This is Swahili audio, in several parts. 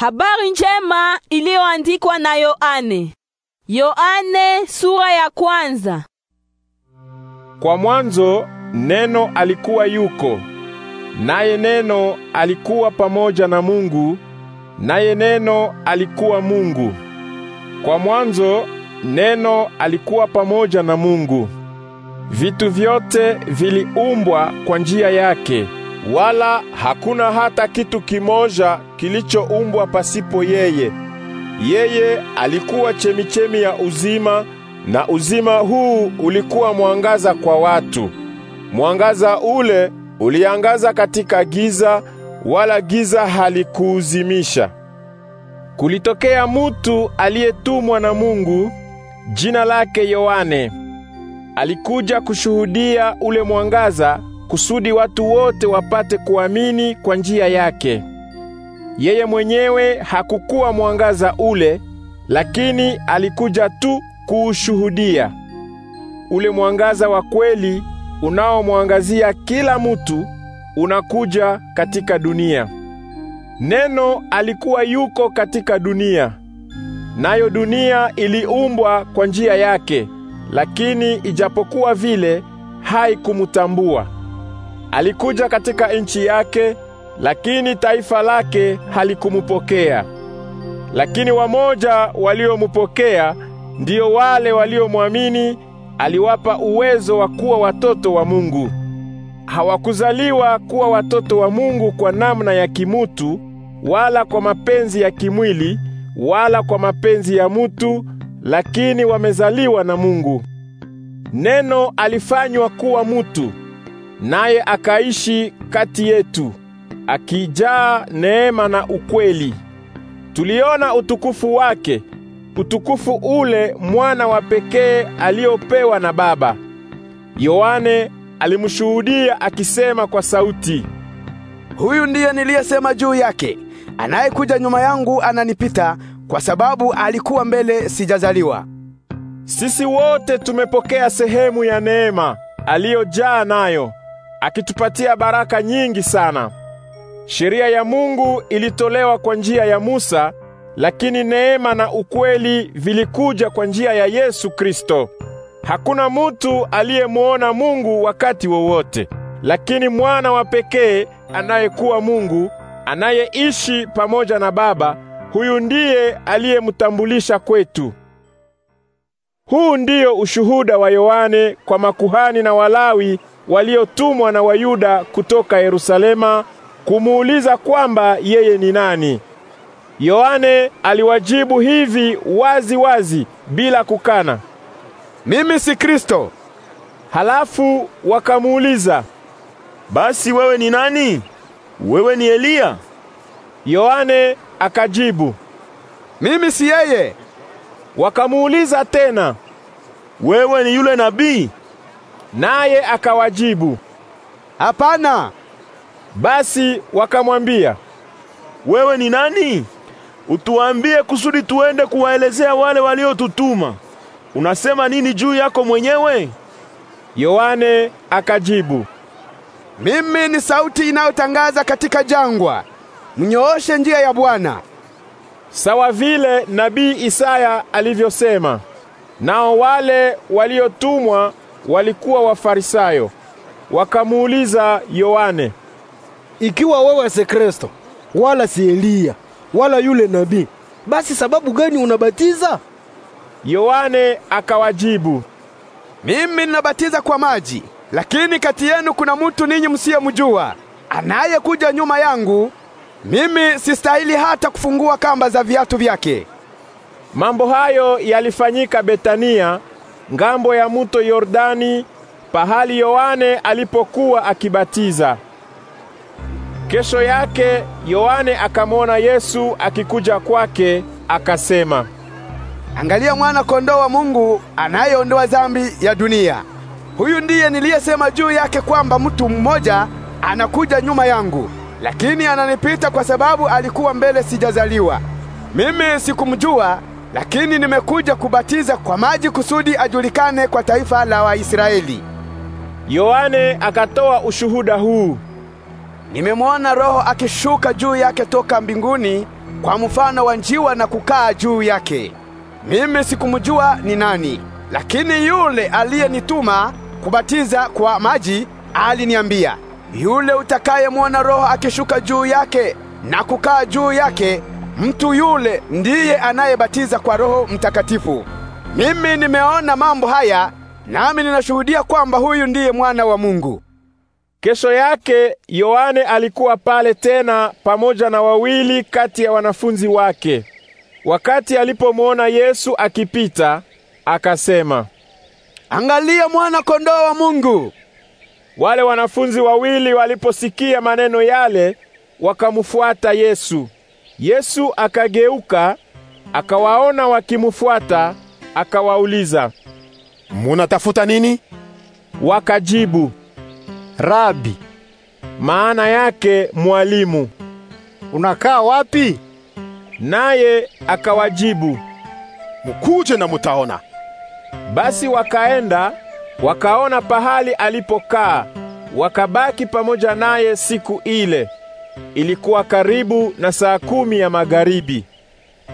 Habari njema iliyoandikwa na Yohane. Yohane sura ya kwanza. Kwa mwanzo neno alikuwa yuko, naye neno alikuwa pamoja na Mungu, naye neno alikuwa Mungu. Kwa mwanzo neno alikuwa pamoja na Mungu. Vitu vyote viliumbwa kwa njia yake wala hakuna hata kitu kimoja kilichoumbwa pasipo yeye. Yeye alikuwa chemichemi ya uzima, na uzima huu ulikuwa mwangaza kwa watu. Mwangaza ule uliangaza katika giza, wala giza halikuuzimisha. Kulitokea mutu aliyetumwa na Mungu, jina lake Yohane. Alikuja kushuhudia ule mwangaza kusudi watu wote wapate kuamini kwa njia yake. Yeye mwenyewe hakukuwa mwangaza ule, lakini alikuja tu kuushuhudia. Ule mwangaza wa kweli unaomwangazia kila mtu unakuja katika dunia. Neno alikuwa yuko katika dunia, nayo dunia iliumbwa kwa njia yake, lakini ijapokuwa vile haikumtambua. Alikuja katika nchi yake, lakini taifa lake halikumupokea. Lakini wamoja waliomupokea, ndio wale waliomwamini, aliwapa uwezo wa kuwa watoto wa Mungu. Hawakuzaliwa kuwa watoto wa Mungu kwa namna ya kimutu, wala kwa mapenzi ya kimwili, wala kwa mapenzi ya mutu, lakini wamezaliwa na Mungu. Neno alifanywa kuwa mutu naye akaishi kati yetu, akijaa neema na ukweli. Tuliona utukufu wake, utukufu ule mwana wa pekee aliopewa na Baba. Yohane alimshuhudia akisema kwa sauti, huyu ndiye niliyesema juu yake, anayekuja nyuma yangu ananipita kwa sababu alikuwa mbele sijazaliwa. Sisi wote tumepokea sehemu ya neema aliyojaa nayo akitupatia baraka nyingi sana. Sheria ya Mungu ilitolewa kwa njia ya Musa, lakini neema na ukweli vilikuja kwa njia ya Yesu Kristo. Hakuna mutu aliyemwona Mungu wakati wowote, lakini mwana wa pekee anayekuwa Mungu, anayeishi pamoja na Baba, huyu ndiye aliyemtambulisha kwetu. Huu ndiyo ushuhuda wa Yohane kwa makuhani na Walawi waliotumwa na Wayuda kutoka Yerusalema kumuuliza kwamba yeye ni nani. Yohane aliwajibu hivi wazi wazi bila kukana, mimi si Kristo. Halafu wakamuuliza, basi wewe ni nani? Wewe ni Eliya? Yohane akajibu, mimi si yeye. Wakamuuliza tena, wewe ni yule nabii? Naye akawajibu, hapana. Basi wakamwambia, wewe ni nani? Utuambie kusudi tuende kuwaelezea wale waliotutuma. Unasema nini juu yako mwenyewe? Yohane akajibu, mimi ni sauti inayotangaza katika jangwa, mnyooshe njia ya Bwana. Sawa vile nabii Isaya alivyosema. Nao wale waliotumwa walikuwa Wafarisayo, wakamuuliza Yohane, ikiwa wewe si Kristo wala si Eliya wala yule nabii, basi sababu gani unabatiza? Yohane akawajibu, mimi ninabatiza kwa maji, lakini kati yenu kuna mutu ninyi msiyemjua anayekuja nyuma yangu, mimi sistahili hata kufungua kamba za viatu vyake. Mambo hayo yalifanyika Betania ngambo ya muto Yordani, pahali Yohane alipokuwa akibatiza. Kesho yake Yohane akamwona Yesu akikuja kwake, akasema, Angalia mwana kondoo wa Mungu anayeondoa dhambi ya dunia. Huyu ndiye niliyesema juu yake kwamba mtu mmoja anakuja nyuma yangu, lakini ananipita kwa sababu alikuwa mbele sijazaliwa. Mimi sikumjua, lakini nimekuja kubatiza kwa maji kusudi ajulikane kwa taifa la Waisraeli. Yohane akatoa ushuhuda huu: nimemwona Roho akishuka juu yake toka mbinguni kwa mfano wa njiwa na kukaa juu yake. Mimi sikumjua ni nani, lakini yule aliyenituma kubatiza kwa maji aliniambia, yule utakayemwona Roho akishuka juu yake na kukaa juu yake Mtu yule ndiye anayebatiza kwa Roho Mtakatifu. Mimi nimeona mambo haya, nami ninashuhudia kwamba huyu ndiye mwana wa Mungu. Kesho yake Yohane alikuwa pale tena pamoja na wawili kati ya wanafunzi wake. Wakati alipomwona Yesu akipita, akasema, Angalia mwana kondoo wa Mungu. Wale wanafunzi wawili waliposikia maneno yale, wakamfuata Yesu. Yesu akageuka akawaona wakimufuata, akawauliza, munatafuta nini? Wakajibu, Rabi, maana yake mwalimu, unakaa wapi? Naye akawajibu, mukuje na mutaona. Basi wakaenda wakaona pahali alipokaa, wakabaki pamoja naye siku ile. Ilikuwa karibu na saa kumi ya magharibi.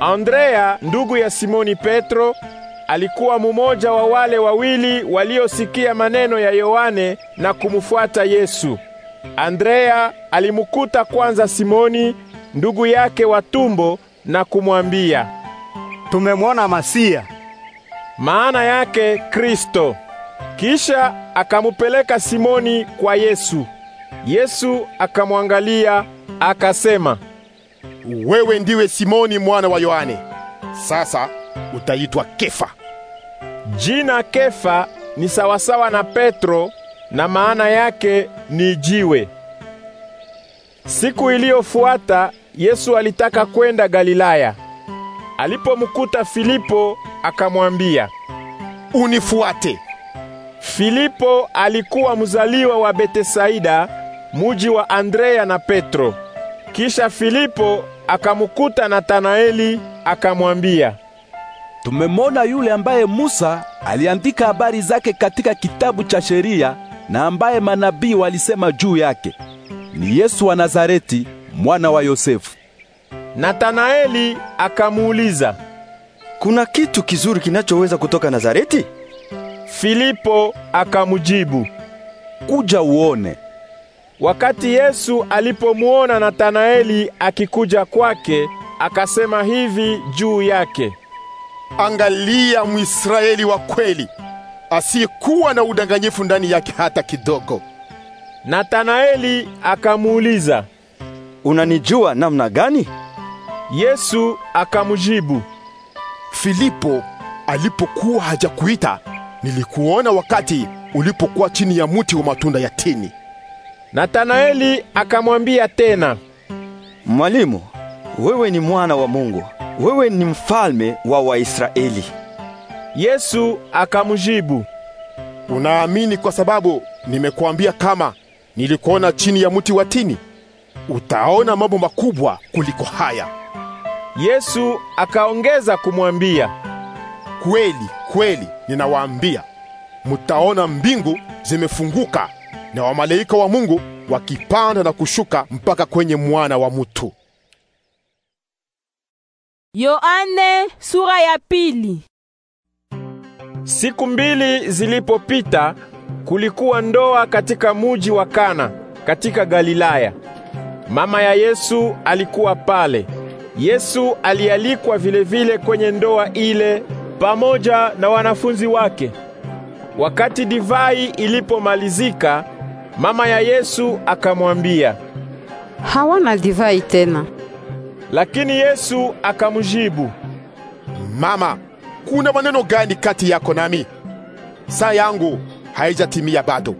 Andrea ndugu ya Simoni Petro alikuwa mumoja wa wale wawili waliosikia maneno ya Yohane na kumfuata Yesu. Andrea alimukuta kwanza Simoni ndugu yake wa tumbo na kumwambia, tumemwona Masia, maana yake Kristo. Kisha akamupeleka Simoni kwa Yesu. Yesu akamwangalia akasema, wewe ndiwe Simoni mwana wa Yohane, sasa utaitwa Kefa. Jina Kefa ni sawasawa na Petro na maana yake ni jiwe. Siku iliyofuata Yesu alitaka kwenda Galilaya. Alipomkuta Filipo akamwambia, "Unifuate." Filipo alikuwa mzaliwa wa Betesaida muji wa Andrea na Petro. Kisha Filipo akamukuta Natanaeli akamwambia, tumemwona yule ambaye Musa aliandika habari zake katika kitabu cha sheria na ambaye manabii walisema juu yake, ni Yesu wa Nazareti, mwana wa Yosefu. Natanaeli akamuuliza, kuna kitu kizuri kinachoweza kutoka Nazareti? Filipo akamjibu, kuja uone. Wakati Yesu alipomwona natanaeli akikuja kwake, akasema hivi juu yake, angalia Mwisraeli wa kweli asiyekuwa na udanganyifu ndani yake hata kidogo. natanaeli akamuuliza, unanijua namna gani? Yesu akamjibu, Filipo alipokuwa hajakuita, nilikuona wakati ulipokuwa chini ya muti wa matunda ya tini. Natanaeli akamwambia tena, Mwalimu, wewe ni mwana wa Mungu, wewe ni mfalme wa Waisraeli. Yesu akamjibu, unaamini kwa sababu nimekuambia kama nilikuona chini ya mti wa tini? Utaona mambo makubwa kuliko haya. Yesu akaongeza kumwambia, kweli kweli ninawaambia, mtaona mbingu zimefunguka na wamalaika wa Mungu wakipanda na kushuka mpaka kwenye mwana wa mutu. Yoane, sura ya pili. Siku mbili zilipopita kulikuwa ndoa katika muji wa Kana katika Galilaya. Mama ya Yesu alikuwa pale. Yesu alialikwa vilevile kwenye ndoa ile pamoja na wanafunzi wake. Wakati divai ilipomalizika, Mama ya Yesu akamwambia, hawana divai tena. Lakini Yesu akamjibu, Mama, kuna maneno gani kati yako nami? Saa yangu haijatimia bado.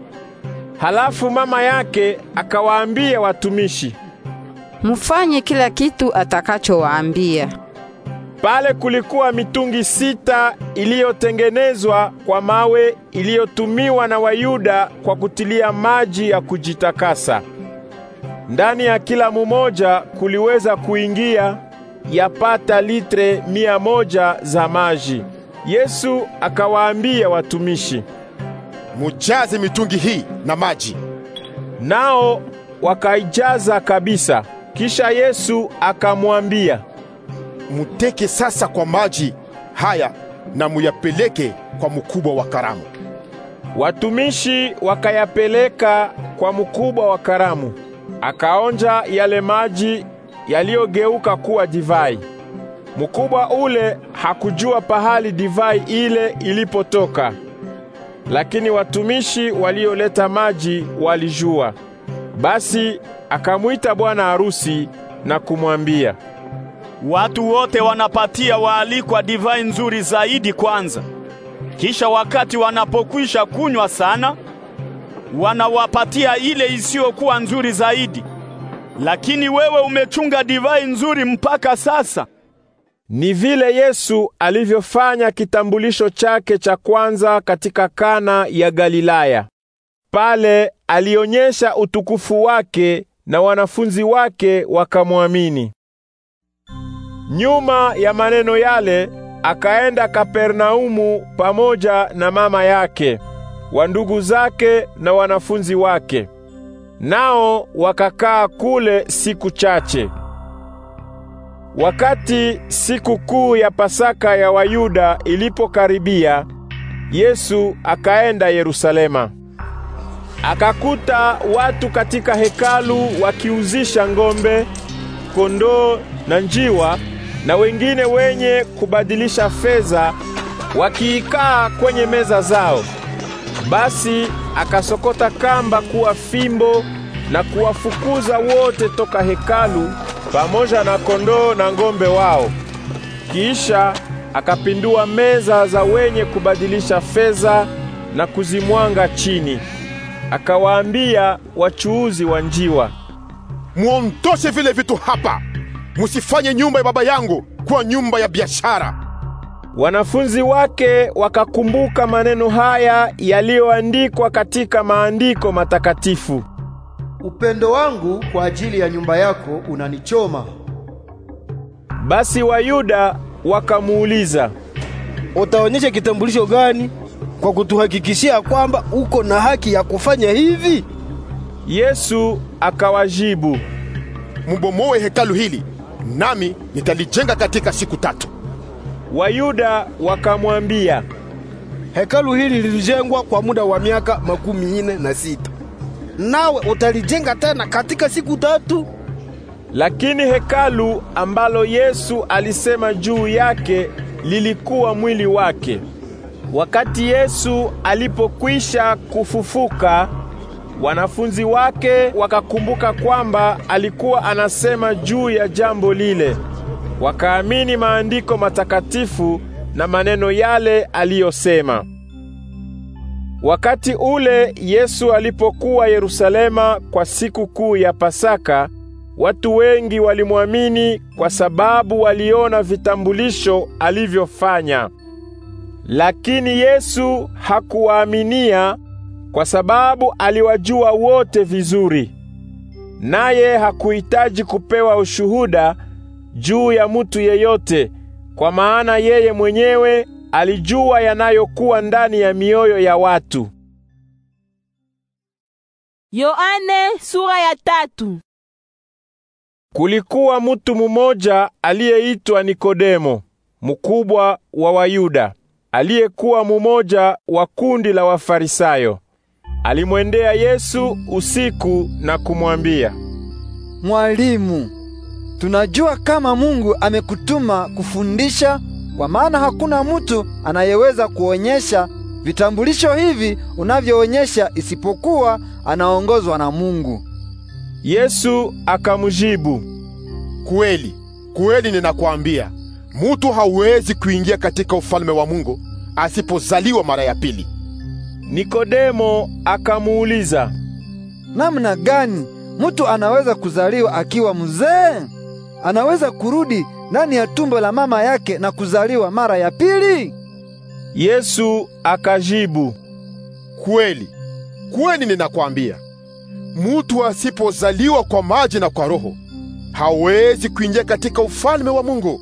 Halafu mama yake akawaambia watumishi, mfanye kila kitu atakachowaambia. Pale kulikuwa mitungi sita iliyotengenezwa kwa mawe iliyotumiwa na Wayuda kwa kutilia maji ya kujitakasa. Ndani ya kila mumoja kuliweza kuingia yapata litre mia moja za maji. Yesu akawaambia watumishi, mujaze mitungi hii na maji. Nao wakaijaza kabisa. Kisha Yesu akamwambia muteke sasa kwa maji haya na muyapeleke kwa mkubwa wa karamu. Watumishi wakayapeleka kwa mkubwa wa karamu, akaonja yale maji yaliyogeuka kuwa divai. Mkubwa ule hakujua pahali divai ile ilipotoka, lakini watumishi walioleta maji walijua. Basi akamwita bwana harusi na kumwambia, Watu wote wanapatia waalikwa divai nzuri zaidi kwanza, kisha wakati wanapokwisha kunywa sana, wanawapatia ile isiyokuwa nzuri zaidi. Lakini wewe umechunga divai nzuri mpaka sasa. Ni vile Yesu alivyofanya kitambulisho chake cha kwanza katika Kana ya Galilaya. Pale alionyesha utukufu wake na wanafunzi wake wakamwamini. Nyuma ya maneno yale akaenda Kapernaumu pamoja na mama yake, wandugu zake na wanafunzi wake. Nao wakakaa kule siku chache. Wakati siku kuu ya Pasaka ya Wayuda ilipokaribia, Yesu akaenda Yerusalema. Akakuta watu katika hekalu wakiuzisha ng'ombe, kondoo na njiwa na wengine wenye kubadilisha fedha wakiikaa kwenye meza zao. Basi akasokota kamba kuwa fimbo na kuwafukuza wote toka hekalu pamoja na kondoo na ng'ombe wao. Kisha akapindua meza za wenye kubadilisha fedha na kuzimwanga chini. Akawaambia wachuuzi wa njiwa, muondoshe vile vitu hapa musifanye nyumba ya Baba yangu kuwa nyumba ya biashara. Wanafunzi wake wakakumbuka maneno haya yaliyoandikwa katika maandiko matakatifu: upendo wangu kwa ajili ya nyumba yako unanichoma. Basi Wayuda wakamuuliza, utaonyesha kitambulisho gani kwa kutuhakikishia kwamba uko na haki ya kufanya hivi? Yesu akawajibu, mubomoe hekalu hili nami nitalijenga katika siku tatu. Wayuda wakamwambia, hekalu hili lilijengwa kwa muda wa miaka makumi ine na sita, nawe utalijenga tena katika siku tatu? Lakini hekalu ambalo Yesu alisema juu yake lilikuwa mwili wake. Wakati Yesu alipokwisha kufufuka Wanafunzi wake wakakumbuka kwamba alikuwa anasema juu ya jambo lile, wakaamini maandiko matakatifu na maneno yale aliyosema. Wakati ule Yesu alipokuwa Yerusalema kwa siku kuu ya Pasaka, watu wengi walimwamini kwa sababu waliona vitambulisho alivyofanya. Lakini Yesu hakuwaaminia kwa sababu aliwajua wote vizuri, naye hakuhitaji kupewa ushuhuda juu ya mutu yeyote, kwa maana yeye mwenyewe alijua yanayokuwa ndani ya mioyo ya watu. Yoane sura ya tatu. Kulikuwa mutu mumoja aliyeitwa Nikodemo, mkubwa wa Wayuda, aliyekuwa mumoja wa kundi la Wafarisayo alimwendea Yesu usiku na kumwambia, Mwalimu, tunajua kama Mungu amekutuma kufundisha, kwa maana hakuna mtu anayeweza kuonyesha vitambulisho hivi unavyoonyesha isipokuwa anaongozwa na Mungu. Yesu akamjibu, Kweli, kweli ninakwambia, mutu hawezi kuingia katika ufalme wa Mungu asipozaliwa mara ya pili. Nikodemo akamuuliza, namna gani mtu anaweza kuzaliwa akiwa mzee? Anaweza kurudi ndani ya tumbo la mama yake na kuzaliwa mara ya pili? Yesu akajibu, kweli kweli ninakwambia, mutu asipozaliwa kwa maji na kwa Roho hawezi kuingia katika ufalme wa Mungu.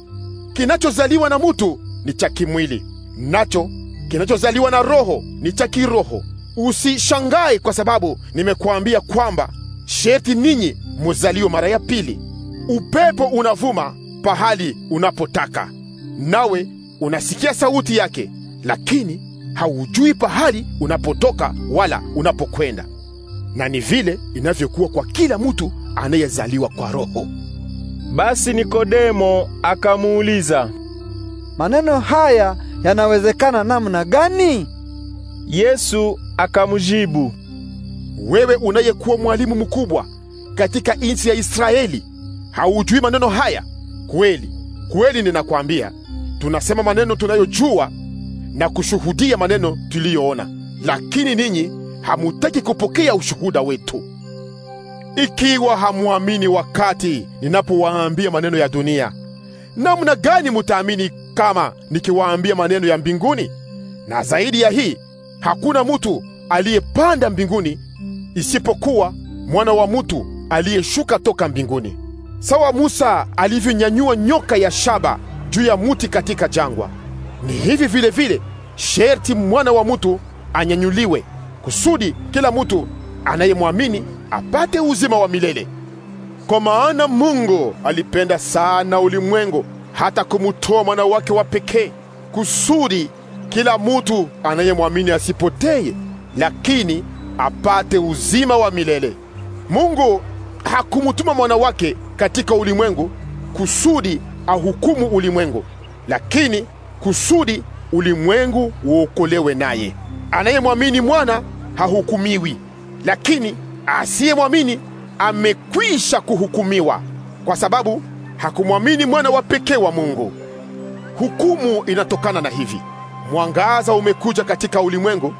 Kinachozaliwa na mutu ni cha kimwili, nacho Kinachozaliwa na Roho ni cha kiroho. Usishangae kwa sababu nimekuambia kwamba sheti ninyi muzaliwe mara ya pili. Upepo unavuma pahali unapotaka, nawe unasikia sauti yake, lakini haujui pahali unapotoka wala unapokwenda. Na ni vile inavyokuwa kwa kila mtu anayezaliwa kwa Roho. Basi Nikodemo akamuuliza maneno haya yanawezekana namna gani? Yesu akamjibu, wewe unayekuwa mwalimu mkubwa katika nchi ya Israeli haujui maneno haya? Kweli kweli, ninakwambia, tunasema maneno tunayojua na kushuhudia maneno tuliyoona, lakini ninyi hamutaki kupokea ushuhuda wetu. Ikiwa hamwamini wakati ninapowaambia maneno ya dunia, namna gani mutaamini kama nikiwaambia maneno ya mbinguni? Na zaidi ya hii, hakuna mutu aliyepanda mbinguni isipokuwa mwana wa mutu aliyeshuka toka mbinguni. Sawa Musa alivyonyanyua nyoka ya shaba juu ya muti katika jangwa, ni hivi vile vile sherti mwana wa mutu anyanyuliwe, kusudi kila mutu anayemwamini apate uzima wa milele. Kwa maana Mungu alipenda sana ulimwengu hata kumutoa mwana wake wa pekee, kusudi kila mutu anayemwamini asipoteye, lakini apate uzima wa milele. Mungu hakumutuma mwana wake katika ulimwengu kusudi ahukumu ulimwengu, lakini kusudi ulimwengu uokolewe naye. Anayemwamini mwana hahukumiwi, lakini asiyemwamini amekwisha kuhukumiwa kwa sababu hakumwamini mwana wa pekee wa Mungu. Hukumu inatokana na hivi: mwangaza umekuja katika ulimwengu,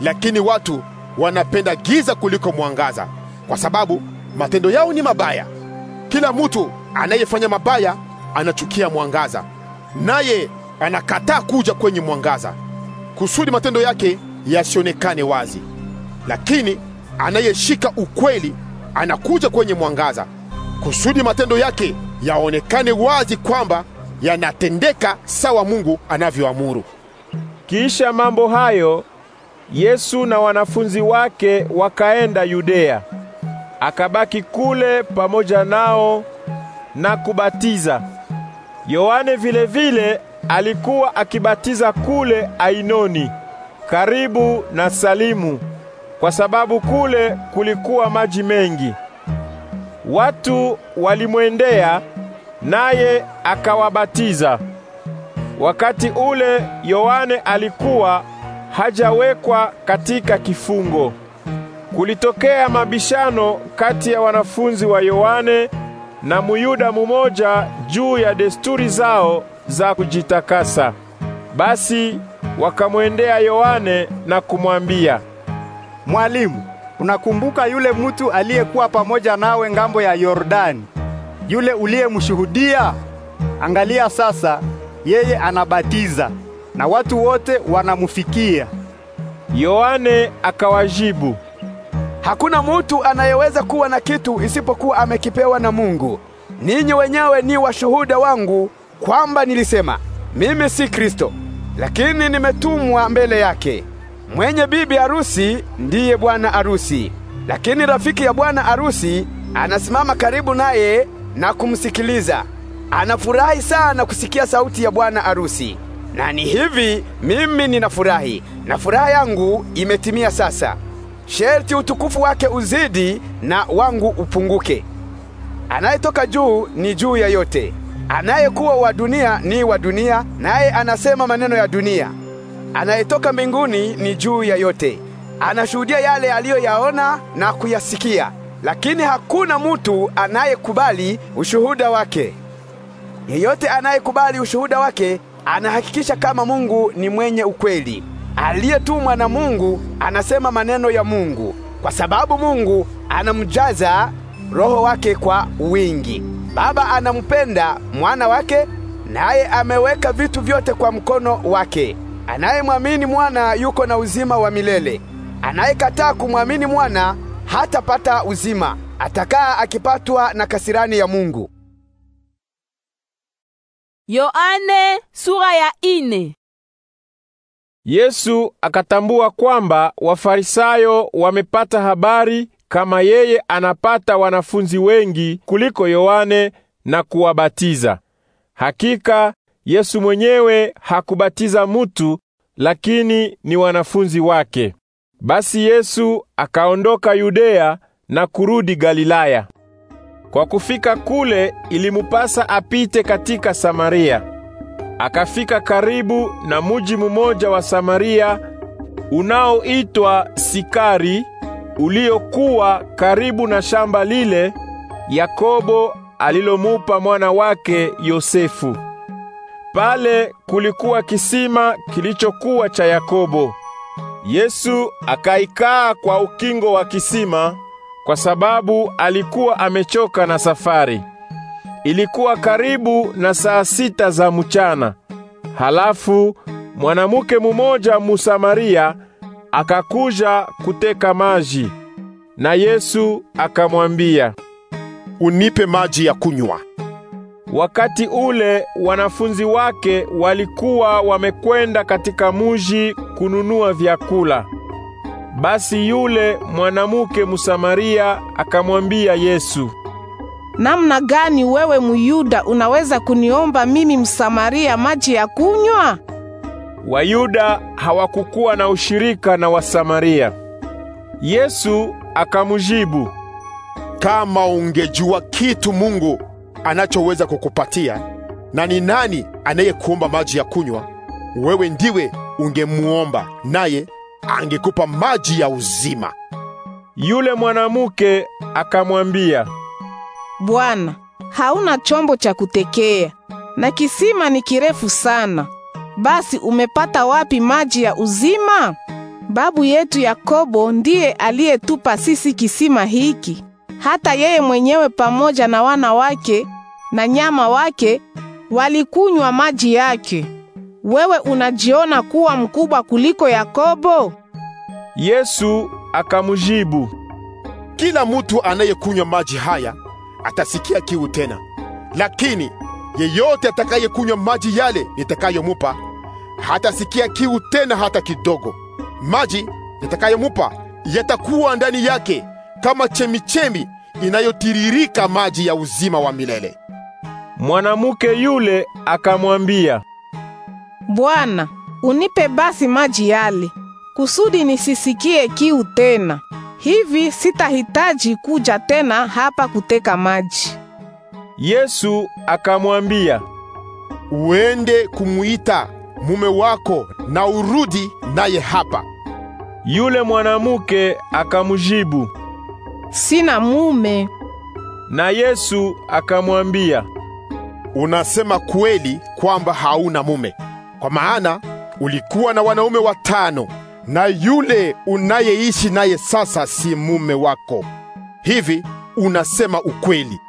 lakini watu wanapenda giza kuliko mwangaza, kwa sababu matendo yao ni mabaya. Kila mtu anayefanya mabaya anachukia mwangaza, naye anakataa kuja kwenye mwangaza, kusudi matendo yake yasionekane wazi. Lakini anayeshika ukweli anakuja kwenye mwangaza, kusudi matendo yake yaonekane wazi kwamba yanatendeka sawa Mungu anavyoamuru. Kisha mambo hayo Yesu na wanafunzi wake wakaenda Yudea. Akabaki kule pamoja nao na kubatiza. Yohane vile vile alikuwa akibatiza kule Ainoni karibu na Salimu kwa sababu kule kulikuwa maji mengi. Watu walimwendea naye akawabatiza. Wakati ule Yohane alikuwa hajawekwa katika kifungo. Kulitokea mabishano kati ya wanafunzi wa Yohane na Muyuda mumoja juu ya desturi zao za kujitakasa. Basi wakamwendea Yohane na kumwambia, Mwalimu, Unakumbuka yule mtu aliyekuwa pamoja nawe ngambo ya Yordani, yule uliyemshuhudia? Angalia sasa, yeye anabatiza na watu wote wanamfikia. Yohane akawajibu, hakuna mutu anayeweza kuwa na kitu isipokuwa amekipewa na Mungu. Ninyi wenyewe ni washuhuda wangu kwamba nilisema mimi si Kristo, lakini nimetumwa mbele yake. Mwenye bibi harusi ndiye bwana harusi, lakini rafiki ya bwana harusi anasimama karibu naye na kumsikiliza. Anafurahi sana kusikia sauti ya bwana harusi. Na ni hivi mimi ninafurahi, na furaha yangu imetimia sasa. Sherti utukufu wake uzidi na wangu upunguke. Anayetoka juu ni juu ya yote, anayekuwa wa dunia ni wa dunia, naye anasema maneno ya dunia anayetoka mbinguni ni juu ya yote. Anashuhudia yale aliyoyaona na kuyasikia, lakini hakuna mutu anayekubali ushuhuda wake. Yeyote anayekubali ushuhuda wake anahakikisha kama Mungu ni mwenye ukweli. Aliyetumwa na Mungu anasema maneno ya Mungu, kwa sababu Mungu anamjaza Roho wake kwa wingi. Baba anampenda mwana wake, naye ameweka vitu vyote kwa mkono wake. Anayemwamini mwana yuko na uzima wa milele. Anayekataa kumwamini mwana hatapata uzima, atakaa akipatwa na kasirani ya Mungu. Yoane sura ya ine. Yesu akatambua kwamba Wafarisayo wamepata habari kama yeye anapata wanafunzi wengi kuliko Yohane na kuwabatiza. Hakika Yesu mwenyewe hakubatiza mutu, lakini ni wanafunzi wake. Basi Yesu akaondoka Yudea na kurudi Galilaya. Kwa kufika kule, ilimupasa apite katika Samaria. Akafika karibu na muji mmoja wa Samaria unaoitwa Sikari, uliokuwa karibu na shamba lile Yakobo alilomupa mwana wake Yosefu. Pale kulikuwa kisima kilichokuwa cha Yakobo. Yesu akaikaa kwa ukingo wa kisima kwa sababu alikuwa amechoka na safari. Ilikuwa karibu na saa sita za mchana. Halafu mwanamke mumoja Musamaria akakuja kuteka maji, na Yesu akamwambia, unipe maji ya kunywa. Wakati ule wanafunzi wake walikuwa wamekwenda katika muji kununua vyakula. Basi yule mwanamke Msamaria akamwambia Yesu, namna gani wewe Myuda unaweza kuniomba mimi Msamaria maji ya kunywa? Wayuda hawakukuwa na ushirika na Wasamaria. Yesu akamjibu, kama ungejua kitu Mungu anachoweza kukupatia, na ni nani anayekuomba maji ya kunywa? Wewe ndiwe ungemuomba, naye angekupa maji ya uzima. Yule mwanamke akamwambia, Bwana, hauna chombo cha kutekea na kisima ni kirefu sana, basi umepata wapi maji ya uzima? Babu yetu Yakobo ndiye aliyetupa sisi kisima hiki, hata yeye mwenyewe pamoja na wana wake na nyama wake walikunywa maji yake. Wewe unajiona kuwa mkubwa kuliko Yakobo? Yesu akamjibu, kila mutu anayekunywa maji haya atasikia kiu tena, lakini yeyote atakayekunywa maji yale nitakayomupa hatasikia kiu tena hata kidogo. Maji nitakayomupa yatakuwa ndani yake kama chemichemi inayotiririka maji ya uzima wa milele. Mwanamke yule akamwambia, Bwana, unipe basi maji yale kusudi nisisikie kiu tena, hivi sitahitaji kuja tena hapa kuteka maji. Yesu akamwambia, uende kumuita mume wako na urudi naye hapa. Yule mwanamke akamjibu sina mume. Na Yesu akamwambia, unasema kweli kwamba hauna mume, kwa maana ulikuwa na wanaume watano, na yule unayeishi naye sasa si mume wako. Hivi unasema ukweli.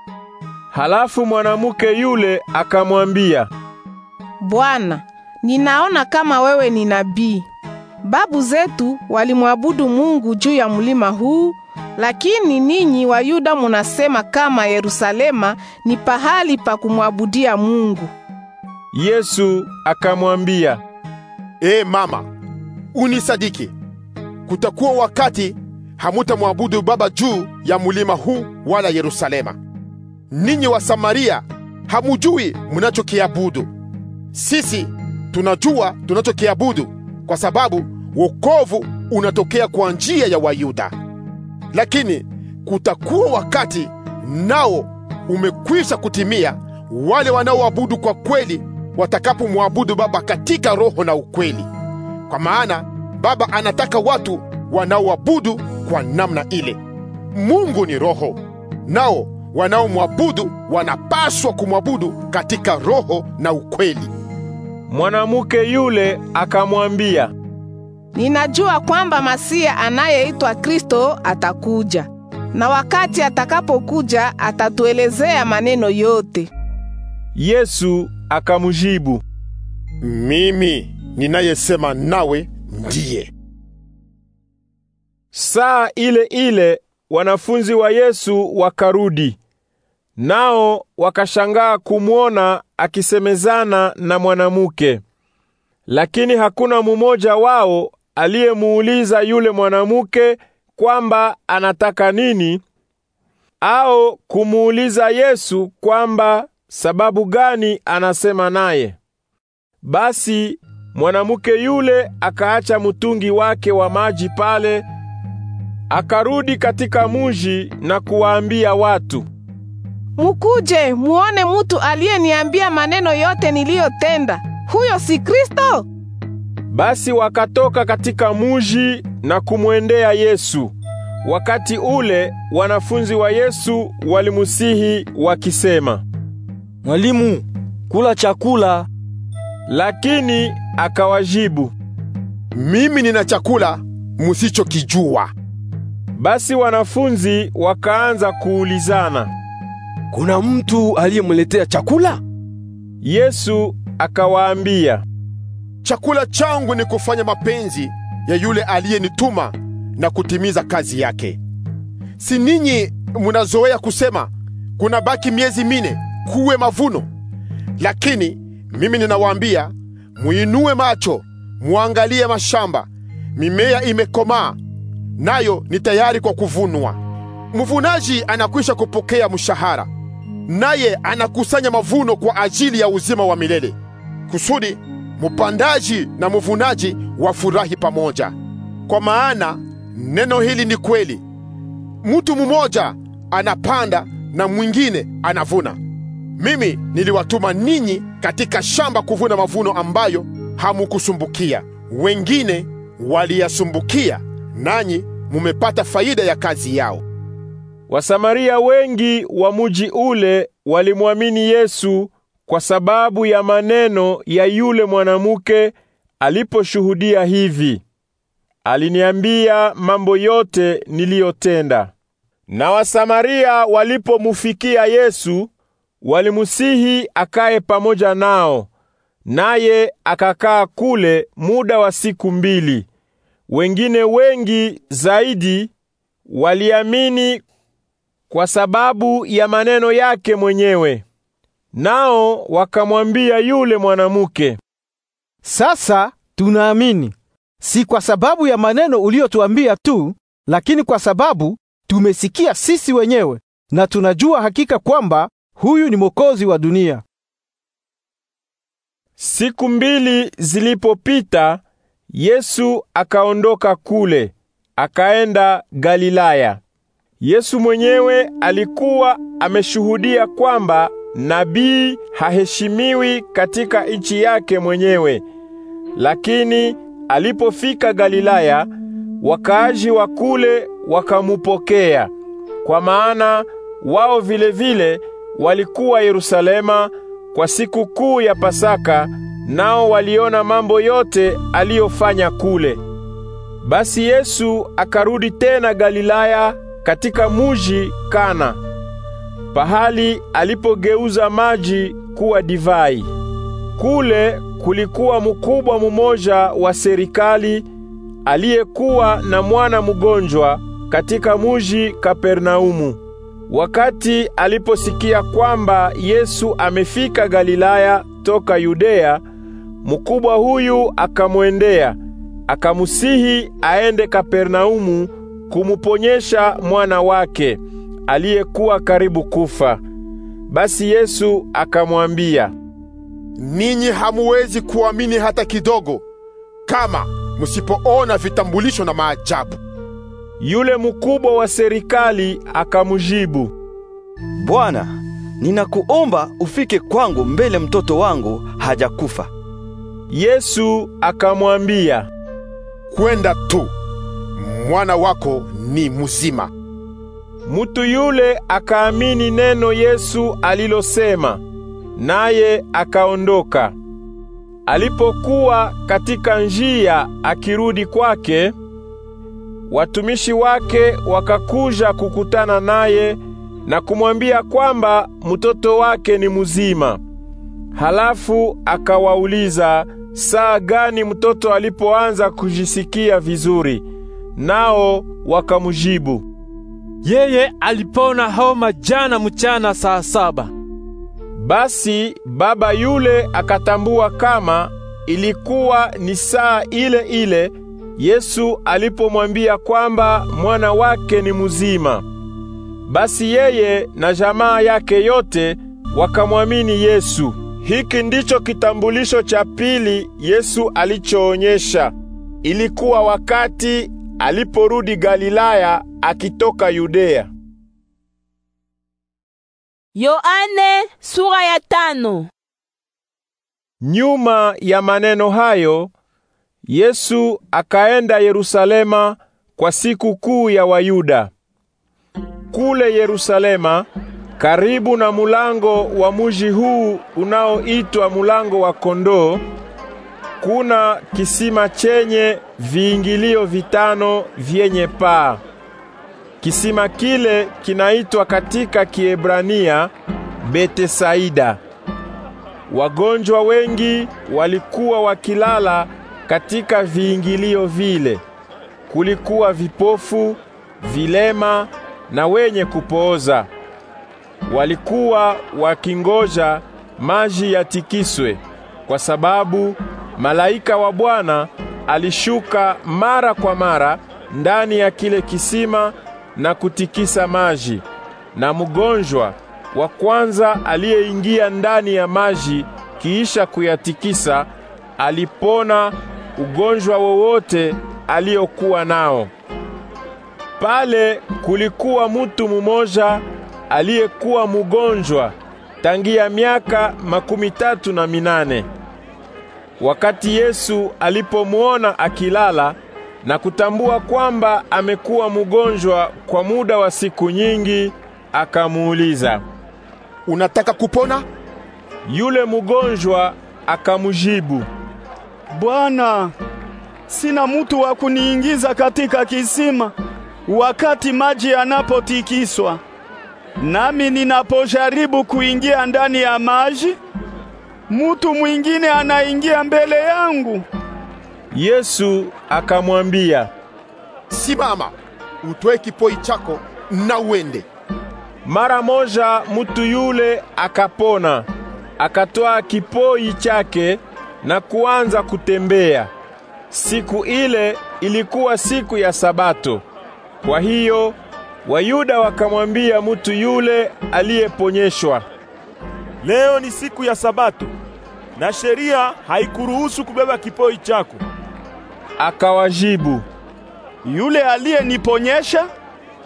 Halafu mwanamke yule akamwambia, Bwana, ninaona kama wewe ni nabii. Babu zetu walimwabudu Mungu juu ya mlima huu lakini ninyi Wayuda munasema kama Yerusalema ni pahali pa kumwabudia Mungu. Yesu akamwambia, "E mama, unisadiki. Kutakuwa wakati hamutamwabudu Baba juu ya mulima huu wala Yerusalema. Ninyi wa Samaria hamujui munachokiabudu. Sisi tunajua tunachokiabudu kwa sababu wokovu unatokea kwa njia ya Wayuda." Lakini kutakuwa wakati, nao umekwisha kutimia, wale wanaoabudu kwa kweli watakapomwabudu Baba katika roho na ukweli, kwa maana Baba anataka watu wanaoabudu kwa namna ile. Mungu ni roho, nao wanaomwabudu wanapaswa kumwabudu katika roho na ukweli. Mwanamke yule akamwambia, Ninajua kwamba Masia anayeitwa Kristo atakuja, na wakati atakapokuja atatuelezea maneno yote. Yesu akamjibu, mimi ninayesema nawe ndiye. Saa ile ile wanafunzi wa Yesu wakarudi, nao wakashangaa kumwona akisemezana na mwanamke, lakini hakuna mumoja wao aliyemuuliza yule mwanamke kwamba anataka nini au kumuuliza Yesu kwamba sababu gani anasema naye. Basi mwanamke yule akaacha mtungi wake wa maji pale, akarudi katika muji na kuwaambia watu, mukuje muone mutu aliyeniambia maneno yote niliyotenda. Huyo si Kristo? Basi wakatoka katika muji na kumwendea Yesu. Wakati ule wanafunzi wa Yesu walimusihi wakisema, Mwalimu, kula chakula. Lakini akawajibu, Mimi nina chakula musichokijua. Basi wanafunzi wakaanza kuulizana, Kuna mtu aliyemletea chakula? Yesu akawaambia, Chakula changu ni kufanya mapenzi ya yule aliyenituma na kutimiza kazi yake. Si ninyi munazoea kusema kuna baki miezi mine kuwe mavuno? Lakini mimi ninawaambia, muinue macho muangalie mashamba, mimea imekomaa nayo ni tayari kwa kuvunwa. Mvunaji anakwisha kupokea mshahara, naye anakusanya mavuno kwa ajili ya uzima wa milele kusudi mpandaji na mvunaji wafurahi pamoja, kwa maana neno hili ni kweli. Mtu mmoja anapanda na mwingine anavuna. Mimi niliwatuma ninyi katika shamba kuvuna mavuno ambayo hamukusumbukia. Wengine waliyasumbukia, nanyi mumepata faida ya kazi yao. Wasamaria wengi wa muji ule walimwamini Yesu kwa sababu ya maneno ya yule mwanamke aliposhuhudia hivi, aliniambia mambo yote niliyotenda. Na Wasamaria walipomufikia Yesu, walimusihi akae pamoja nao, naye akakaa kule muda wa siku mbili. Wengine wengi zaidi waliamini kwa sababu ya maneno yake mwenyewe. Nao wakamwambia yule mwanamke, sasa tunaamini, si kwa sababu ya maneno uliyotuambia tu, lakini kwa sababu tumesikia sisi wenyewe na tunajua hakika kwamba huyu ni Mwokozi wa dunia. Siku mbili zilipopita, Yesu akaondoka kule akaenda Galilaya. Yesu mwenyewe alikuwa ameshuhudia kwamba Nabii haheshimiwi katika nchi yake mwenyewe. Lakini alipofika Galilaya, wakaaji wa kule wakamupokea, kwa maana wao vilevile walikuwa Yerusalema kwa siku kuu ya Pasaka, nao waliona mambo yote aliyofanya kule. Basi Yesu akarudi tena Galilaya katika muji Kana pahali alipogeuza maji kuwa divai. Kule kulikuwa mkubwa mmoja wa serikali aliyekuwa na mwana mgonjwa katika muji Kapernaumu. Wakati aliposikia kwamba Yesu amefika Galilaya toka Yudea, mkubwa huyu akamwendea, akamusihi aende Kapernaumu kumuponyesha mwana wake aliyekuwa karibu kufa. Basi Yesu akamwambia, ninyi hamuwezi kuamini hata kidogo, kama msipoona vitambulisho na maajabu. Yule mkubwa wa serikali akamjibu, Bwana, ninakuomba ufike kwangu mbele mtoto wangu hajakufa. Yesu akamwambia, kwenda tu, mwana wako ni mzima. Mutu yule akaamini neno Yesu alilosema, naye akaondoka. Alipokuwa katika njia akirudi kwake, watumishi wake wakakuja kukutana naye na kumwambia kwamba mtoto wake ni mzima. Halafu akawauliza saa gani mtoto alipoanza kujisikia vizuri, nao wakamjibu yeye alipona homa jana mchana saa saba. Basi baba yule akatambua kama ilikuwa ni saa ile ile Yesu alipomwambia kwamba mwana wake ni mzima. Basi yeye na jamaa yake yote wakamwamini Yesu. Hiki ndicho kitambulisho cha pili Yesu alichoonyesha. Ilikuwa wakati aliporudi Galilaya akitoka Yudea. Yoane sura ya tano. Nyuma ya maneno hayo Yesu akaenda Yerusalema kwa siku kuu ya Wayuda. Kule Yerusalema karibu na mulango wa muji huu unaoitwa mulango wa kondoo kuna kisima chenye viingilio vitano vyenye paa. Kisima kile kinaitwa katika Kiebrania Betesaida. Wagonjwa wengi walikuwa wakilala katika viingilio vile. Kulikuwa vipofu, vilema na wenye kupooza. Walikuwa wakingoja maji yatikiswe kwa sababu malaika wa Bwana alishuka mara kwa mara ndani ya kile kisima na kutikisa maji, na mgonjwa wa kwanza aliyeingia ndani ya maji kiisha kuyatikisa alipona ugonjwa wowote aliyokuwa nao. Pale kulikuwa mutu mmoja aliyekuwa mgonjwa tangia miaka makumi tatu na minane. Wakati Yesu alipomwona akilala na kutambua kwamba amekuwa mgonjwa kwa muda wa siku nyingi, akamuuliza, unataka kupona? Yule mgonjwa akamjibu, Bwana, sina mutu wa kuniingiza katika kisima wakati maji yanapotikiswa, nami ninapojaribu kuingia ndani ya maji mutu mwingine anaingia mbele yangu. Yesu akamwambia, Simama, utoe kipoi chako na uende. Mara moja mutu yule akapona, akatoa kipoi chake na kuanza kutembea. Siku ile ilikuwa siku ya Sabato. Kwa hiyo Wayuda wakamwambia mutu yule aliyeponyeshwa, Leo ni siku ya Sabato na sheria haikuruhusu kubeba kipoi chako. Akawajibu, yule aliyeniponyesha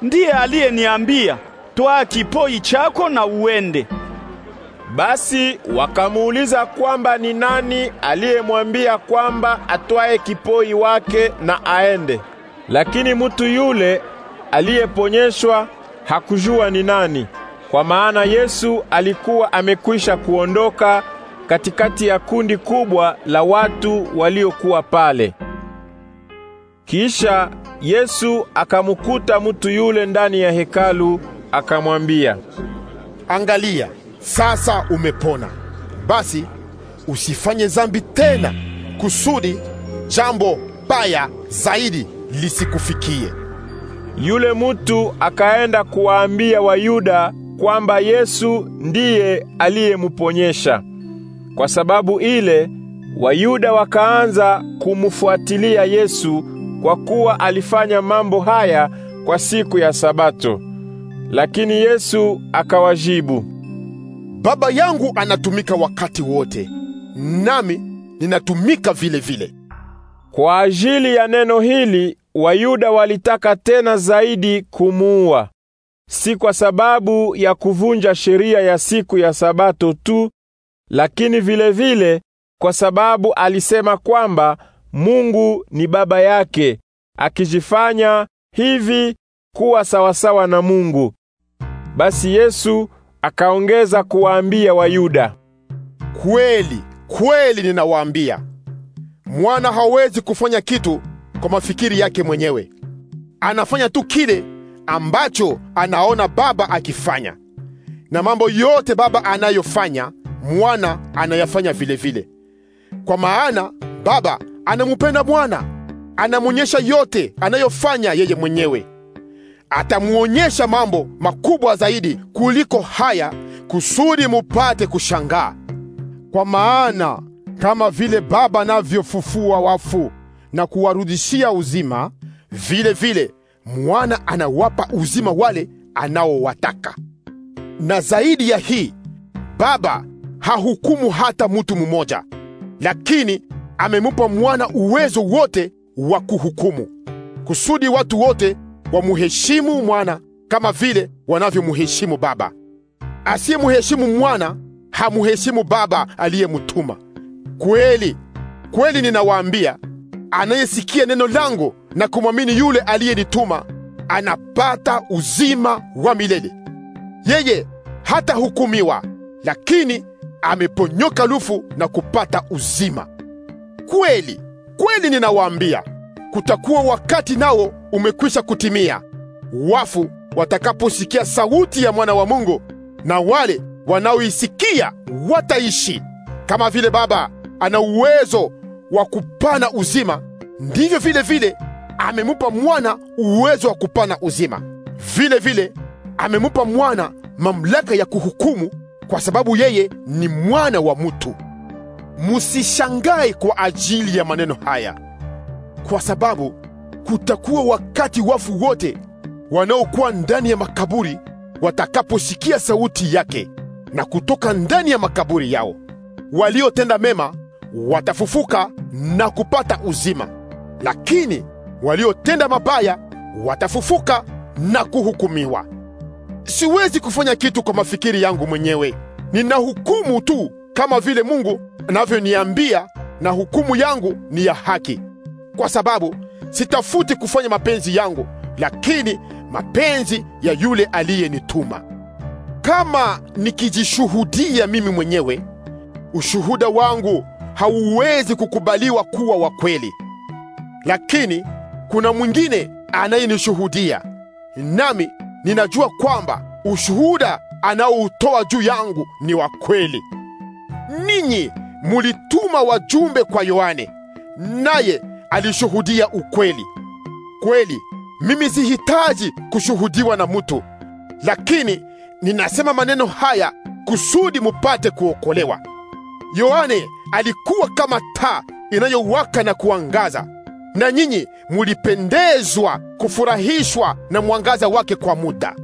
ndiye aliyeniambia, twaa kipoi chako na uende. Basi wakamuuliza kwamba ni nani aliyemwambia kwamba atwae kipoi wake na aende. Lakini mutu yule aliyeponyeshwa hakujua ni nani, kwa maana Yesu alikuwa amekwisha kuondoka katikati ya kundi kubwa la watu waliokuwa pale. Kisha Yesu akamukuta mtu yule ndani ya hekalu, akamwambia, Angalia, sasa umepona. Basi usifanye zambi tena kusudi jambo baya zaidi lisikufikie. Yule mutu akaenda kuwaambia Wayuda kwamba Yesu ndiye aliyemuponyesha. Kwa sababu ile Wayuda wakaanza kumfuatilia Yesu kwa kuwa alifanya mambo haya kwa siku ya Sabato. Lakini Yesu akawajibu, Baba yangu anatumika wakati wote, nami ninatumika vile vile. Kwa ajili ya neno hili Wayuda walitaka tena zaidi kumuua, si kwa sababu ya kuvunja sheria ya siku ya Sabato tu, lakini vile vile kwa sababu alisema kwamba Mungu ni baba yake, akijifanya hivi kuwa sawasawa na Mungu. Basi Yesu akaongeza kuwaambia Wayuda, kweli kweli ninawaambia, mwana hawezi kufanya kitu kwa mafikiri yake mwenyewe. Anafanya tu kile ambacho anaona baba akifanya, na mambo yote baba anayofanya mwana anayafanya vile vile. Kwa maana Baba anamupenda mwana, anamwonyesha yote anayofanya yeye mwenyewe. Atamwonyesha mambo makubwa zaidi kuliko haya, kusudi mupate kushangaa. Kwa maana kama vile Baba anavyofufua wafu na kuwarudishia uzima, vile vile mwana anawapa uzima wale anaowataka. Na zaidi ya hii, Baba hahukumu hata mtu mmoja, lakini amemupa mwana uwezo wote wa kuhukumu, kusudi watu wote wamuheshimu mwana kama vile wanavyomheshimu Baba. Asiyemheshimu mwana hamuheshimu Baba aliyemtuma. Kweli kweli ninawaambia, anayesikia neno langu na kumwamini yule aliyenituma anapata uzima wa milele. Yeye hatahukumiwa, lakini ameponyoka lufu na kupata uzima. Kweli kweli ninawaambia, kutakuwa wakati nao umekwisha kutimia, wafu watakaposikia sauti ya mwana wa Mungu, na wale wanaoisikia wataishi. Kama vile Baba ana uwezo wa kupana uzima, ndivyo vile vile amemupa mwana uwezo wa kupana uzima. Vile vile amemupa mwana mamlaka ya kuhukumu kwa sababu yeye ni mwana wa mtu. Musishangae kwa ajili ya maneno haya, kwa sababu kutakuwa wakati wafu wote wanaokuwa ndani ya makaburi watakaposikia sauti yake na kutoka ndani ya makaburi yao. Waliotenda mema watafufuka na kupata uzima, lakini waliotenda mabaya watafufuka na kuhukumiwa siwezi kufanya kitu kwa mafikiri yangu mwenyewe. nina hukumu tu kama vile Mungu anavyoniambia, na hukumu yangu ni ya haki, kwa sababu sitafuti kufanya mapenzi yangu, lakini mapenzi ya yule aliyenituma. Kama nikijishuhudia mimi mwenyewe, ushuhuda wangu hauwezi kukubaliwa kuwa wa kweli. Lakini kuna mwingine anayenishuhudia, nami ninajua kwamba ushuhuda anaoutoa juu yangu ni wa kweli. Ninyi mulituma wajumbe kwa Yohane, naye alishuhudia ukweli. Kweli, mimi sihitaji kushuhudiwa na mtu, lakini ninasema maneno haya kusudi mupate kuokolewa. Yohane alikuwa kama taa inayowaka na kuangaza na nyinyi mulipendezwa kufurahishwa na mwangaza wake kwa muda.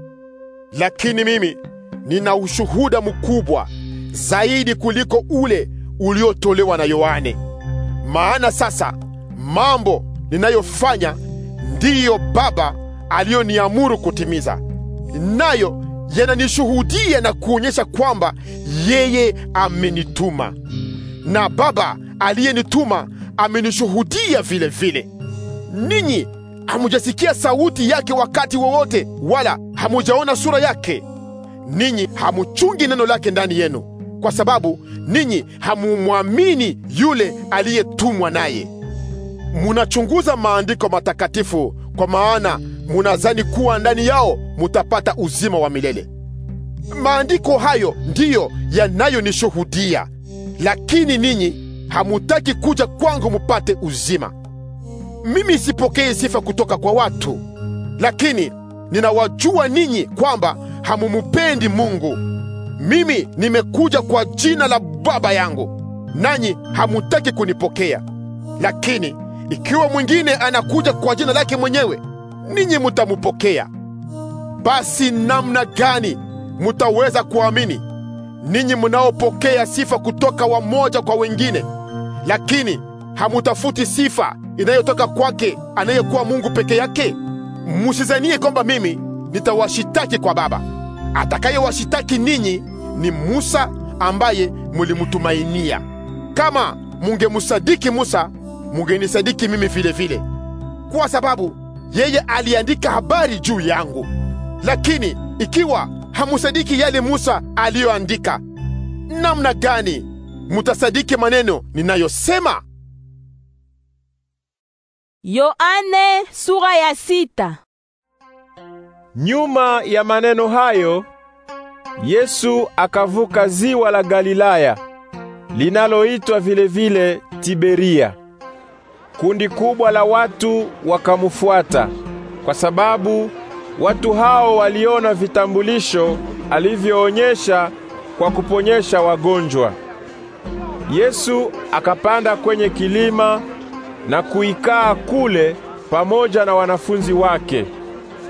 Lakini mimi nina ushuhuda mkubwa zaidi kuliko ule uliotolewa na Yohane. Maana sasa mambo ninayofanya ndiyo Baba aliyoniamuru kutimiza, nayo yananishuhudia na kuonyesha kwamba yeye amenituma, na Baba aliyenituma amenishuhudia vile vile. Ninyi hamujasikia sauti yake wakati wowote, wala hamujaona sura yake. Ninyi hamuchungi neno lake ndani yenu, kwa sababu ninyi hamumwamini yule aliyetumwa naye. Munachunguza maandiko matakatifu, kwa maana munazani kuwa ndani yao mutapata uzima wa milele. Maandiko hayo ndiyo yanayonishuhudia, lakini ninyi hamutaki kuja kwangu mupate uzima. Mimi sipokee sifa kutoka kwa watu, lakini ninawajua ninyi kwamba hamumupendi Mungu. Mimi nimekuja kwa jina la Baba yangu, nanyi hamutaki kunipokea. Lakini ikiwa mwingine anakuja kwa jina lake mwenyewe, ninyi mutamupokea. Basi namna gani mutaweza kuamini ninyi mnaopokea sifa kutoka wamoja kwa wengine lakini hamutafuti sifa inayotoka kwake anayekuwa Mungu peke yake. Musizanie kwamba mimi nitawashitaki kwa Baba. Atakayewashitaki ninyi ni Musa ambaye mulimutumainia. Kama mungemusadiki Musa, mungenisadiki mimi vile vile, kwa sababu yeye aliandika habari juu yangu. Lakini ikiwa hamusadiki yale Musa aliyoandika, namna gani mutasadiki maneno ninayosema. Yoane sura ya sita. Nyuma ya maneno hayo Yesu akavuka ziwa la Galilaya linaloitwa vilevile Tiberia. Kundi kubwa la watu wakamfuata kwa sababu watu hao waliona vitambulisho alivyoonyesha kwa kuponyesha wagonjwa. Yesu akapanda kwenye kilima na kuikaa kule pamoja na wanafunzi wake.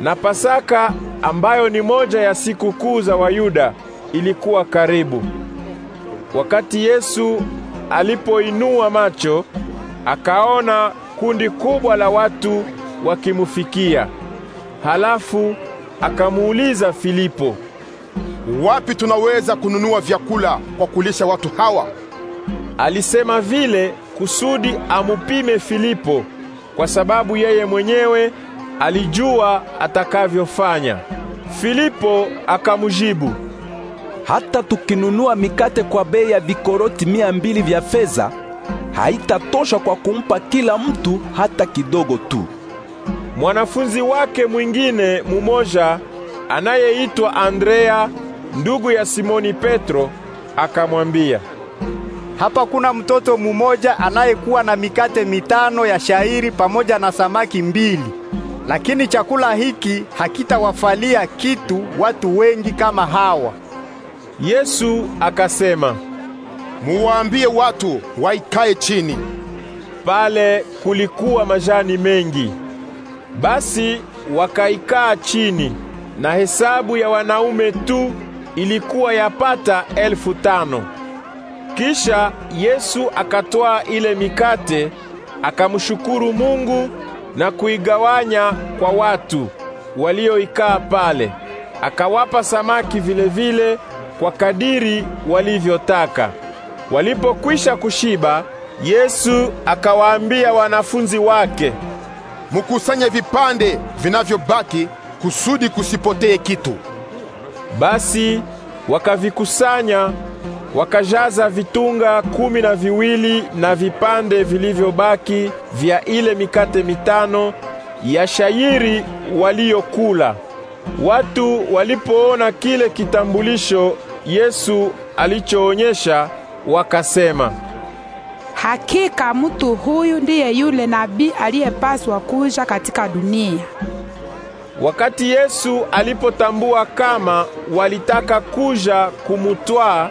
Na Pasaka ambayo ni moja ya siku kuu za Wayuda ilikuwa karibu. Wakati Yesu alipoinua macho, akaona kundi kubwa la watu wakimufikia. Halafu akamuuliza Filipo, "Wapi tunaweza kununua vyakula kwa kulisha watu hawa?" Alisema vile kusudi amupime Filipo kwa sababu yeye mwenyewe alijua atakavyofanya. Filipo akamjibu, hata tukinunua mikate kwa bei ya vikoroti mia mbili vya fedha haitatosha kwa kumpa kila mtu hata kidogo tu. Mwanafunzi wake mwingine mumoja anayeitwa Andrea, ndugu ya Simoni Petro, akamwambia hapa kuna mtoto mmoja anayekuwa na mikate mitano ya shairi pamoja na samaki mbili, lakini chakula hiki hakitawafalia kitu watu wengi kama hawa. Yesu akasema, muwaambie watu waikae chini. Pale kulikuwa majani mengi, basi wakaikaa chini, na hesabu ya wanaume tu ilikuwa yapata elfu tano. Kisha Yesu akatoa ile mikate, akamshukuru Mungu na kuigawanya kwa watu walioikaa pale. Akawapa samaki vilevile vile kwa kadiri walivyotaka. Walipokwisha kushiba, Yesu akawaambia wanafunzi wake, mukusanye vipande vinavyobaki kusudi kusipotee kitu. Basi wakavikusanya wakajaza vitunga kumi na viwili na vipande vilivyobaki vya ile mikate mitano ya shayiri waliyokula. Watu walipoona kile kitambulisho Yesu alichoonyesha, wakasema, hakika mtu huyu ndiye yule nabii aliyepaswa kuja katika dunia. Wakati Yesu alipotambua kama walitaka kuja kumutwaa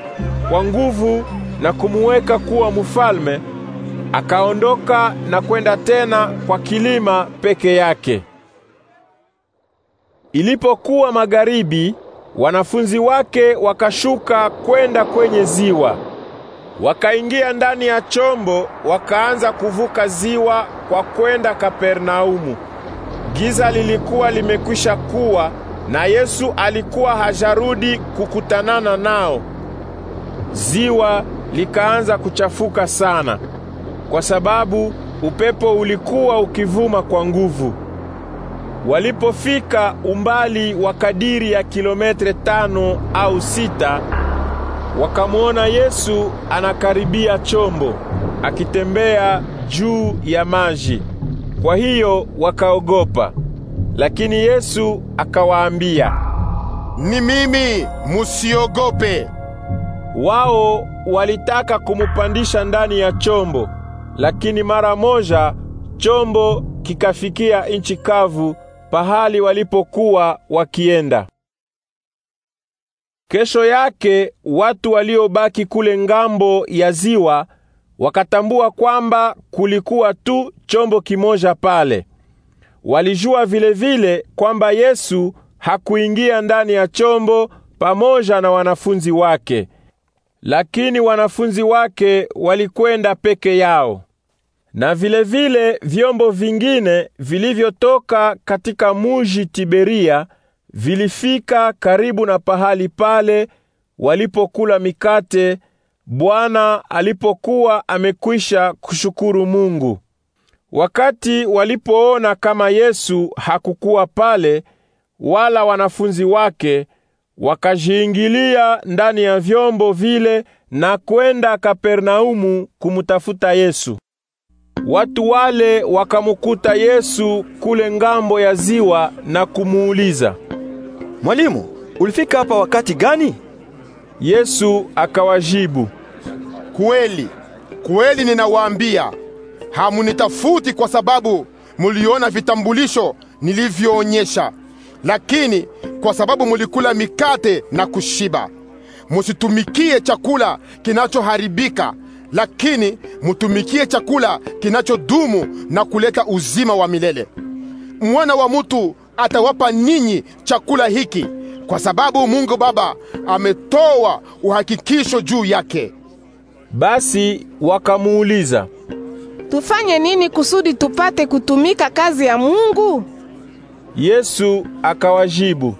kwa nguvu na kumuweka kuwa mfalme, akaondoka na kwenda tena kwa kilima peke yake. Ilipokuwa magharibi, wanafunzi wake wakashuka kwenda kwenye ziwa. Wakaingia ndani ya chombo wakaanza kuvuka ziwa kwa kwenda Kapernaumu. Giza lilikuwa limekwisha kuwa na Yesu alikuwa hajarudi kukutanana nao ziwa likaanza kuchafuka sana, kwa sababu upepo ulikuwa ukivuma kwa nguvu. Walipofika umbali wa kadiri ya kilometre tano au sita, wakamwona Yesu anakaribia chombo akitembea juu ya maji. Kwa hiyo wakaogopa. Lakini Yesu akawaambia, ni mimi, musiogope. Wao walitaka kumupandisha ndani ya chombo, lakini mara moja chombo kikafikia nchi kavu pahali walipokuwa wakienda. Kesho yake watu waliobaki kule ngambo ya ziwa wakatambua kwamba kulikuwa tu chombo kimoja pale. Walijua vile vile kwamba Yesu hakuingia ndani ya chombo pamoja na wanafunzi wake lakini wanafunzi wake walikwenda peke yao. Na vile vile vyombo vingine vilivyotoka katika muji Tiberia vilifika karibu na pahali pale walipokula mikate Bwana alipokuwa amekwisha kushukuru Mungu. Wakati walipoona kama Yesu hakukuwa pale wala wanafunzi wake Wakajiingilia ndani ya vyombo vile na kwenda Kapernaumu kumutafuta Yesu. Watu wale wakamukuta Yesu kule ngambo ya ziwa na kumuuliza, Mwalimu, ulifika hapa wakati gani? Yesu akawajibu, Kweli, kweli ninawaambia, hamunitafuti kwa sababu muliona vitambulisho nilivyoonyesha, lakini kwa sababu mulikula mikate na kushiba, musitumikie chakula kinachoharibika, lakini mutumikie chakula kinachodumu na kuleta uzima wa milele. Mwana wa mutu atawapa ninyi chakula hiki, kwa sababu Mungu Baba ametoa uhakikisho juu yake. Basi wakamuuliza, tufanye nini kusudi tupate kutumika kazi ya Mungu? Yesu akawajibu,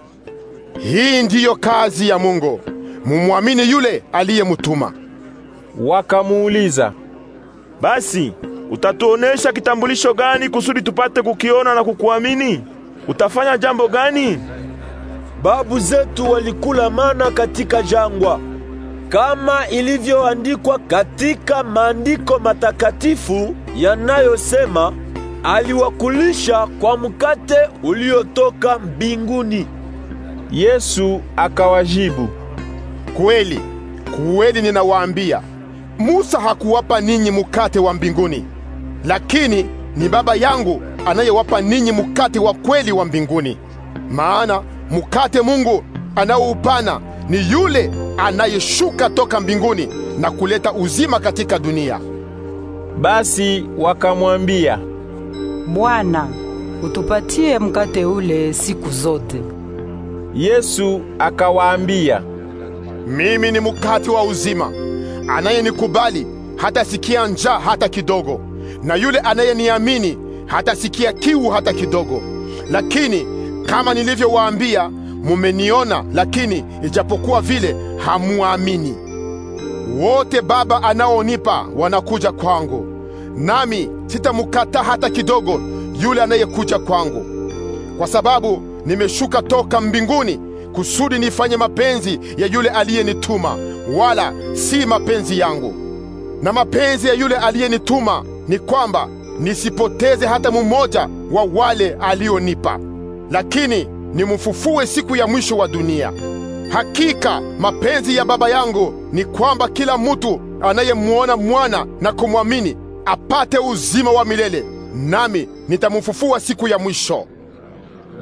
hii ndiyo kazi ya Mungu, mumwamini yule aliyemutuma. Wakamuuliza, basi utatuonesha kitambulisho gani kusudi tupate kukiona na kukuamini? Utafanya jambo gani? Babu zetu walikula mana katika jangwa, kama ilivyoandikwa katika maandiko matakatifu yanayosema, aliwakulisha kwa mkate uliotoka mbinguni. Yesu akawajibu, kweli kweli ninawaambia, Musa hakuwapa ninyi mkate wa mbinguni, lakini ni Baba yangu anayewapa ninyi mkate wa kweli wa mbinguni. Maana mkate Mungu anaoupana ni yule anayeshuka toka mbinguni na kuleta uzima katika dunia. Basi wakamwambia Bwana, utupatie mkate ule siku zote. Yesu akawaambia, mimi ni mkate wa uzima. Anayenikubali hatasikia njaa hata kidogo, na yule anayeniamini hatasikia kiu hata kidogo. Lakini kama nilivyowaambia, mumeniona, lakini ijapokuwa vile hamuamini. Wote Baba anaonipa wanakuja kwangu nami sitamukataa hata kidogo yule anayekuja kwangu, kwa sababu nimeshuka toka mbinguni kusudi nifanye mapenzi ya yule aliyenituma, wala si mapenzi yangu. Na mapenzi ya yule aliyenituma ni kwamba nisipoteze hata mumoja wa wale alionipa, lakini nimufufue siku ya mwisho wa dunia. Hakika mapenzi ya Baba yangu ni kwamba kila mtu anayemwona mwana na kumwamini apate uzima wa milele, nami nitamufufua siku ya mwisho.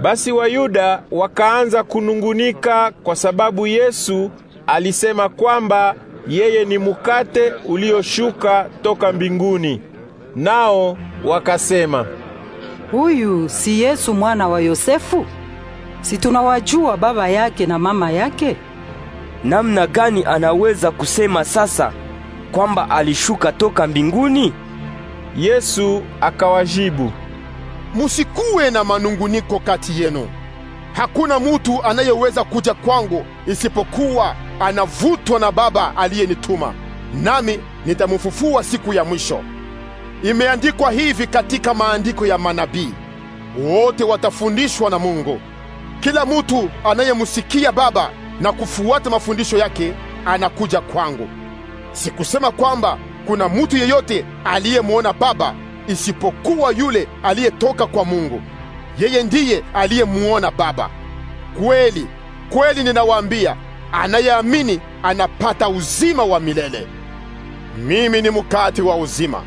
Basi Wayuda wakaanza kunungunika kwa sababu Yesu alisema kwamba yeye ni mukate ulioshuka toka mbinguni. Nao wakasema, huyu si Yesu mwana wa Yosefu? Si tunawajua baba yake na mama yake? Namna gani anaweza kusema sasa kwamba alishuka toka mbinguni? Yesu akawajibu, musikuwe na manunguniko kati yenu. Hakuna mutu anayeweza kuja kwangu isipokuwa anavutwa na Baba aliyenituma, nami nitamufufua siku ya mwisho. Imeandikwa hivi katika maandiko ya manabii, wote watafundishwa na Mungu. Kila mutu anayemusikia Baba na kufuata mafundisho yake anakuja kwangu. Sikusema kwamba hakuna mtu yeyote aliyemwona Baba isipokuwa yule aliyetoka kwa Mungu. Yeye ndiye aliyemwona Baba. Kweli kweli ninawaambia, anayeamini anapata uzima wa milele. Mimi ni mkate wa uzima.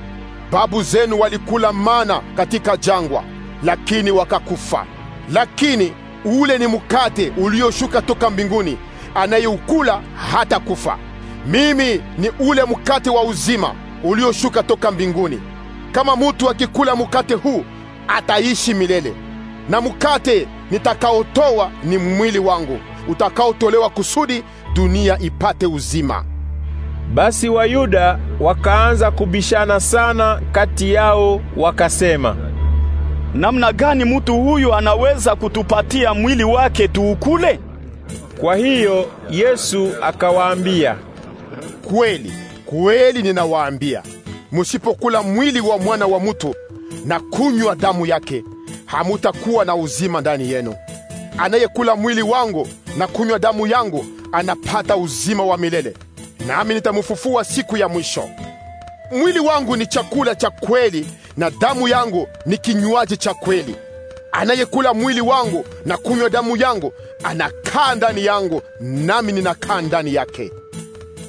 Babu zenu walikula mana katika jangwa, lakini wakakufa. Lakini ule ni mkate ulioshuka toka mbinguni, anayeukula hata kufa. Mimi ni ule mkate wa uzima ulioshuka toka mbinguni. Kama mutu akikula mkate huu ataishi milele, na mkate nitakaotoa ni mwili wangu utakaotolewa kusudi dunia ipate uzima. Basi Wayuda wakaanza kubishana sana kati yao, wakasema, namna gani mutu huyu anaweza kutupatia mwili wake tuukule? Kwa hiyo Yesu akawaambia, Kweli kweli ninawaambia, musipokula mwili wa mwana wa mtu na kunywa damu yake, hamutakuwa na uzima ndani yenu. Anayekula mwili wangu na kunywa damu yangu anapata uzima wa milele, nami nitamufufua siku ya mwisho. Mwili wangu ni chakula cha kweli na damu yangu ni kinywaji cha kweli. Anayekula mwili wangu na kunywa damu yangu anakaa ndani yangu, nami ninakaa ndani yake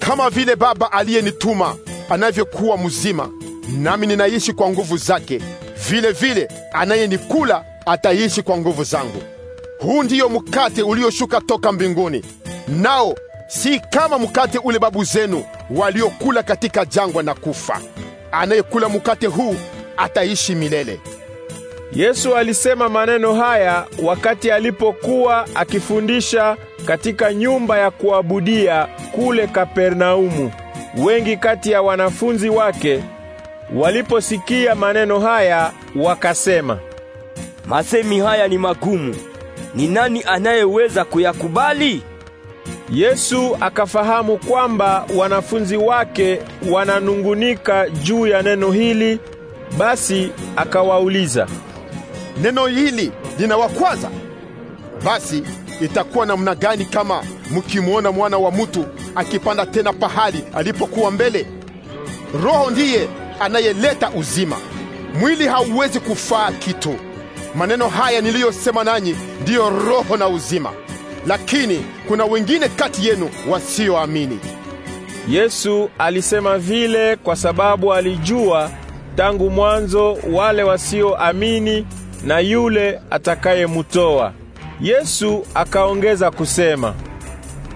kama vile Baba aliyenituma anavyokuwa mzima, nami ninaishi kwa nguvu zake, vile vile anayenikula ataishi kwa nguvu zangu. Huu ndiyo mkate ulioshuka toka mbinguni, nao si kama mkate ule babu zenu waliokula katika jangwa na kufa. Anayekula mkate huu ataishi milele. Yesu alisema maneno haya wakati alipokuwa akifundisha katika nyumba ya kuabudia kule Kapernaumu. Wengi kati ya wanafunzi wake waliposikia maneno haya wakasema, masemi haya ni magumu, ni nani anayeweza kuyakubali? Yesu akafahamu kwamba wanafunzi wake wananungunika juu ya neno hili, basi akawauliza neno hili linawakwaza? Basi itakuwa namna gani kama mkimwona mwana wa mtu akipanda tena pahali alipokuwa mbele? Roho ndiye anayeleta uzima, mwili hauwezi kufaa kitu. Maneno haya niliyosema nanyi ndiyo roho na uzima, lakini kuna wengine kati yenu wasioamini. Yesu alisema vile kwa sababu alijua tangu mwanzo wale wasioamini na yule atakayemutoa. Yesu akaongeza kusema,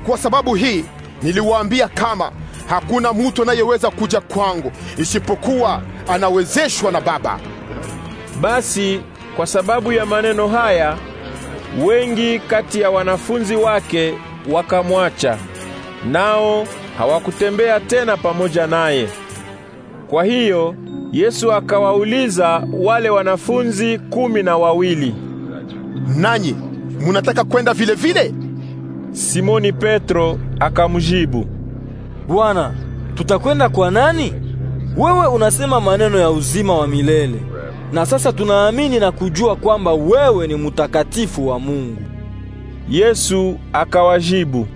kwa sababu hii niliwaambia kama hakuna mutu anayeweza kuja kwangu isipokuwa anawezeshwa na Baba. Basi kwa sababu ya maneno haya wengi kati ya wanafunzi wake wakamwacha, nao hawakutembea tena pamoja naye. Kwa hiyo Yesu akawauliza wale wanafunzi kumi na wawili, nanyi munataka kwenda vile vile? Simoni Petro akamjibu, Bwana, tutakwenda kwa nani? Wewe unasema maneno ya uzima wa milele, na sasa tunaamini na kujua kwamba wewe ni mtakatifu wa Mungu. Yesu akawajibu,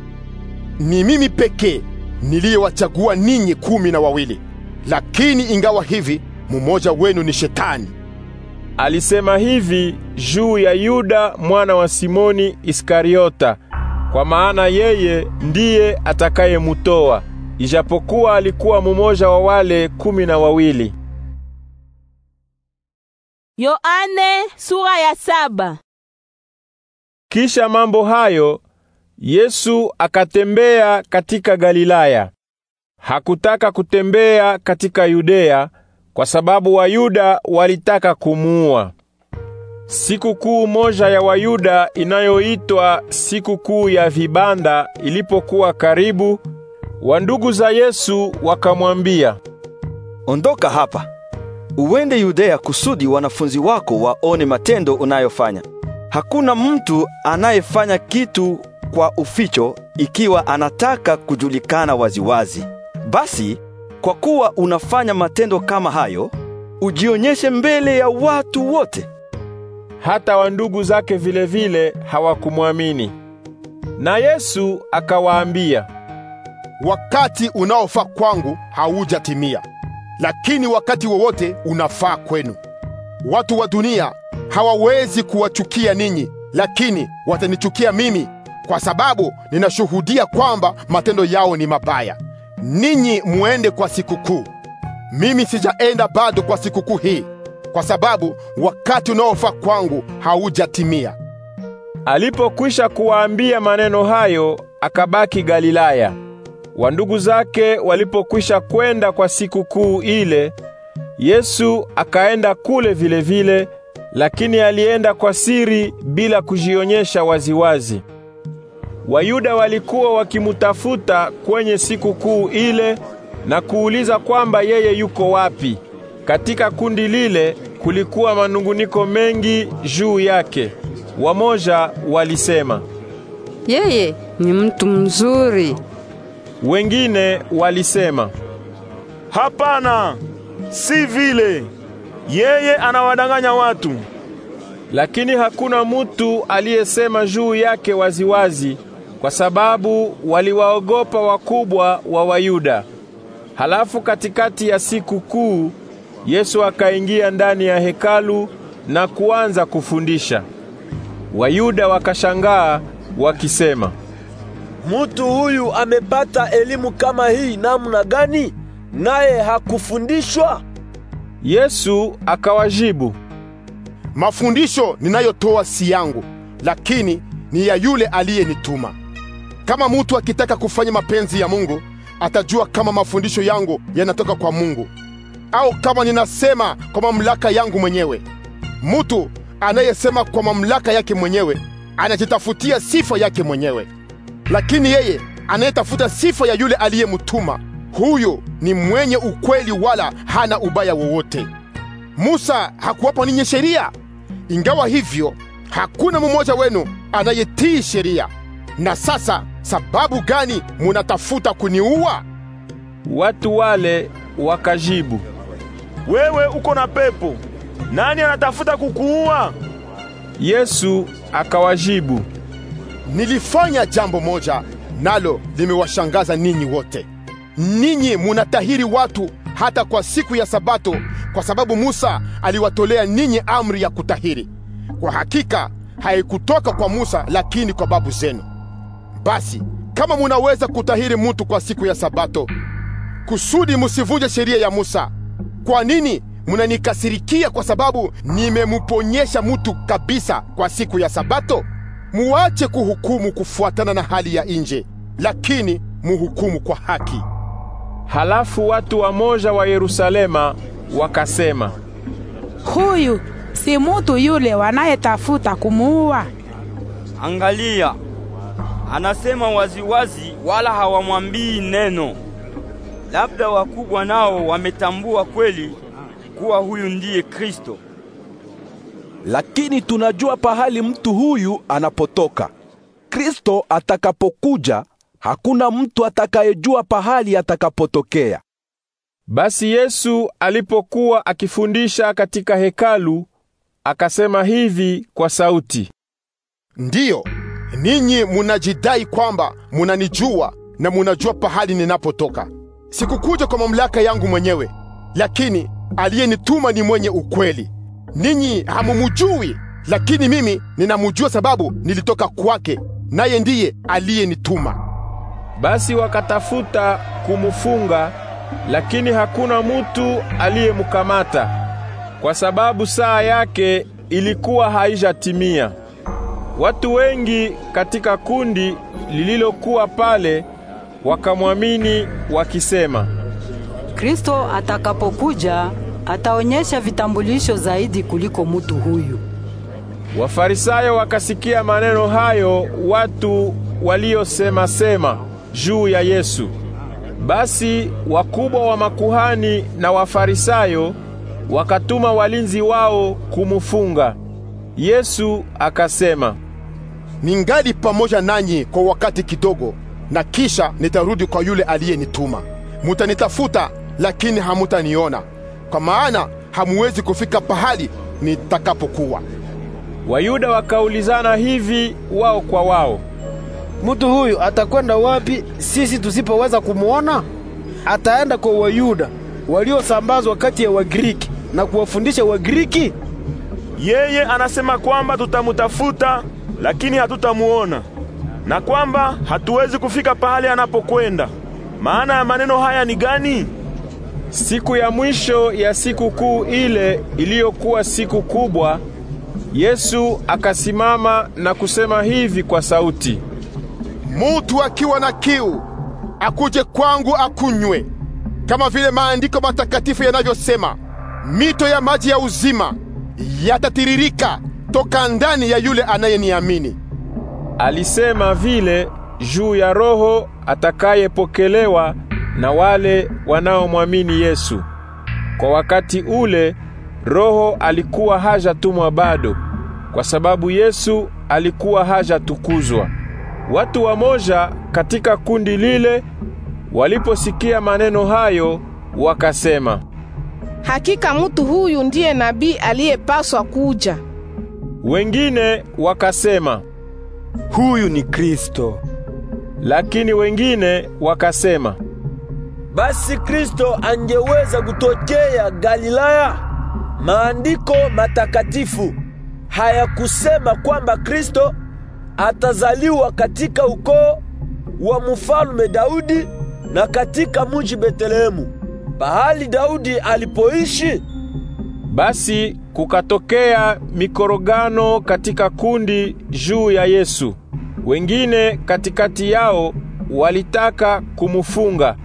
ni mimi pekee niliyewachagua ninyi kumi na wawili, lakini ingawa hivi mmoja wenu ni Shetani. Alisema hivi juu ya Yuda mwana wa Simoni Iskariota, kwa maana yeye ndiye atakayemutoa, ijapokuwa alikuwa mmoja wa wale kumi na wawili. Yoane sura ya saba. Kisha mambo hayo Yesu akatembea katika Galilaya. Hakutaka kutembea katika Yudea kwa sababu Wayuda walitaka kumuua. siku kuu moja ya Wayuda inayoitwa sikukuu ya vibanda ilipokuwa karibu, wandugu za Yesu wakamwambia, ondoka hapa uende Yudea kusudi wanafunzi wako waone matendo unayofanya. Hakuna mtu anayefanya kitu kwa uficho ikiwa anataka kujulikana waziwazi. Basi kwa kuwa unafanya matendo kama hayo, ujionyeshe mbele ya watu wote. Hata wandugu zake vilevile hawakumwamini. Na Yesu akawaambia, wakati unaofaa kwangu haujatimia, lakini wakati wowote unafaa kwenu. Watu wa dunia hawawezi kuwachukia ninyi, lakini watanichukia mimi, kwa sababu ninashuhudia kwamba matendo yao ni mabaya ninyi muende kwa sikukuu. Mimi sijaenda bado kwa sikukuu hii, kwa sababu wakati unaofaa kwangu haujatimia. Alipokwisha kuwaambia maneno hayo, akabaki Galilaya. Wandugu zake walipokwisha kwenda kwa sikukuu ile, Yesu akaenda kule vilevile vile, lakini alienda kwa siri bila kujionyesha waziwazi. Wayuda walikuwa wakimutafuta kwenye siku kuu ile na kuuliza kwamba yeye yuko wapi. Katika kundi lile kulikuwa manunguniko mengi juu yake. Wamoja walisema yeye ni mtu mzuri, wengine walisema hapana, si vile, yeye anawadanganya watu. Lakini hakuna mutu aliyesema juu yake waziwazi wazi kwa sababu waliwaogopa wakubwa wa Wayuda. Halafu katikati ya siku kuu Yesu akaingia ndani ya hekalu na kuanza kufundisha. Wayuda wakashangaa wakisema, Mutu huyu amepata elimu kama hii namna gani? Naye hakufundishwa? Yesu akawajibu, mafundisho ninayotoa si yangu, lakini ni ya yule aliyenituma. Kama mutu akitaka kufanya mapenzi ya Mungu, atajua kama mafundisho yangu yanatoka kwa Mungu au kama ninasema kwa mamlaka yangu mwenyewe. Mutu anayesema kwa mamlaka yake mwenyewe anajitafutia sifa yake mwenyewe, lakini yeye anayetafuta sifa ya yule aliyemtuma, huyo ni mwenye ukweli, wala hana ubaya wowote. Musa hakuwapa ninyi sheria? Ingawa hivyo, hakuna mmoja wenu anayetii sheria. Na sasa sababu gani munatafuta kuniua? Watu wale wakajibu, wewe uko na pepo, nani anatafuta kukuua? Yesu akawajibu, nilifanya jambo moja nalo limewashangaza ninyi wote. Ninyi munatahiri watu hata kwa siku ya Sabato, kwa sababu Musa aliwatolea ninyi amri ya kutahiri. Kwa hakika haikutoka kwa Musa, lakini kwa babu zenu. Basi kama munaweza kutahiri mutu kwa siku ya Sabato kusudi musivunje sheria ya Musa, kwa nini munanikasirikia kwa sababu nimemuponyesha mutu kabisa kwa siku ya Sabato? Muache kuhukumu kufuatana na hali ya nje, lakini muhukumu kwa haki. Halafu watu wamoja wa Yerusalema wakasema, huyu si mutu yule wanayetafuta kumuua? Angalia, anasema waziwazi, wala hawamwambii neno. Labda wakubwa nao wametambua kweli kuwa huyu ndiye Kristo. Lakini tunajua pahali mtu huyu anapotoka. Kristo atakapokuja, hakuna mtu atakayejua pahali atakapotokea. Basi Yesu alipokuwa akifundisha katika hekalu, akasema hivi kwa sauti, Ndiyo, Ninyi munajidai kwamba munanijua na munajua pahali ninapotoka. Sikukuja kwa mamlaka yangu mwenyewe, lakini aliyenituma ni mwenye ukweli. Ninyi hamumujui, lakini mimi ninamujua, sababu nilitoka kwake, naye ndiye aliyenituma. Basi wakatafuta kumufunga, lakini hakuna mutu aliyemkamata, kwa sababu saa yake ilikuwa haijatimia. Watu wengi katika kundi lililokuwa pale wakamwamini wakisema, Kristo atakapokuja ataonyesha vitambulisho zaidi kuliko mutu huyu. Wafarisayo wakasikia maneno hayo watu waliosema sema juu ya Yesu. Basi wakubwa wa makuhani na Wafarisayo wakatuma walinzi wao kumufunga Yesu. Akasema, ningali pamoja nanyi kwa wakati kidogo, na kisha nitarudi kwa yule aliyenituma. Mutanitafuta, lakini hamutaniona, kwa maana hamuwezi kufika pahali nitakapokuwa. Wayuda wakaulizana hivi wao kwa wao, mtu huyu atakwenda wapi sisi tusipoweza kumwona? Ataenda kwa Wayuda waliosambazwa kati ya Wagiriki na kuwafundisha Wagiriki? Yeye anasema kwamba tutamutafuta lakini hatutamuona, na kwamba hatuwezi kufika pahali anapokwenda. Maana ya maneno haya ni gani? Siku ya mwisho ya siku kuu ile iliyokuwa siku kubwa, Yesu akasimama na kusema hivi kwa sauti, mutu akiwa na kiu akuje kwangu akunywe, kama vile maandiko matakatifu yanavyosema, mito ya maji ya uzima yatatiririka toka ndani ya yule anayeniamini. Alisema vile juu ya Roho atakayepokelewa na wale wanaomwamini Yesu. Kwa wakati ule Roho alikuwa hajatumwa bado, kwa sababu Yesu alikuwa hajatukuzwa. Watu wamoja katika kundi lile waliposikia maneno hayo wakasema, hakika mtu huyu ndiye nabii aliyepaswa kuja. Wengine wakasema, huyu ni Kristo. Lakini wengine wakasema, basi Kristo angeweza kutokea Galilaya? Maandiko matakatifu hayakusema kwamba Kristo atazaliwa katika ukoo wa mfalme Daudi na katika mji betelehemu pahali Daudi alipoishi? Basi kukatokea mikorogano katika kundi juu ya Yesu. Wengine katikati yao walitaka kumufunga,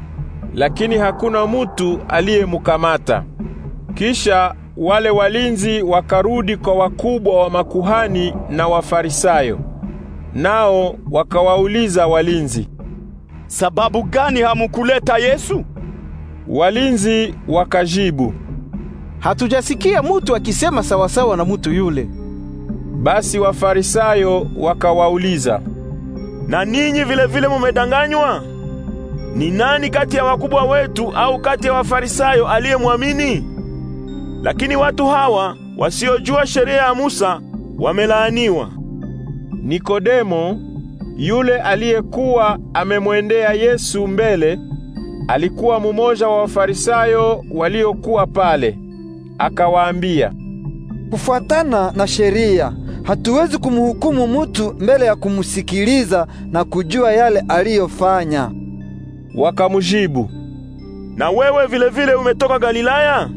lakini hakuna mutu aliyemkamata. Kisha wale walinzi wakarudi kwa wakubwa wa makuhani na Wafarisayo, nao wakawauliza walinzi, sababu gani hamukuleta Yesu? Walinzi wakajibu, hatujasikia mutu akisema sawasawa na mutu yule. Basi Wafarisayo wakawauliza, na ninyi vilevile mumedanganywa? Ni nani kati ya wakubwa wetu au kati ya Wafarisayo aliyemwamini? Lakini watu hawa wasiojua sheria ya Musa wamelaaniwa. Nikodemo yule aliyekuwa amemwendea Yesu mbele alikuwa mumoja wa Wafarisayo waliokuwa pale akawaambia, kufuatana na sheria hatuwezi kumhukumu mutu mbele ya kumsikiliza na kujua yale aliyofanya. Wakamjibu, na wewe vilevile vile umetoka Galilaya?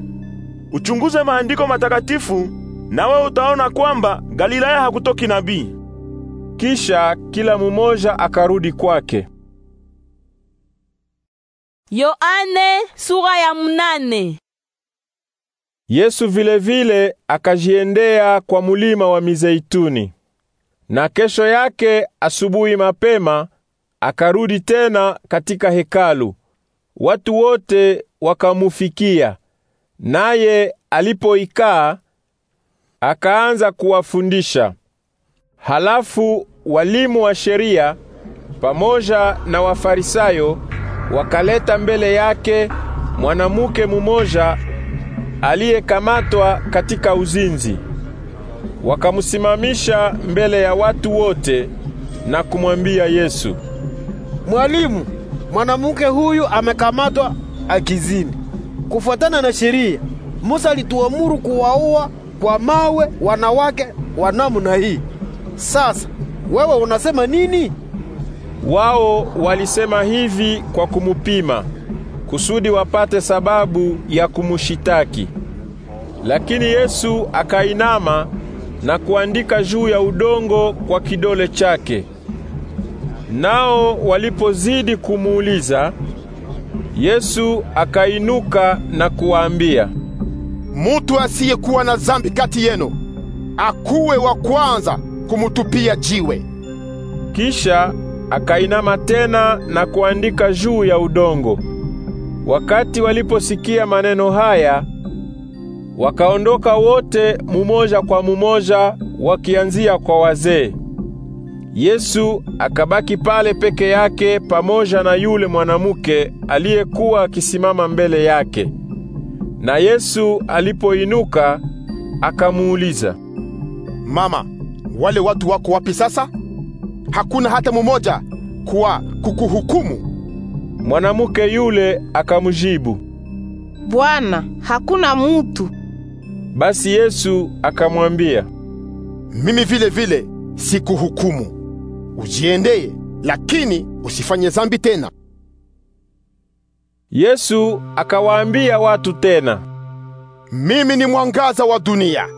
Uchunguze maandiko matakatifu, na wewe utaona kwamba Galilaya hakutoki nabii. Kisha kila mumoja akarudi kwake. Yoane sura ya mnane. Yesu vilevile akajiendea kwa mulima wa Mizeituni, na kesho yake asubuhi mapema akarudi tena katika hekalu. Watu wote wakamufikia, naye alipoikaa akaanza kuwafundisha. Halafu walimu wa sheria pamoja na Wafarisayo wakaleta mbele yake mwanamke mumoja aliyekamatwa katika uzinzi. Wakamsimamisha mbele ya watu wote na kumwambia Yesu, Mwalimu, mwanamke huyu amekamatwa akizini. Kufuatana na sheria, Musa alituamuru kuwaua kwa mawe wanawake wa namna hii. Sasa wewe unasema nini? Wao walisema hivi kwa kumupima kusudi wapate sababu ya kumushitaki. Lakini Yesu akainama na kuandika juu ya udongo kwa kidole chake. Nao walipozidi kumuuliza, Yesu akainuka na kuwaambia, mutu asiyekuwa na zambi kati yenu akuwe wa kwanza kumutupia jiwe. Kisha akainama tena na kuandika juu ya udongo. Wakati waliposikia maneno haya, wakaondoka wote mumoja kwa mumoja, wakianzia kwa wazee. Yesu akabaki pale peke yake pamoja na yule mwanamke aliyekuwa akisimama mbele yake. Na Yesu alipoinuka akamuuliza, Mama, wale watu wako wapi sasa? Hakuna hata mumoja kwa kukuhukumu. Mwanamke yule akamjibu, Bwana, hakuna mutu. Basi Yesu akamwambia, mimi vile vile sikuhukumu. Ujiendeye, lakini usifanye zambi tena. Yesu akawaambia watu tena, mimi ni mwangaza wa dunia.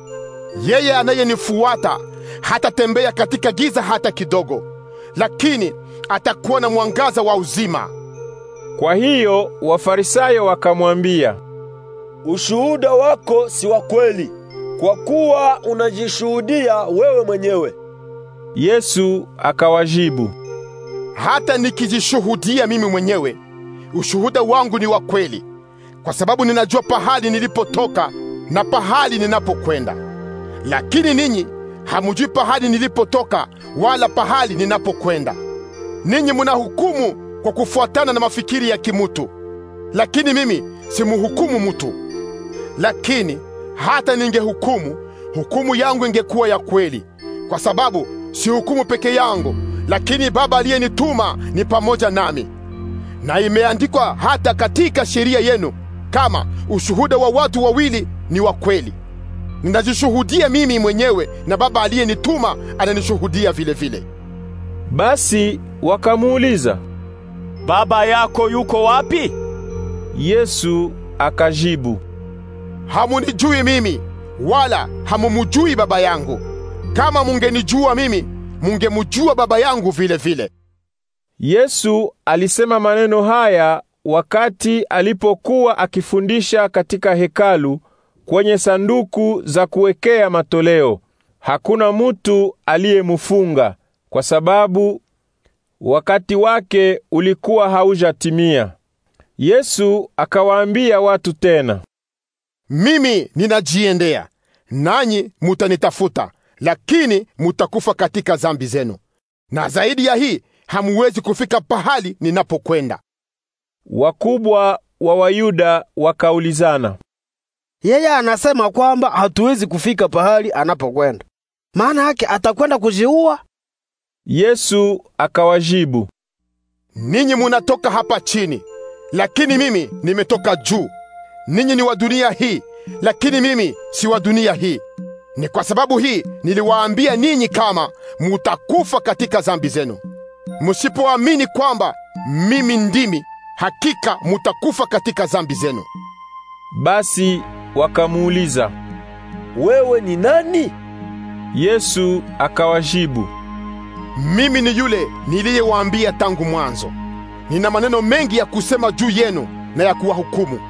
Yeye anayenifuata hatatembea katika giza hata kidogo, lakini atakuwa na mwangaza wa uzima. Kwa hiyo Wafarisayo wakamwambia, ushuhuda wako si wa kweli, kwa kuwa unajishuhudia wewe mwenyewe. Yesu akawajibu, hata nikijishuhudia mimi mwenyewe, ushuhuda wangu ni wa kweli, kwa sababu ninajua pahali nilipotoka na pahali ninapokwenda. Lakini ninyi hamujui pahali nilipotoka wala pahali ninapokwenda. Ninyi munahukumu kwa kufuatana na mafikiri ya kimutu, lakini mimi simuhukumu mtu. Lakini hata ningehukumu, hukumu yangu ingekuwa ya kweli, kwa sababu si hukumu peke yangu, lakini Baba aliyenituma ni pamoja nami. Na imeandikwa hata katika sheria yenu kama ushuhuda wa watu wawili ni wa kweli. Ninajishuhudia mimi mwenyewe na Baba aliyenituma ananishuhudia vile vile. Basi wakamuuliza baba yako yuko wapi? Yesu akajibu, hamunijui mimi wala hamumujui baba yangu. Kama mungenijua mimi, mungemujua baba yangu vile vile. Yesu alisema maneno haya wakati alipokuwa akifundisha katika hekalu kwenye sanduku za kuwekea matoleo. Hakuna mutu aliyemfunga kwa sababu wakati wake ulikuwa haujatimia. Yesu akawaambia watu tena, mimi ninajiendea, nanyi mutanitafuta, lakini mutakufa katika zambi zenu, na zaidi ya hii hamuwezi kufika pahali ninapokwenda. Wakubwa wa Wayuda wakaulizana, yeye anasema kwamba hatuwezi kufika pahali anapokwenda, maana yake atakwenda kujiua Yesu akawajibu, ninyi munatoka hapa chini, lakini mimi nimetoka juu. Ninyi ni wa dunia hii, lakini mimi si wa dunia hii. Ni kwa sababu hii niliwaambia ninyi kama mutakufa katika dhambi zenu. Msipoamini kwamba mimi ndimi, hakika mutakufa katika zambi zenu. Basi wakamuuliza, wewe ni nani? Yesu akawajibu, mimi ni yule niliyewaambia tangu mwanzo. Nina maneno mengi ya kusema juu yenu na ya kuwahukumu,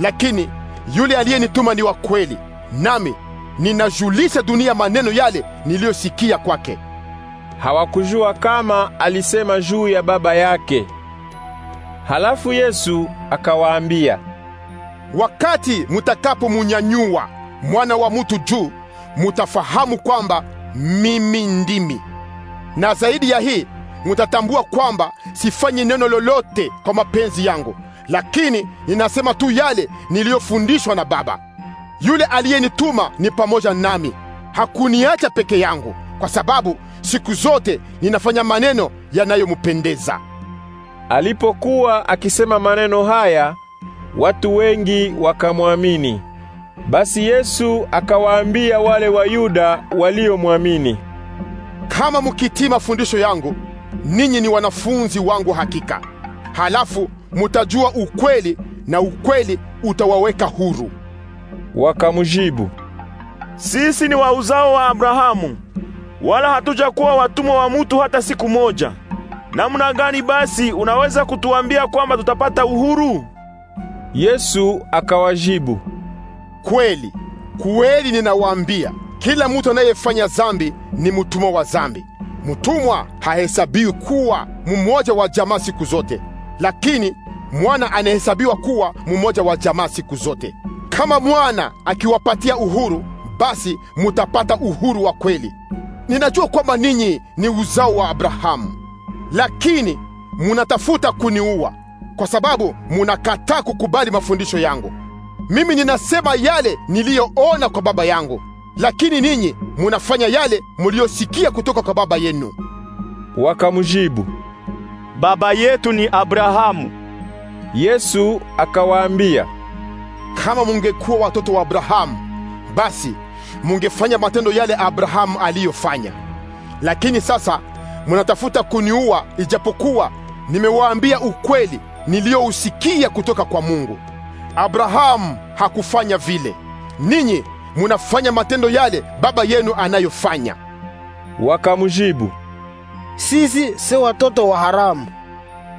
lakini yule aliyenituma ni wa kweli, nami ninajulisha dunia maneno yale niliyosikia kwake. Hawakujua kama alisema juu ya baba yake. Halafu Yesu akawaambia, wakati mutakapomunyanyua mwana wa mutu juu, mutafahamu kwamba mimi ndimi na zaidi ya hii mutatambua kwamba sifanyi neno lolote kwa mapenzi yangu, lakini ninasema tu yale niliyofundishwa na Baba. Yule aliyenituma ni pamoja nami, hakuniacha peke yangu, kwa sababu siku zote ninafanya maneno yanayompendeza. Alipokuwa akisema maneno haya, watu wengi wakamwamini. Basi Yesu akawaambia wale Wayuda waliomwamini, kama mkitii mafundisho yangu, ninyi ni wanafunzi wangu hakika. Halafu mutajua ukweli na ukweli utawaweka huru. Wakamjibu, sisi ni wauzao wa Abrahamu, wala hatujakuwa watumwa wa mutu hata siku moja. Namna gani basi unaweza kutuambia kwamba tutapata uhuru? Yesu akawajibu, kweli kweli ninawaambia kila mtu anayefanya zambi ni mtumwa wa zambi. Mtumwa hahesabiwi kuwa mmoja wa jamaa siku zote, lakini mwana anahesabiwa kuwa mmoja wa jamaa siku zote. Kama mwana akiwapatia uhuru, basi mutapata uhuru wa kweli. Ninajua kwamba ninyi ni uzao wa Abrahamu, lakini munatafuta kuniua kwa sababu munakataa kukubali mafundisho yangu. Mimi ninasema yale niliyoona kwa Baba yangu, lakini ninyi munafanya yale muliyosikia kutoka kwa baba yenu. Wakamjibu, baba yetu ni Abrahamu. Yesu akawaambia, kama mungekuwa watoto wa Abrahamu, basi mungefanya matendo yale Abrahamu aliyofanya. Lakini sasa munatafuta kuniua, ijapokuwa nimewaambia ukweli niliyousikia kutoka kwa Mungu. Abrahamu hakufanya vile. Ninyi munafanya matendo yale baba yenu anayofanya. Wakamjibu, sisi si watoto wa haramu,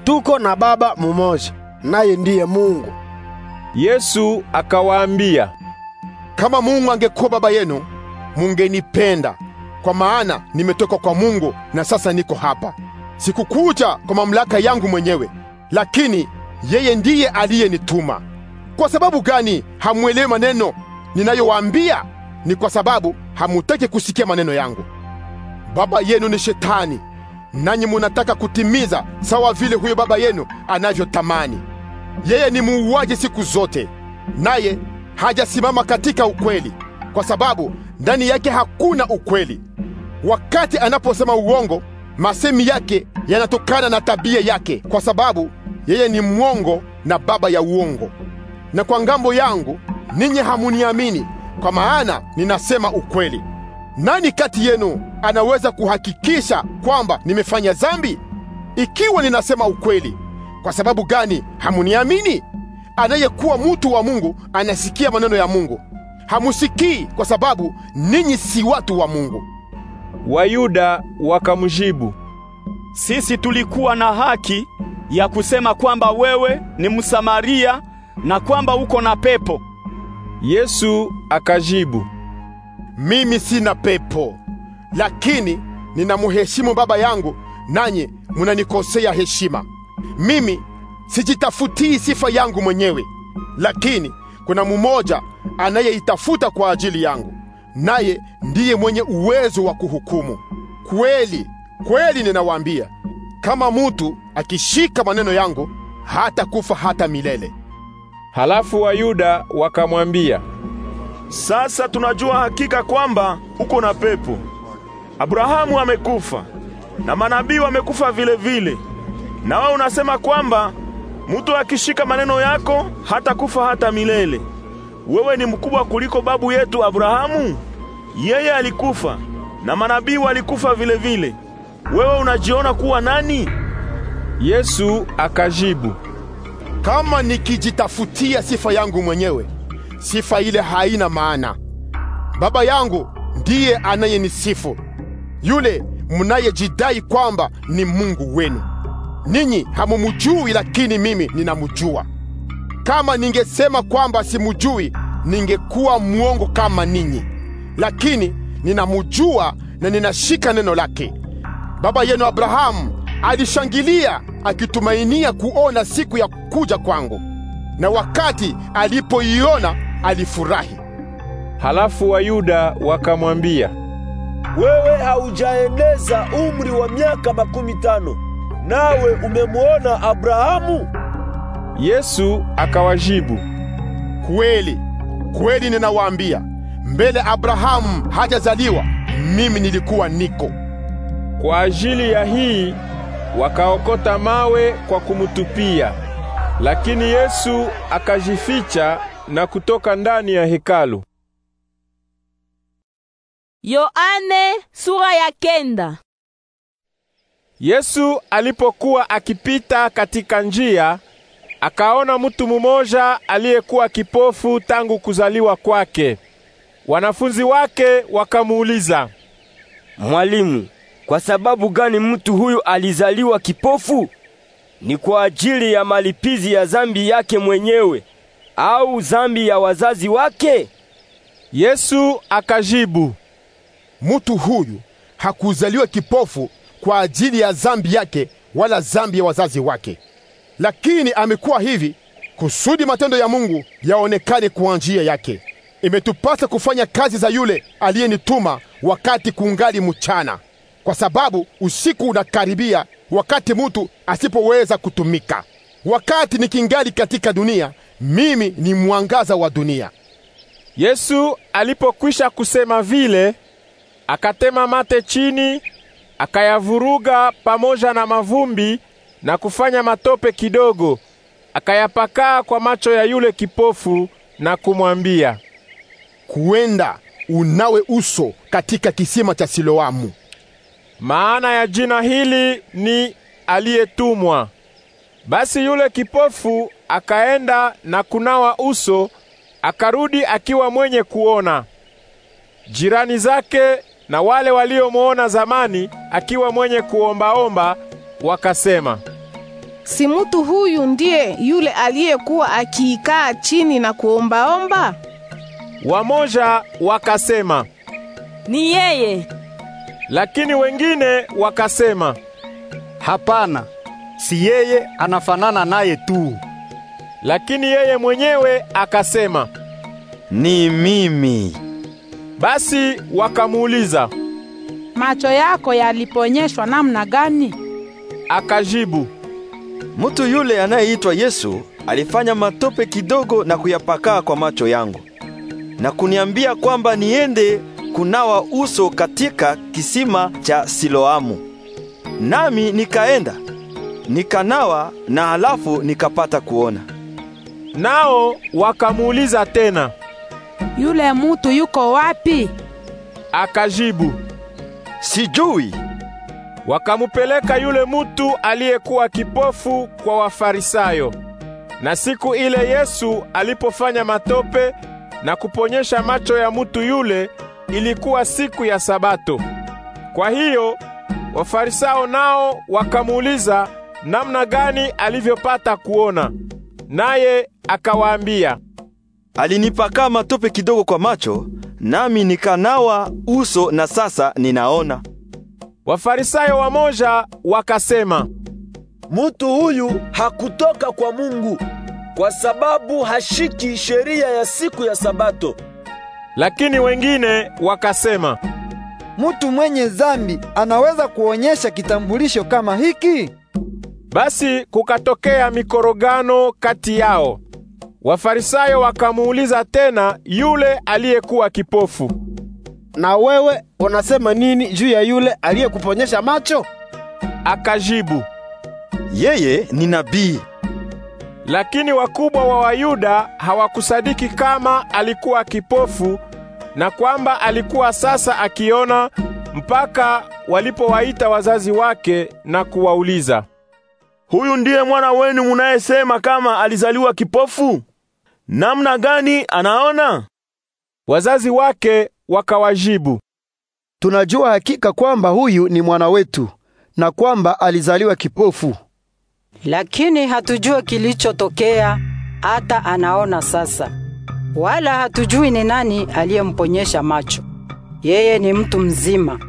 tuko na baba mumoja, naye ndiye Mungu. Yesu akawaambia, kama Mungu angekuwa baba yenu, mungenipenda kwa maana nimetoka kwa Mungu na sasa niko hapa. Sikukuja kwa mamlaka yangu mwenyewe, lakini yeye ndiye aliyenituma. Kwa sababu gani hamwelewi maneno ninayowaambia ni kwa sababu hamutaki kusikia maneno yangu. Baba yenu ni Shetani, nanyi munataka kutimiza sawa vile huyo baba yenu anavyotamani. Yeye ni muuaji siku zote, naye hajasimama katika ukweli, kwa sababu ndani yake hakuna ukweli. Wakati anaposema uongo, masemi yake yanatokana na tabia yake, kwa sababu yeye ni mwongo na baba ya uongo. Na kwa ngambo yangu ninyi hamuniamini, kwa maana ninasema ukweli. Nani kati yenu anaweza kuhakikisha kwamba nimefanya dhambi ikiwa ninasema ukweli? Kwa sababu gani hamuniamini? Anayekuwa mtu wa Mungu anasikia maneno ya Mungu. Hamusikii kwa sababu ninyi si watu wa Mungu. Wayuda wakamjibu, sisi tulikuwa na haki ya kusema kwamba wewe ni Msamaria na kwamba uko na pepo. Yesu akajibu, mimi sina pepo, lakini ninamheshimu Baba yangu, nanyi munanikosea heshima. Mimi sijitafutii sifa yangu mwenyewe, lakini kuna mumoja anayeitafuta kwa ajili yangu, naye ndiye mwenye uwezo wa kuhukumu. Kweli kweli ninawaambia, kama mutu akishika maneno yangu, hata kufa hata milele. Halafu Wayuda wakamwambia, sasa tunajua hakika kwamba uko na pepo. Abrahamu amekufa na manabii wamekufa vile vile, na wewe unasema kwamba mtu akishika maneno yako hatakufa hata milele. Wewe ni mkubwa kuliko babu yetu Abrahamu. Yeye alikufa na manabii walikufa vile vile, wewe unajiona kuwa nani? Yesu akajibu kama nikijitafutia sifa yangu mwenyewe, sifa ile haina maana. Baba yangu ndiye anayenisifu, yule mnayejidai kwamba ni Mungu wenu. Ninyi hamumujui, lakini mimi ninamujua. Kama ningesema kwamba simujui, ningekuwa mwongo kama ninyi, lakini ninamujua na ninashika neno lake. Baba yenu Abrahamu alishangilia akitumainia kuona siku ya kuja kwangu, na wakati alipoiona alifurahi. Halafu Wayuda wakamwambia, wewe haujaeneza umri wa miaka makumi tano nawe umemwona Abrahamu? Yesu akawajibu, kweli kweli ninawaambia, mbele Abrahamu hajazaliwa mimi nilikuwa niko. Kwa ajili ya hii wakaokota mawe kwa kumutupia. Lakini Yesu akajificha na kutoka ndani ya hekalu. Yoane sura ya kenda. Yesu alipokuwa akipita katika njia, akaona mtu mmoja aliyekuwa kipofu tangu kuzaliwa kwake. Wanafunzi wake wakamuuliza, Mwalimu, kwa sababu gani mtu huyu alizaliwa kipofu? Ni kwa ajili ya malipizi ya zambi yake mwenyewe au dhambi ya wazazi wake? Yesu akajibu, mtu huyu hakuzaliwa kipofu kwa ajili ya zambi yake wala zambi ya wazazi wake, lakini amekuwa hivi kusudi matendo ya Mungu yaonekane kwa njia yake. Imetupasa kufanya kazi za yule aliyenituma wakati kungali mchana kwa sababu usiku unakaribia, wakati mtu asipoweza kutumika. Wakati nikingali katika dunia, mimi ni mwangaza wa dunia. Yesu alipokwisha kusema vile, akatema mate chini, akayavuruga pamoja na mavumbi na kufanya matope kidogo, akayapakaa kwa macho ya yule kipofu na kumwambia, kuenda unawe uso katika kisima cha Siloamu. Maana ya jina hili ni aliyetumwa. Basi yule kipofu akaenda na kunawa uso, akarudi akiwa mwenye kuona. Jirani zake na wale waliomwona zamani akiwa mwenye kuombaomba wakasema, si mutu huyu ndiye yule aliyekuwa akiikaa chini na kuombaomba? Wamoja wakasema, ni yeye. Lakini wengine wakasema, hapana, si yeye, anafanana naye tu. Lakini yeye mwenyewe akasema, ni mimi. Basi wakamuuliza, macho yako yaliponyeshwa namna gani? Akajibu, mtu yule anayeitwa Yesu alifanya matope kidogo na kuyapakaa kwa macho yangu na kuniambia kwamba niende kunawa uso katika kisima cha Siloamu. Nami nikaenda nikanawa, na halafu nikapata kuona. Nao wakamuuliza tena, yule mutu yuko wapi? Akajibu, sijui. Wakamupeleka yule mutu aliyekuwa kipofu kwa Wafarisayo. Na siku ile Yesu alipofanya matope na kuponyesha macho ya mutu yule ilikuwa siku ya Sabato. Kwa hiyo Wafarisayo nao wakamuuliza namna gani alivyopata kuona, naye akawaambia, alinipakaa matope kidogo kwa macho, nami nikanawa uso na sasa ninaona. Wafarisayo wamoja wakasema, mutu huyu hakutoka kwa Mungu kwa sababu hashiki sheria ya siku ya Sabato. Lakini wengine wakasema, mtu mwenye zambi anaweza kuonyesha kitambulisho kama hiki? Basi kukatokea mikorogano kati yao. Wafarisayo wakamuuliza tena yule aliyekuwa kipofu, na wewe unasema nini juu ya yule aliyekuponyesha macho? Akajibu, yeye ni nabii. Lakini wakubwa wa Wayuda hawakusadiki kama alikuwa kipofu na kwamba alikuwa sasa akiona mpaka walipowaita wazazi wake na kuwauliza, huyu ndiye mwana wenu munayesema kama alizaliwa kipofu? Namna gani anaona? Wazazi wake wakawajibu, tunajua hakika kwamba huyu ni mwana wetu na kwamba alizaliwa kipofu, lakini hatujua kilichotokea hata anaona sasa wala hatujui ni nani aliyemponyesha macho. Yeye ni mtu mzima,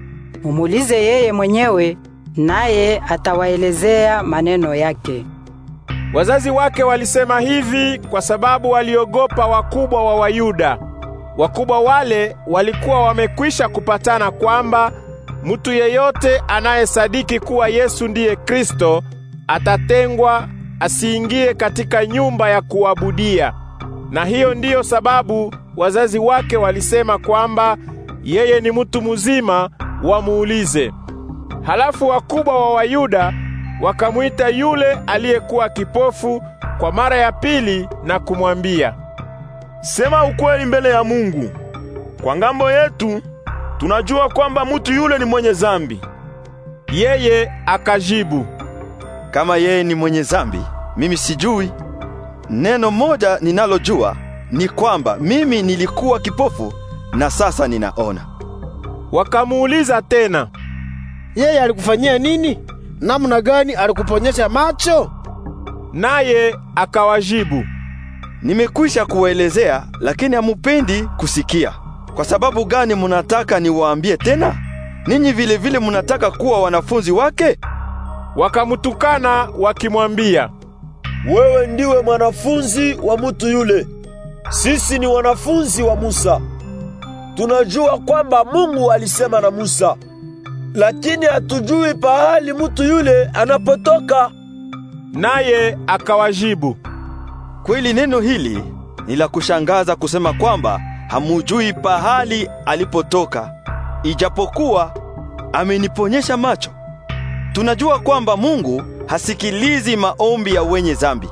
mumulize yeye mwenyewe, naye atawaelezea maneno yake. Wazazi wake walisema hivi kwa sababu waliogopa wakubwa wa Wayuda. Wakubwa wale walikuwa wamekwisha kupatana kwamba mtu yeyote anayesadiki kuwa Yesu ndiye Kristo atatengwa asiingie katika nyumba ya kuabudia na hiyo ndiyo sababu wazazi wake walisema kwamba yeye ni mtu mzima, wamuulize. Halafu wakubwa wa Wayuda wakamwita yule aliyekuwa kipofu kwa mara ya pili na kumwambia, sema ukweli mbele ya Mungu. Kwa ngambo yetu tunajua kwamba mutu yule ni mwenye zambi. Yeye akajibu, kama yeye ni mwenye zambi, mimi sijui. Neno moja ninalojua ni kwamba mimi nilikuwa kipofu na sasa ninaona. Wakamuuliza tena, yeye alikufanyia nini? Namna gani alikuponyesha macho? Naye akawajibu, nimekwisha kuwaelezea, lakini hamupendi kusikia. Kwa sababu gani munataka niwaambie tena? Ninyi vile vile munataka kuwa wanafunzi wake? wakamutukana wakimwambia wewe ndiwe mwanafunzi wa mutu yule, sisi ni wanafunzi wa Musa. Tunajua kwamba Mungu alisema na Musa, lakini hatujui pahali mutu yule anapotoka. Naye akawajibu, kweli neno hili ni la kushangaza kusema kwamba hamujui pahali alipotoka, ijapokuwa ameniponyesha macho. Tunajua kwamba Mungu hasikilizi maombi ya wenye zambi,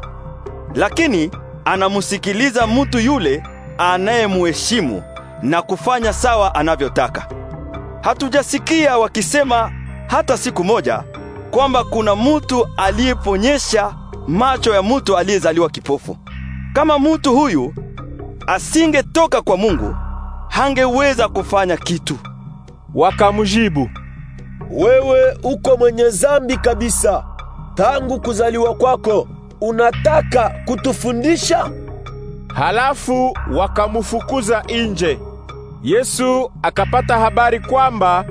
lakini anamusikiliza mtu yule anayemheshimu na kufanya sawa anavyotaka. Hatujasikia wakisema hata siku moja kwamba kuna mtu aliyeponyesha macho ya mtu aliyezaliwa kipofu. Kama mtu huyu asingetoka kwa Mungu, hangeweza kufanya kitu. Wakamjibu, wewe uko mwenye zambi kabisa tangu kuzaliwa kwako unataka kutufundisha? Halafu wakamfukuza nje. Yesu akapata habari kwamba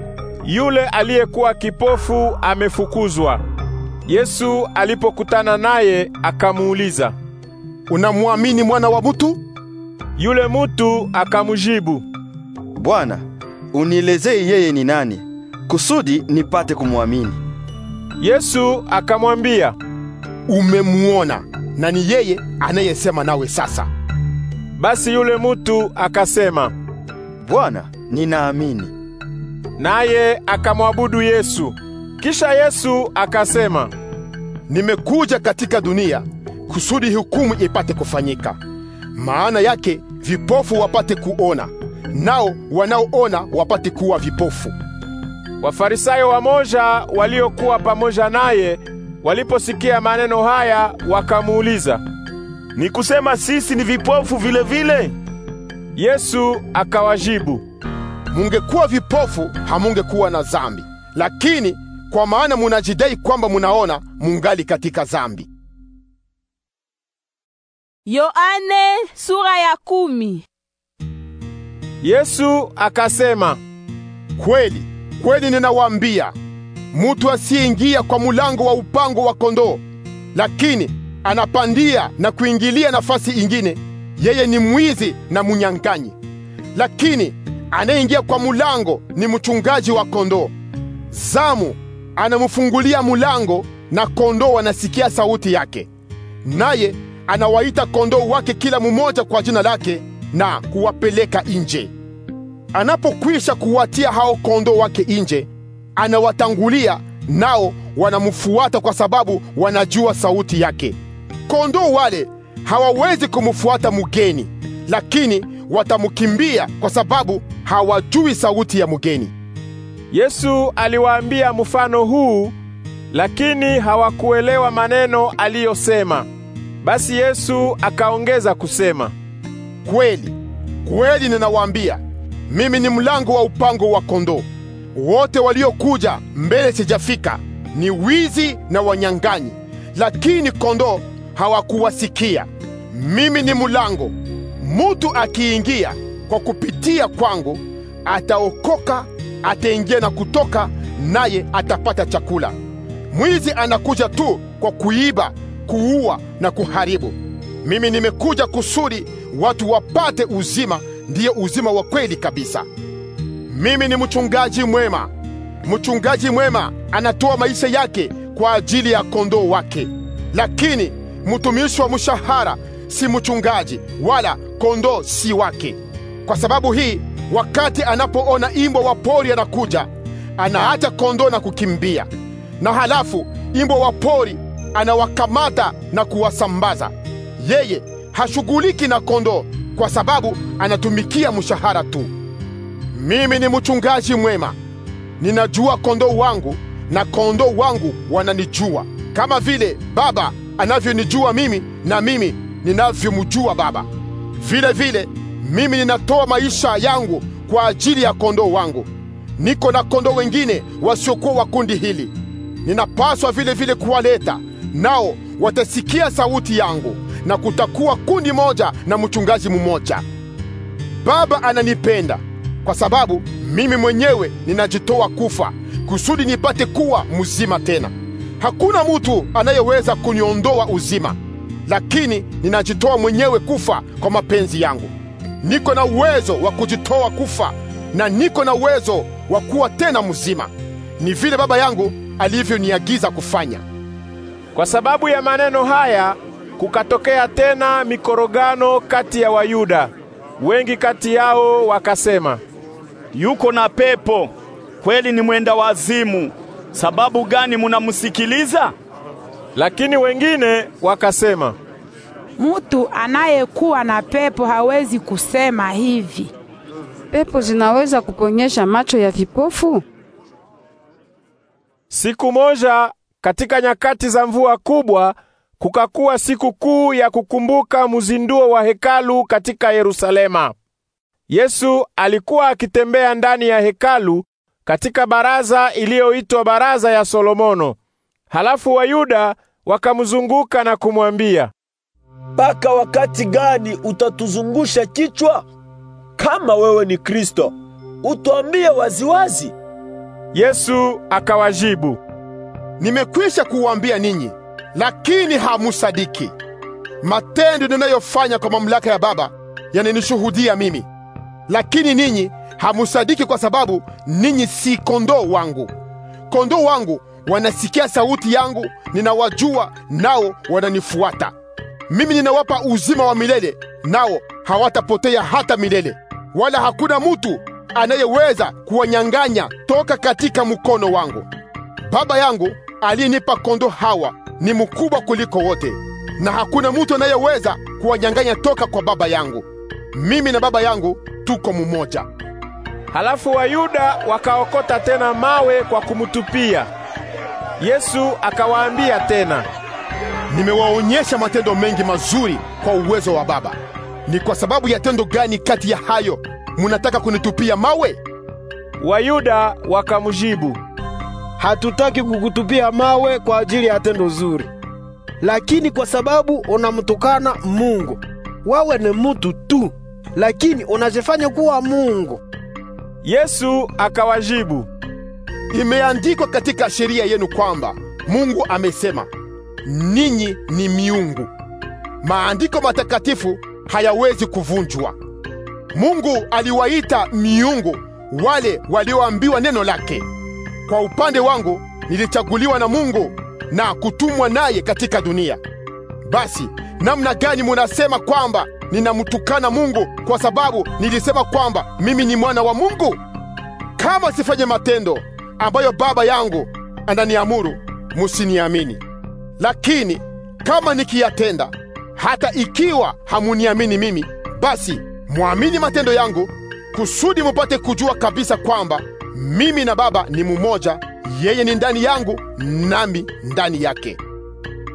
yule aliyekuwa kipofu amefukuzwa. Yesu alipokutana naye akamuuliza, unamwamini mwana wa mutu? Yule mutu akamjibu, Bwana, unielezee yeye ni nani, kusudi nipate kumwamini. Yesu akamwambia, umemuona na ni yeye anayesema nawe sasa. Basi yule mutu akasema, Bwana, ninaamini, naye akamwabudu Yesu. Kisha Yesu akasema, nimekuja katika dunia kusudi hukumu ipate kufanyika, maana yake vipofu wapate kuona, nao wanaoona wapate kuwa vipofu. Wafarisayo wamoja waliokuwa pamoja naye waliposikia maneno haya wakamuuliza, ni kusema sisi ni vipofu vile vile? Yesu akawajibu, mungekuwa vipofu hamungekuwa na zambi, lakini kwa maana munajidai kwamba munaona, mungali katika zambi. Yoane sura ya kumi. Yesu akasema, kweli Kweli ninawaambia, mutu asiyeingia kwa mulango wa upango wa kondoo, lakini anapandia na kuingilia nafasi ingine, yeye ni mwizi na munyang'anyi. Lakini anayeingia kwa mulango ni mchungaji wa kondoo. Zamu anamfungulia mulango, na kondoo wanasikia sauti yake, naye anawaita kondoo wake kila mumoja kwa jina lake na kuwapeleka nje. Anapokwisha kuwatia hao kondoo wake nje, anawatangulia nao wanamfuata kwa sababu wanajua sauti yake. Kondoo wale hawawezi kumfuata mgeni, lakini watamkimbia kwa sababu hawajui sauti ya mgeni. Yesu aliwaambia mfano huu, lakini hawakuelewa maneno aliyosema. Basi Yesu akaongeza kusema, kweli kweli ninawaambia mimi ni mlango wa upango wa kondoo. Wote waliokuja mbele sijafika ni wizi na wanyang'anyi, lakini kondoo hawakuwasikia. Mimi ni mlango. Mutu akiingia kwa kupitia kwangu ataokoka, ataingia na kutoka, naye atapata chakula. Mwizi anakuja tu kwa kuiba, kuua na kuharibu. Mimi nimekuja kusudi watu wapate uzima ndiyo uzima wa kweli kabisa. Mimi ni mchungaji mwema. Mchungaji mwema anatoa maisha yake kwa ajili ya kondoo wake, lakini mtumishi wa mshahara si mchungaji, wala kondoo si wake. Kwa sababu hii, wakati anapoona imbo wa pori anakuja, anaacha kondoo na kukimbia, na halafu imbo wa pori anawakamata na kuwasambaza. Yeye hashughuliki na kondoo, kwa sababu anatumikia mshahara tu. Mimi ni mchungaji mwema, ninajua kondoo wangu na kondoo wangu wananijua, kama vile Baba anavyonijua mimi na mimi ninavyomjua Baba. Vile vile mimi ninatoa maisha yangu kwa ajili ya kondoo wangu. Niko na kondoo wengine wasiokuwa wa kundi hili, ninapaswa vile vile kuwaleta, nao watasikia sauti yangu na kutakuwa kundi moja na mchungaji mmoja. Baba ananipenda kwa sababu mimi mwenyewe ninajitoa kufa kusudi nipate kuwa mzima tena. Hakuna mutu anayeweza kuniondoa uzima, lakini ninajitoa mwenyewe kufa kwa mapenzi yangu. Niko na uwezo wa kujitoa kufa na niko na uwezo wa kuwa tena mzima, ni vile Baba yangu alivyoniagiza kufanya. Kwa sababu ya maneno haya Kukatokea tena mikorogano kati ya Wayuda. Wengi kati yao wakasema, yuko na pepo kweli, ni mwenda wazimu. Sababu gani munamusikiliza? Lakini wengine wakasema, mutu anayekuwa na pepo hawezi kusema hivi. Pepo zinaweza kuponyesha macho ya vipofu? Siku moja katika nyakati za mvua kubwa kukakuwa siku kuu ya kukumbuka mzinduo wa hekalu katika Yerusalema. Yesu alikuwa akitembea ndani ya hekalu katika baraza iliyoitwa baraza ya Solomono. Halafu Wayuda wakamzunguka na kumwambia, mpaka wakati gani utatuzungusha kichwa? Kama wewe ni Kristo, utuambie waziwazi. Yesu akawajibu, nimekwisha kuwaambia ninyi lakini hamusadiki. Matendo ninayofanya kwa mamlaka ya Baba yananishuhudia mimi, lakini ninyi hamusadiki kwa sababu ninyi si kondoo wangu. Kondoo wangu wanasikia sauti yangu, ninawajua nao wananifuata. Mimi ninawapa uzima wa milele, nao hawatapotea hata milele, wala hakuna mutu anayeweza kuwanyang'anya toka katika mkono wangu. Baba yangu aliyenipa kondoo hawa ni mkubwa kuliko wote, na hakuna mtu anayeweza kuwanyang'anya toka kwa Baba yangu. Mimi na Baba yangu tuko mumoja. Halafu Wayuda wakaokota tena mawe kwa kumtupia. Yesu akawaambia tena, nimewaonyesha matendo mengi mazuri kwa uwezo wa Baba. Ni kwa sababu ya tendo gani kati ya hayo munataka kunitupia mawe? Wayuda wakamjibu, Hatutaki kukutupia mawe kwa ajili ya tendo zuri, lakini kwa sababu unamtukana Mungu. Wewe ni mutu tu, lakini unajifanya kuwa Mungu. Yesu akawajibu, imeandikwa katika sheria yenu kwamba Mungu amesema ninyi ni miungu. Maandiko matakatifu hayawezi kuvunjwa. Mungu aliwaita miungu wale walioambiwa neno lake. Kwa upande wangu nilichaguliwa na Mungu na kutumwa naye katika dunia. Basi namna gani munasema kwamba ninamtukana Mungu kwa sababu nilisema kwamba mimi ni mwana wa Mungu? Kama sifanye matendo ambayo Baba yangu ananiamuru, musiniamini. Lakini kama nikiyatenda, hata ikiwa hamuniamini mimi, basi mwamini matendo yangu, kusudi mupate kujua kabisa kwamba mimi na Baba ni mumoja, yeye ni ndani yangu nami ndani yake.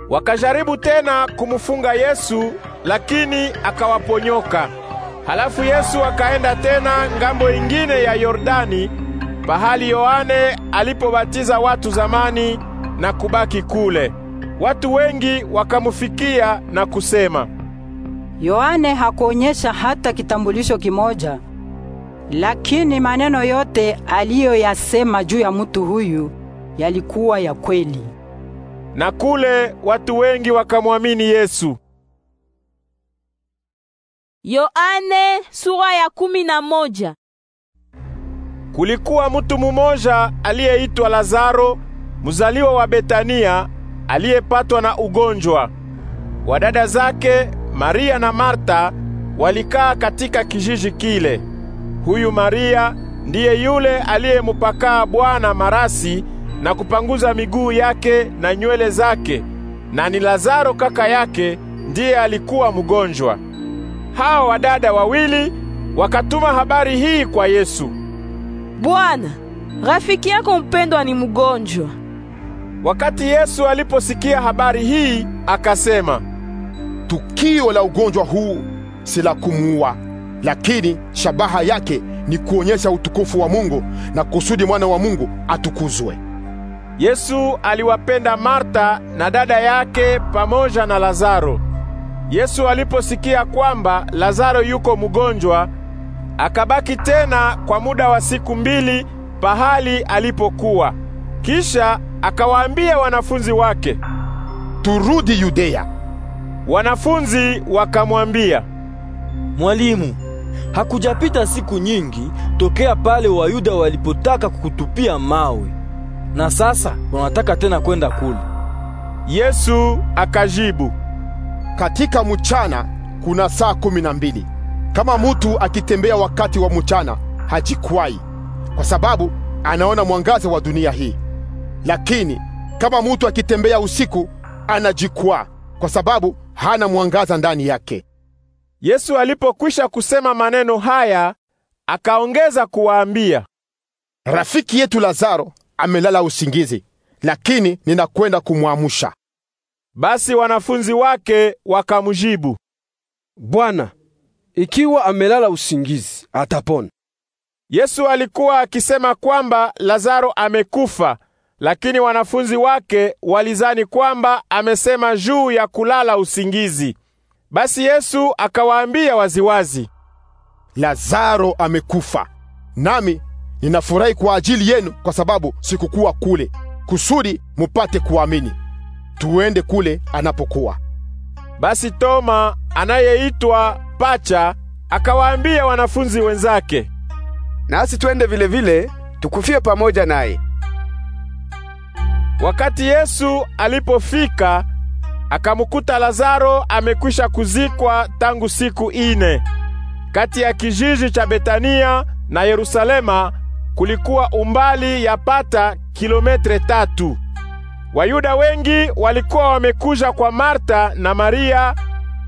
Wakajaribu tena kumfunga Yesu, lakini akawaponyoka. Halafu Yesu akaenda tena ngambo ingine ya Yordani, pahali Yohane alipobatiza watu zamani na kubaki kule. Watu wengi wakamufikia na kusema, Yohane hakuonyesha hata kitambulisho kimoja lakini maneno yote aliyoyasema juu ya mtu huyu yalikuwa ya kweli. Na kule watu wengi wakamwamini Yesu. Yoane sura ya kumi na moja. Kulikuwa mtu mumoja aliyeitwa Lazaro, mzaliwa wa Betania, aliyepatwa na ugonjwa. Wadada zake Maria na Marta walikaa katika kijiji kile. Huyu Maria ndiye yule aliyemupakaa Bwana marasi na kupanguza miguu yake na nywele zake, na ni Lazaro kaka yake ndiye alikuwa mgonjwa. Hao wadada wawili wakatuma habari hii kwa Yesu: Bwana, rafiki yako mpendwa ni mgonjwa. Wakati Yesu aliposikia habari hii, akasema, tukio la ugonjwa huu si la kumuua lakini shabaha yake ni kuonyesha utukufu wa Mungu na kusudi mwana wa Mungu atukuzwe. Yesu aliwapenda Marta na dada yake pamoja na Lazaro. Yesu aliposikia kwamba Lazaro yuko mgonjwa, akabaki tena kwa muda wa siku mbili pahali alipokuwa. Kisha akawaambia wanafunzi wake, "Turudi Yudea." Wanafunzi wakamwambia, "Mwalimu, Hakujapita siku nyingi tokea pale Wayuda walipotaka kukutupia mawe, na sasa wanataka tena kwenda kule. Yesu akajibu, katika mchana kuna saa kumi na mbili. Kama mutu akitembea wakati wa mchana hajikwai, kwa sababu anaona mwangaza wa dunia hii. Lakini kama mutu akitembea usiku anajikwaa, kwa sababu hana mwangaza ndani yake. Yesu alipokwisha kusema maneno haya, akaongeza kuwaambia, rafiki yetu Lazaro amelala usingizi, lakini ninakwenda kumwamsha. Basi wanafunzi wake wakamjibu, Bwana, ikiwa amelala usingizi atapona. Yesu alikuwa akisema kwamba Lazaro amekufa, lakini wanafunzi wake walizani kwamba amesema juu ya kulala usingizi. Basi Yesu akawaambia waziwazi, Lazaro amekufa, nami ninafurahi kwa ajili yenu kwa sababu sikukuwa kule, kusudi mupate kuamini. Tuende kule anapokuwa. Basi Toma anayeitwa Pacha akawaambia wanafunzi wenzake, nasi twende vilevile tukufie pamoja naye. Wakati Yesu alipofika akamkuta Lazaro amekwisha kuzikwa tangu siku ine. Kati ya kijiji cha Betania na Yerusalema kulikuwa umbali ya pata kilometre tatu. Wayuda wengi walikuwa wamekuja kwa Marta na Maria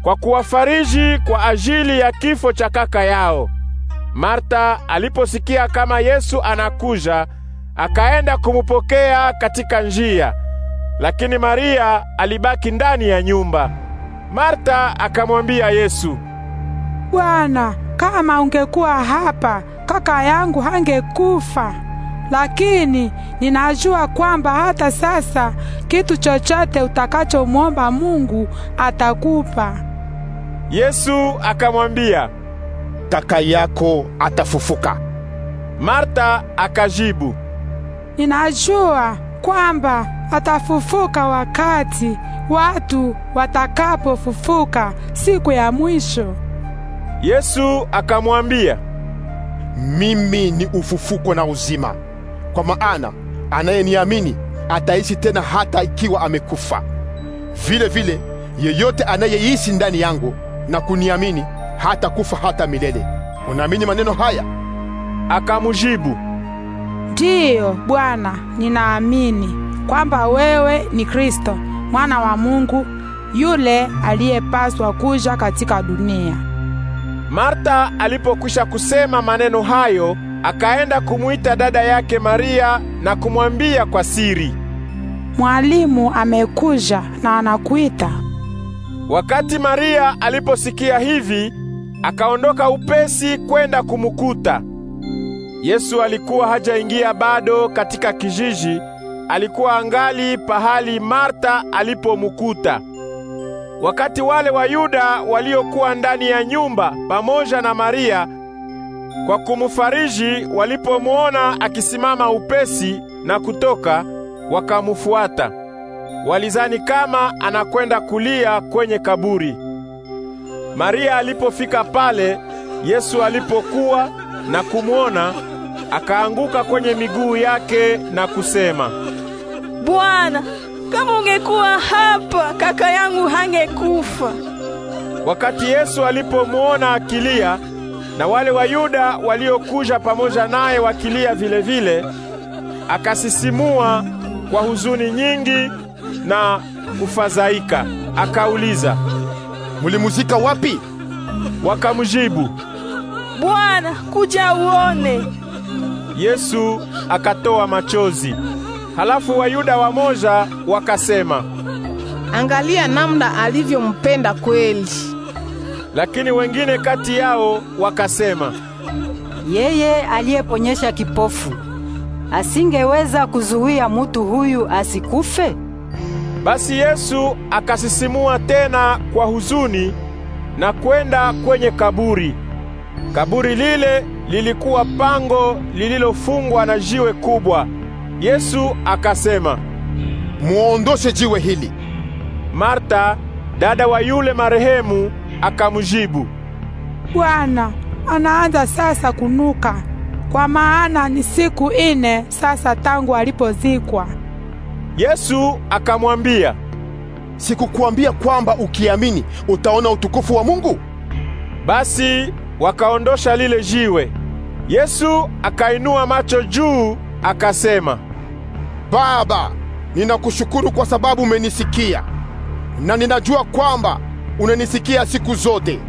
kwa kuwafariji kwa ajili ya kifo cha kaka yao. Marta aliposikia kama Yesu anakuja, akaenda kumupokea katika njia lakini Maria alibaki ndani ya nyumba. Marta akamwambia Yesu, Bwana, kama ungekuwa hapa kaka yangu hangekufa, lakini ninajua kwamba hata sasa kitu chochote utakachomwomba Mungu atakupa. Yesu akamwambia, kaka yako atafufuka. Marta akajibu, ninajua kwamba atafufuka wakati watu watakapofufuka siku ya mwisho. Yesu akamwambia, mimi ni ufufuko na uzima. Kwa maana anayeniamini ataishi tena hata ikiwa amekufa. Vile vile yeyote anayeishi ndani yangu na kuniamini hata kufa hata milele. Unaamini maneno haya? Akamjibu, ndiyo Bwana, ninaamini kwamba wewe ni Kristo mwana wa Mungu yule aliyepaswa kuja katika dunia. Marta alipokwisha kusema maneno hayo, akaenda kumwita dada yake Maria na kumwambia kwa siri, Mwalimu amekuja na anakuita. Wakati Maria aliposikia hivi, akaondoka upesi kwenda kumukuta. Yesu alikuwa hajaingia bado katika kijiji alikuwa angali pahali Marta alipomukuta. Wakati wale Wayuda waliokuwa ndani ya nyumba pamoja na Maria kwa kumfariji walipomwona akisimama upesi na kutoka, wakamfuata. Walizani kama anakwenda kulia kwenye kaburi. Maria alipofika pale Yesu alipokuwa na kumwona, akaanguka kwenye miguu yake na kusema Bwana, kama ungekuwa hapa kaka yangu hangekufa. Wakati Yesu alipomwona akilia na wale Wayuda waliokuja pamoja naye wakilia vile vile, akasisimua kwa huzuni nyingi na kufadhaika, akauliza, mulimuzika wapi? Wakamjibu, Bwana, kuja uone. Yesu akatoa machozi. Halafu Wayuda wamoja wakasema, angalia namna alivyompenda kweli. Lakini wengine kati yao wakasema, yeye aliyeponyesha kipofu asingeweza kuzuia mutu huyu asikufe? Basi Yesu akasisimua tena kwa huzuni na kwenda kwenye kaburi. Kaburi lile lilikuwa pango lililofungwa na jiwe kubwa. Yesu akasema, muondoshe jiwe hili. Marta, dada wa yule marehemu, akamjibu, Bwana, anaanza sasa kunuka, kwa maana ni siku ine sasa tangu alipozikwa. Yesu akamwambia, sikukuambia kwamba ukiamini utaona utukufu wa Mungu? Basi wakaondosha lile jiwe. Yesu akainua macho juu akasema, Baba, ninakushukuru kwa sababu umenisikia, na ninajua kwamba unanisikia siku zote,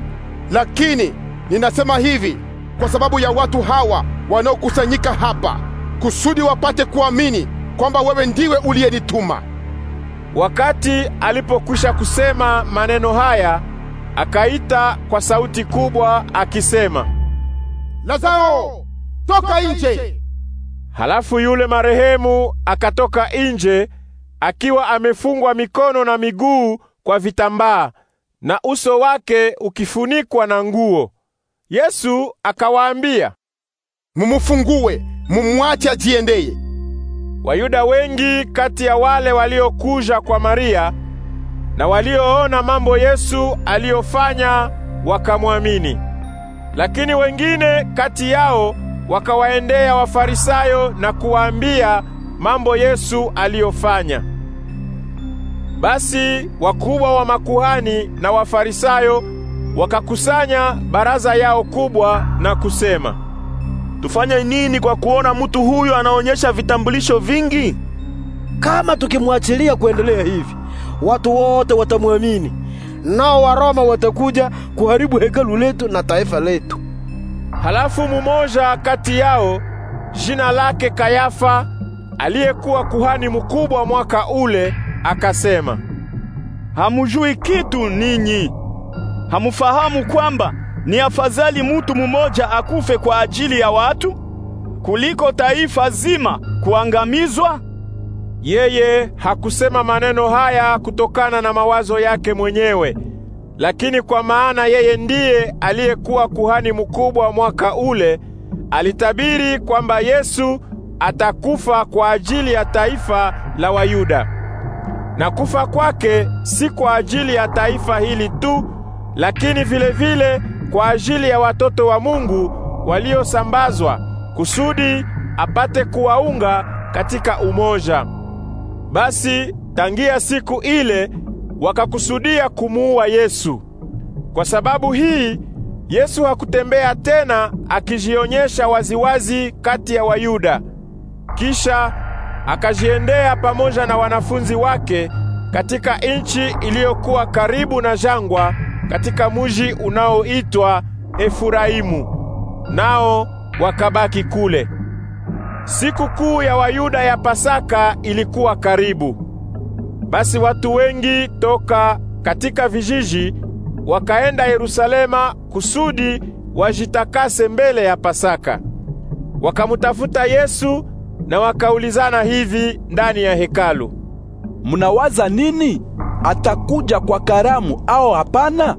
lakini ninasema hivi kwa sababu ya watu hawa wanaokusanyika hapa, kusudi wapate kuamini kwamba wewe ndiwe uliyenituma. Wakati alipokwisha kusema maneno haya, akaita kwa sauti kubwa akisema, Lazaro, toka nje! Halafu yule marehemu akatoka nje akiwa amefungwa mikono na miguu kwa vitambaa na uso wake ukifunikwa na nguo. Yesu akawaambia, "Mumufungue, mumwache ajiendeye." Wayuda wengi kati ya wale waliokuja kwa Maria na walioona mambo Yesu aliyofanya wakamwamini. Lakini wengine kati yao wakawaendea Wafarisayo na kuwaambia mambo Yesu aliyofanya. Basi wakubwa wa makuhani na Wafarisayo wakakusanya baraza yao kubwa na kusema, tufanye nini kwa kuona mtu huyu anaonyesha vitambulisho vingi? Kama tukimwachilia kuendelea hivi, watu wote watamwamini, nao Waroma watakuja kuharibu hekalu letu na taifa letu. Halafu mumoja kati yao jina lake Kayafa, aliyekuwa kuhani mkubwa mwaka ule, akasema, hamujui kitu ninyi? Hamufahamu kwamba ni afadhali mutu mumoja akufe kwa ajili ya watu kuliko taifa zima kuangamizwa? Yeye hakusema maneno haya kutokana na mawazo yake mwenyewe lakini kwa maana yeye ndiye aliyekuwa kuhani mkubwa mwaka ule, alitabiri kwamba Yesu atakufa kwa ajili ya taifa la Wayuda. Na kufa kwake si kwa ajili ya taifa hili tu, lakini vile vile kwa ajili ya watoto wa Mungu waliosambazwa kusudi apate kuwaunga katika umoja. Basi tangia siku ile wakakusudia kumuua Yesu. Kwa sababu hii Yesu hakutembea tena akijionyesha waziwazi kati ya Wayuda. Kisha akajiendea pamoja na wanafunzi wake katika nchi iliyokuwa karibu na jangwa, katika muji unaoitwa Efuraimu, nao wakabaki kule. Siku kuu ya Wayuda ya Pasaka ilikuwa karibu. Basi watu wengi toka katika vijiji wakaenda Yerusalema kusudi wajitakase mbele ya Pasaka. Wakamtafuta Yesu na wakaulizana hivi ndani ya hekalu, mnawaza nini? Atakuja kwa karamu au hapana?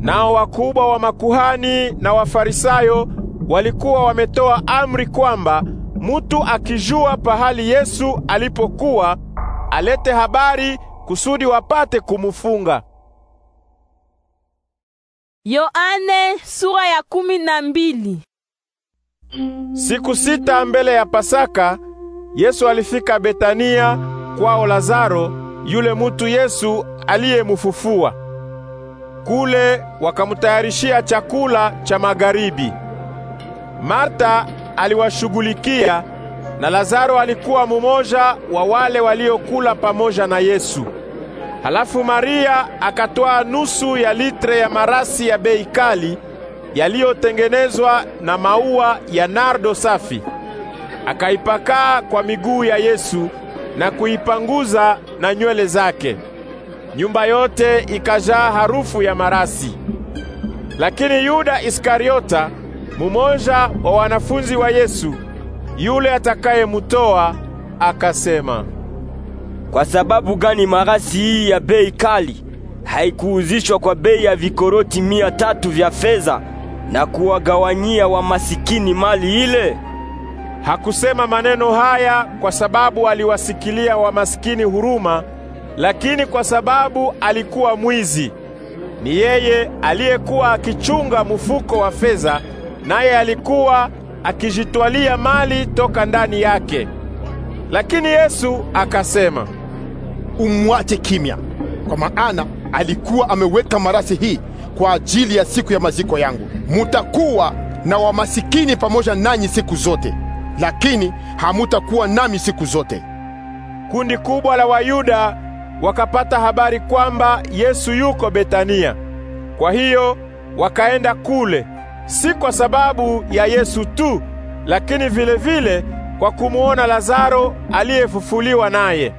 Nao wakubwa wa makuhani na Wafarisayo walikuwa wametoa amri kwamba mutu akijua pahali Yesu alipokuwa alete habari kusudi wapate kumufunga. Yoane sura ya kumi na mbili. Siku sita mbele ya Pasaka Yesu alifika Betania kwao Lazaro, yule mutu Yesu aliyemufufua. Kule wakamutayarishia chakula cha magharibi. Marta aliwashughulikia na Lazaro alikuwa mumoja wa wale waliokula pamoja na Yesu. Halafu Maria akatoa nusu ya litre ya marasi ya bei kali yaliyotengenezwa na maua ya nardo safi, akaipakaa kwa miguu ya Yesu na kuipanguza na nywele zake. Nyumba yote ikajaa harufu ya marasi. Lakini Yuda Iskariota, mumoja wa wanafunzi wa Yesu, yule atakayemtoa akasema, kwa sababu gani marasi hii ya bei kali haikuuzishwa kwa bei ya vikoroti mia tatu vya fedha na kuwagawanyia wamasikini mali ile? Hakusema maneno haya kwa sababu aliwasikilia wamasikini huruma, lakini kwa sababu alikuwa mwizi. Ni yeye aliyekuwa akichunga mfuko wa fedha, naye alikuwa akijitwalia mali toka ndani yake. Lakini Yesu akasema, umwache kimya, kwa maana alikuwa ameweka marasi hii kwa ajili ya siku ya maziko yangu. Mutakuwa na wamasikini pamoja nanyi siku zote, lakini hamutakuwa nami siku zote. Kundi kubwa la Wayuda wakapata habari kwamba Yesu yuko Betania, kwa hiyo wakaenda kule si kwa sababu ya Yesu tu, lakini vile vile kwa kumuona Lazaro aliyefufuliwa naye.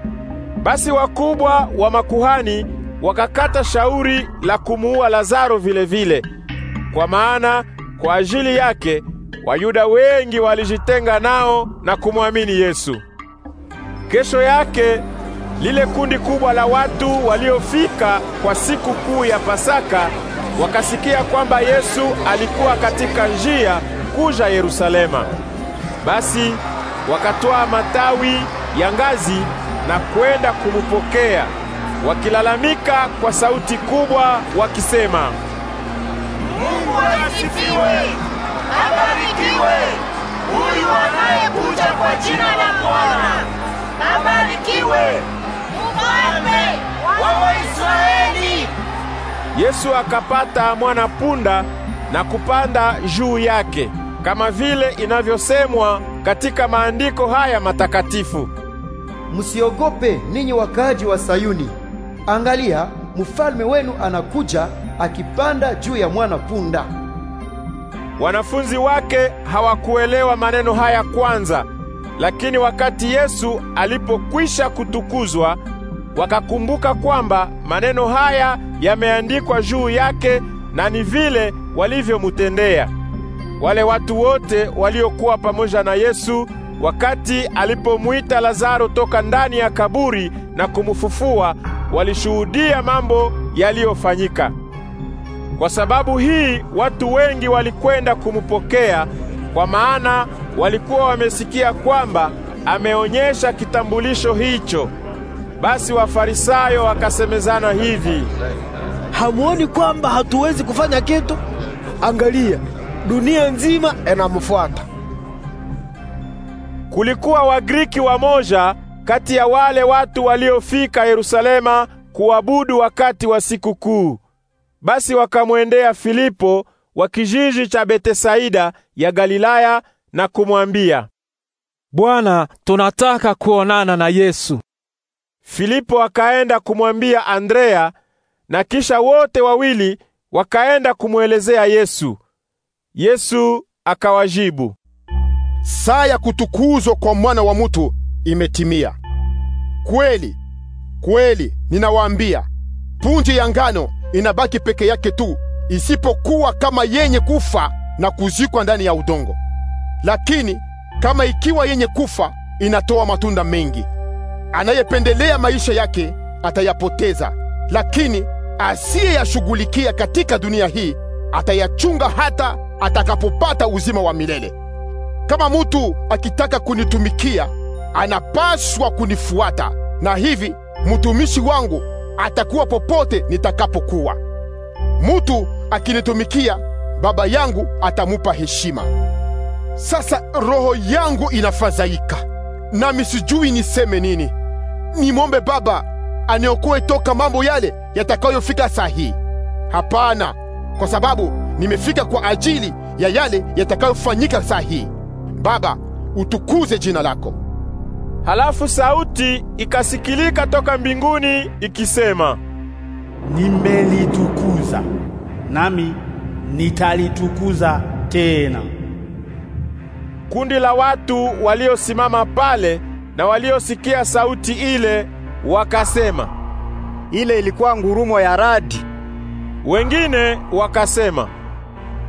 Basi wakubwa wa makuhani wakakata shauri la kumuua Lazaro vile vile, kwa maana kwa ajili yake Wayuda wengi walijitenga nao na kumwamini Yesu. Kesho yake lile kundi kubwa la watu waliofika kwa siku kuu ya Pasaka wakasikia kwamba Yesu alikuwa katika njia kuja Yerusalema. Basi wakatoa matawi ya ngazi na kwenda kumupokea, wakilalamika kwa sauti kubwa wakisema, Mungu asifiwe! Abarikiwe huyu anayekuja kwa jina la Bwana! Abarikiwe mfalme wa Waisraeli! Yesu akapata mwanapunda na kupanda juu yake, kama vile inavyosemwa katika maandiko haya matakatifu: msiogope ninyi wakaaji wa Sayuni, angalia mfalme wenu anakuja akipanda juu ya mwana punda Wanafunzi wake hawakuelewa maneno haya kwanza, lakini wakati Yesu alipokwisha kutukuzwa wakakumbuka kwamba maneno haya yameandikwa juu yake na ni vile walivyomutendea. Wale watu wote waliokuwa pamoja na Yesu wakati alipomwita Lazaro toka ndani ya kaburi na kumufufua walishuhudia mambo yaliyofanyika. Kwa sababu hii watu wengi walikwenda kumupokea, kwa maana walikuwa wamesikia kwamba ameonyesha kitambulisho hicho. Basi Wafarisayo wakasemezana hivi, hamuoni kwamba hatuwezi kufanya kitu? Angalia, dunia nzima inamfuata. Kulikuwa wa wamoja kati ya wale watu waliofika Yerusalema kuabudu wakati wa siku kuu Basi wakamwendea Filipo wa kijiji cha Betesaida ya Galilaya na kumwambia, Bwana, tunataka kuonana na Yesu. Filipo akaenda kumwambia Andrea na kisha wote wawili wakaenda kumwelezea Yesu. Yesu akawajibu, saa ya kutukuzwa kwa mwana wa mtu imetimia. Kweli kweli ninawaambia, punje ya ngano inabaki peke yake tu, isipokuwa kama yenye kufa na kuzikwa ndani ya udongo. Lakini kama ikiwa yenye kufa, inatoa matunda mengi. Anayependelea maisha yake atayapoteza, lakini asiyeyashughulikia katika dunia hii atayachunga hata atakapopata uzima wa milele. Kama mtu akitaka kunitumikia, anapaswa kunifuata, na hivi mtumishi wangu atakuwa popote nitakapokuwa. Mtu akinitumikia, Baba yangu atamupa heshima. Sasa roho yangu inafadhaika, nami sijui niseme nini nimwombe Baba aniokoe toka mambo yale yatakayofika saa hii. Hapana, kwa sababu nimefika kwa ajili ya yale yatakayofanyika saa hii. Baba, utukuze jina lako. Halafu sauti ikasikilika toka mbinguni ikisema, nimelitukuza nami nitalitukuza tena. Kundi la watu waliosimama pale na waliosikia sauti ile wakasema, ile ilikuwa ngurumo ya radi. Wengine wakasema,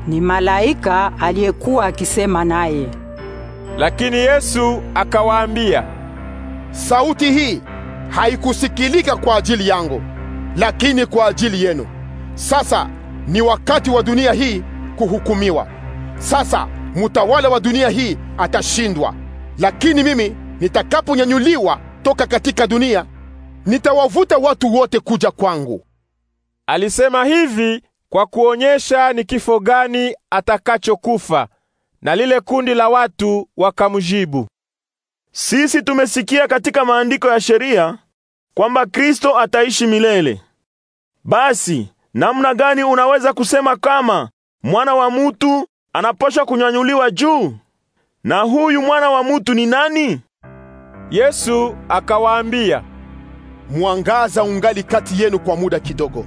ni malaika aliyekuwa akisema naye. Lakini Yesu akawaambia, sauti hii haikusikilika kwa ajili yangu, lakini kwa ajili yenu. Sasa ni wakati wa dunia hii kuhukumiwa. Sasa mutawala wa dunia hii atashindwa, lakini mimi nitakaponyanyuliwa toka katika dunia, nitawavuta watu wote kuja kwangu. Alisema hivi kwa kuonyesha ni kifo gani atakachokufa, na lile kundi la watu wakamjibu, sisi tumesikia katika maandiko ya sheria kwamba Kristo ataishi milele. Basi namna gani unaweza kusema kama mwana wa mutu anapashwa kunyanyuliwa juu? Na huyu mwana wa mutu ni nani? Yesu akawaambia, mwangaza ungali kati yenu kwa muda kidogo.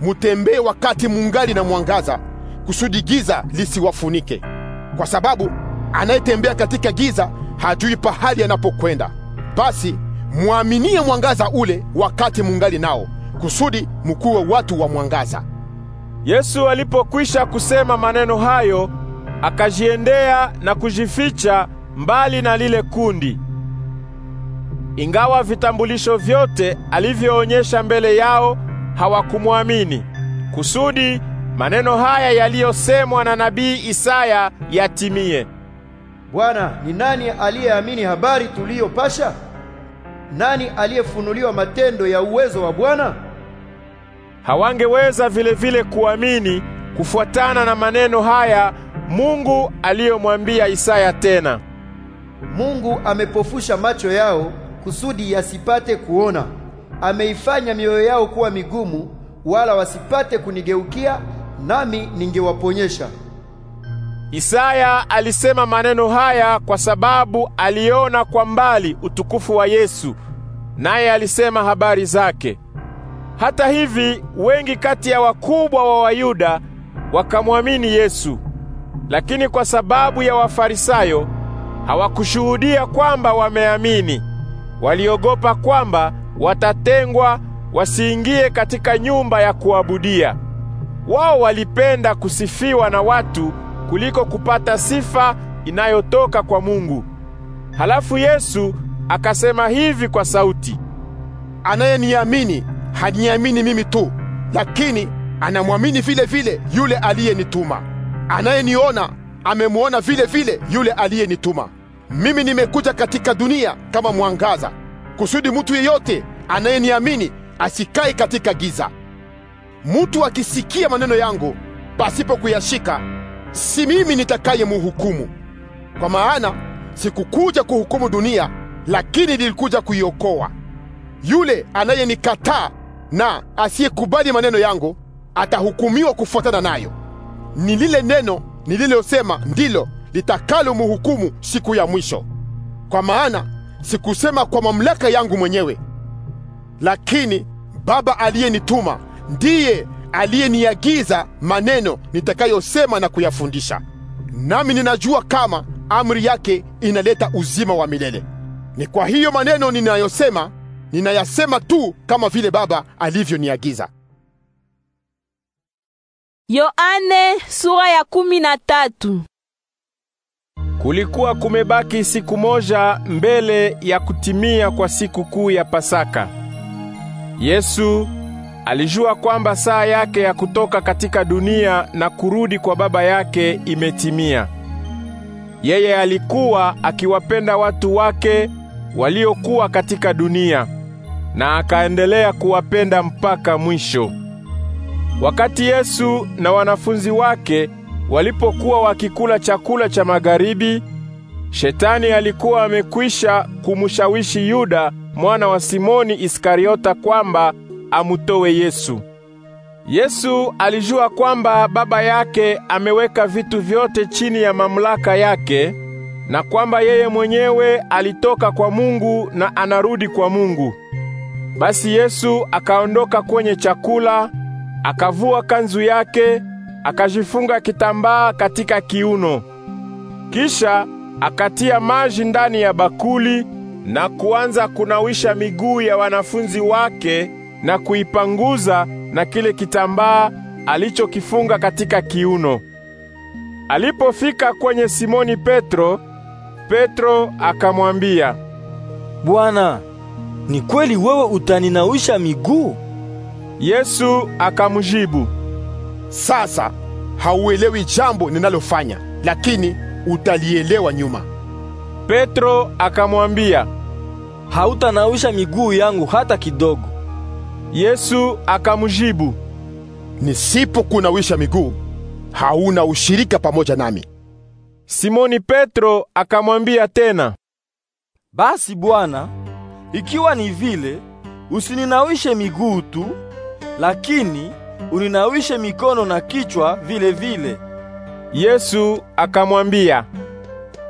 Mutembee wakati mungali na mwangaza, kusudi giza lisiwafunike, kwa sababu anayetembea katika giza hajui pahali anapokwenda. Basi mwaminie mwangaza ule wakati mungali nao, kusudi mukuwe watu wa mwangaza. Yesu alipokwisha kusema maneno hayo, akajiendea na kujificha mbali na lile kundi. Ingawa vitambulisho vyote alivyoonyesha mbele yao hawakumwamini, kusudi maneno haya yaliyosemwa na nabii Isaya yatimie: Bwana, ni nani aliyeamini habari tuliyopasha? Nani aliyefunuliwa matendo ya uwezo wa Bwana? Hawangeweza vile vile kuamini kufuatana na maneno haya Mungu aliyomwambia Isaya tena. Mungu amepofusha macho yao kusudi yasipate kuona. Ameifanya mioyo yao kuwa migumu, wala wasipate kunigeukia, nami ningewaponyesha. Isaya alisema maneno haya kwa sababu aliona kwa mbali utukufu wa Yesu, naye alisema habari zake. Hata hivi wengi kati ya wakubwa wa Wayuda wakamwamini Yesu, lakini kwa sababu ya Wafarisayo hawakushuhudia kwamba wameamini waliogopa kwamba watatengwa wasiingie katika nyumba ya kuabudia. Wao walipenda kusifiwa na watu kuliko kupata sifa inayotoka kwa Mungu. Halafu Yesu akasema hivi kwa sauti, anayeniamini haniamini mimi tu, lakini anamwamini vile vile yule aliyenituma. Anayeniona amemwona vile vile yule aliyenituma mimi nimekuja katika dunia kama mwangaza, kusudi mtu yeyote anayeniamini asikae katika giza. Mtu akisikia maneno yangu pasipo kuyashika, si mimi nitakayemuhukumu, kwa maana sikukuja kuhukumu dunia, lakini nilikuja kuiokoa. Yule anayenikataa na asiyekubali maneno yangu atahukumiwa kufuatana nayo. Ni lile neno nililosema ndilo litakalomhukumu siku ya mwisho. Kwa maana sikusema kwa mamlaka yangu mwenyewe, lakini Baba aliyenituma ndiye aliyeniagiza maneno nitakayosema na kuyafundisha. Nami ninajua kama amri yake inaleta uzima wa milele. Ni kwa hiyo maneno ninayosema ninayasema tu kama vile Baba alivyoniagiza. Yoane sura ya kumi na tatu. Kulikuwa kumebaki siku moja mbele ya kutimia kwa siku kuu ya Pasaka. Yesu alijua kwamba saa yake ya kutoka katika dunia na kurudi kwa Baba yake imetimia. Yeye alikuwa akiwapenda watu wake waliokuwa katika dunia na akaendelea kuwapenda mpaka mwisho. Wakati Yesu na wanafunzi wake Walipokuwa wakikula chakula cha magharibi, Shetani alikuwa amekwisha kumshawishi Yuda mwana wa Simoni Iskariota kwamba amutowe Yesu. Yesu alijua kwamba Baba yake ameweka vitu vyote chini ya mamlaka yake na kwamba yeye mwenyewe alitoka kwa Mungu na anarudi kwa Mungu. Basi Yesu akaondoka kwenye chakula, akavua kanzu yake akajifunga kitambaa katika kiuno, kisha akatia maji ndani ya bakuli na kuanza kunawisha miguu ya wanafunzi wake na kuipanguza na kile kitambaa alichokifunga katika kiuno. Alipofika kwenye Simoni Petro, Petro akamwambia, Bwana, ni kweli wewe utaninawisha miguu? Yesu akamjibu, sasa hauelewi jambo ninalofanya, lakini utalielewa nyuma. Petro akamwambia, hautanawisha miguu yangu hata kidogo. Yesu akamjibu, nisipokunawisha miguu hauna ushirika pamoja nami. Simoni Petro akamwambia tena, basi Bwana, ikiwa ni vile, usininawishe miguu tu, lakini uninawishe mikono na kichwa vile vile. Yesu akamwambia,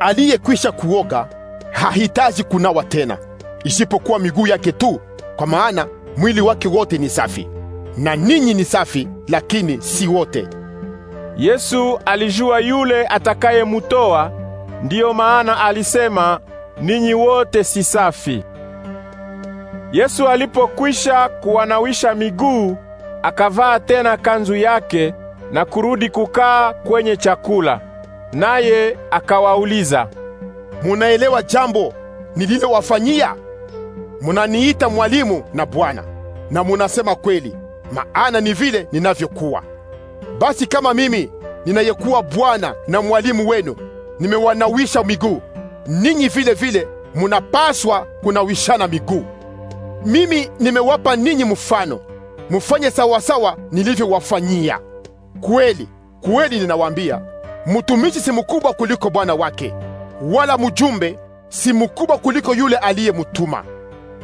aliyekwisha kuoga hahitaji kunawa tena isipokuwa miguu yake tu, kwa maana mwili wake wote ni safi. Na ninyi ni safi, lakini si wote. Yesu alijua yule atakayemutoa, ndiyo maana alisema ninyi wote si safi. Yesu alipokwisha kuwanawisha miguu akavaa tena kanzu yake na kurudi kukaa kwenye chakula. Naye akawauliza, munaelewa jambo nililowafanyia? Munaniita mwalimu na Bwana, na munasema kweli, maana ni vile ninavyokuwa. Basi kama mimi ninayekuwa Bwana na mwalimu wenu nimewanawisha miguu, ninyi vile vile munapaswa kunawishana miguu. Mimi nimewapa ninyi mfano mufanye sawasawa nilivyowafanyia. Kweli kweli ninawaambia, mtumishi si mkubwa kuliko bwana wake, wala mjumbe si mkubwa kuliko yule aliyemtuma.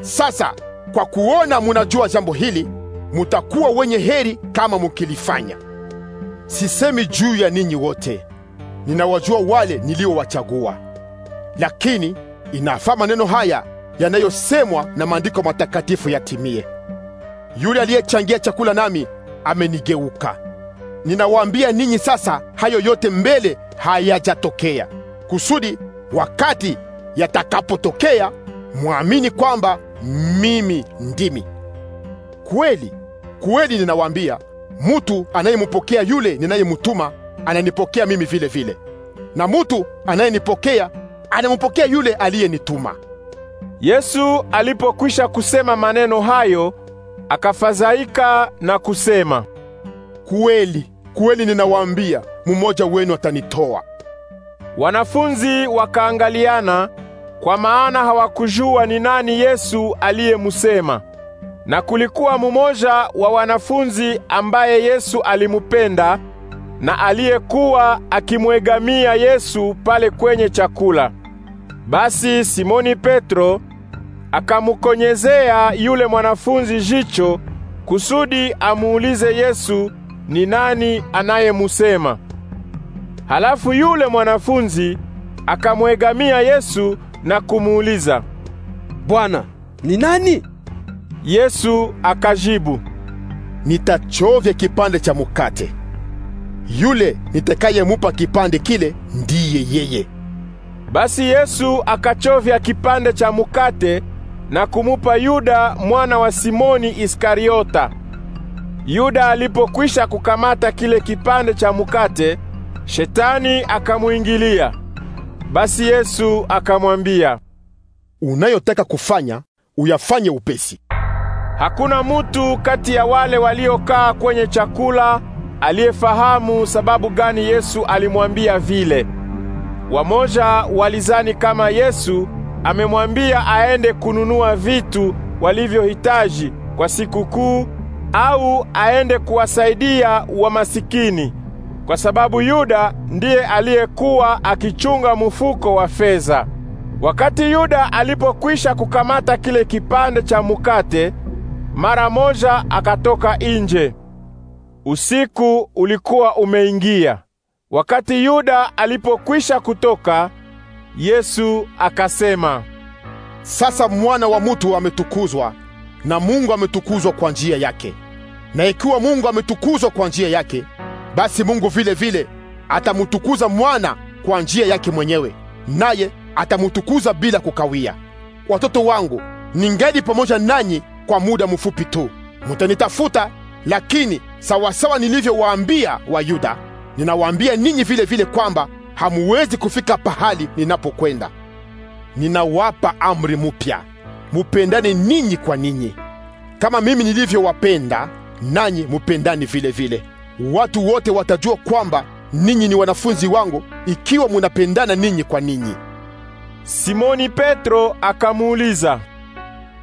Sasa kwa kuona munajua jambo hili, mutakuwa wenye heri kama mukilifanya. Sisemi juu ya ninyi wote, ninawajua wale niliowachagua, lakini inafaa maneno haya yanayosemwa na maandiko matakatifu yatimie. Yule aliyechangia chakula nami amenigeuka. Ninawaambia ninyi sasa, hayo yote mbele hayajatokea, kusudi wakati yatakapotokea mwamini kwamba mimi ndimi. Kweli kweli ninawaambia, mutu anayemupokea yule ninayemutuma ananipokea mimi vile vile, na mutu anayenipokea anamupokea yule aliyenituma. Yesu alipokwisha kusema maneno hayo Akafadhaika na kusema, kweli kweli, ninawaambia mmoja wenu atanitoa. Wanafunzi wakaangaliana, kwa maana hawakujua ni nani Yesu aliyemsema. Na kulikuwa mmoja wa wanafunzi ambaye Yesu alimupenda na aliyekuwa akimwegamia Yesu pale kwenye chakula. Basi Simoni Petro akamukonyezea yule mwanafunzi jicho kusudi amuulize Yesu ni nani anayemusema. Halafu yule mwanafunzi akamwegamia Yesu na kumuuliza, Bwana, ni nani? Yesu akajibu, nitachovya kipande cha mukate. Yule nitakayemupa kipande kile ndiye yeye. Basi Yesu akachovya kipande cha mukate na kumupa Yuda mwana wa Simoni Iskariota. Yuda alipokwisha kukamata kile kipande cha mukate, shetani akamuingilia. Basi Yesu akamwambia, unayotaka kufanya uyafanye upesi. Hakuna mutu kati ya wale waliokaa kwenye chakula aliyefahamu sababu gani Yesu alimwambia vile. Wamoja walizani kama Yesu amemwambia aende kununua vitu walivyohitaji kwa siku kuu au aende kuwasaidia wamasikini, kwa sababu Yuda ndiye aliyekuwa akichunga mfuko wa fedha. Wakati Yuda alipokwisha kukamata kile kipande cha mukate, mara moja akatoka nje. Usiku ulikuwa umeingia. Wakati Yuda alipokwisha kutoka Yesu akasema, sasa mwana wa mtu ametukuzwa na Mungu ametukuzwa kwa njia yake. Na ikiwa Mungu ametukuzwa kwa njia yake, basi Mungu vile vile atamutukuza mwana kwa njia yake mwenyewe, naye atamutukuza bila kukawia. Watoto wangu, ningali pamoja nanyi kwa muda mfupi tu. Mutanitafuta, lakini sawasawa nilivyowaambia Wayuda, ninawaambia ninyi vile vile kwamba hamuwezi kufika pahali ninapokwenda. Ninawapa amri mpya, mupendane ninyi kwa ninyi, kama mimi nilivyowapenda, nanyi mupendani vile vile. Watu wote watajua kwamba ninyi ni wanafunzi wangu ikiwa munapendana ninyi kwa ninyi. Simoni Petro akamuuliza,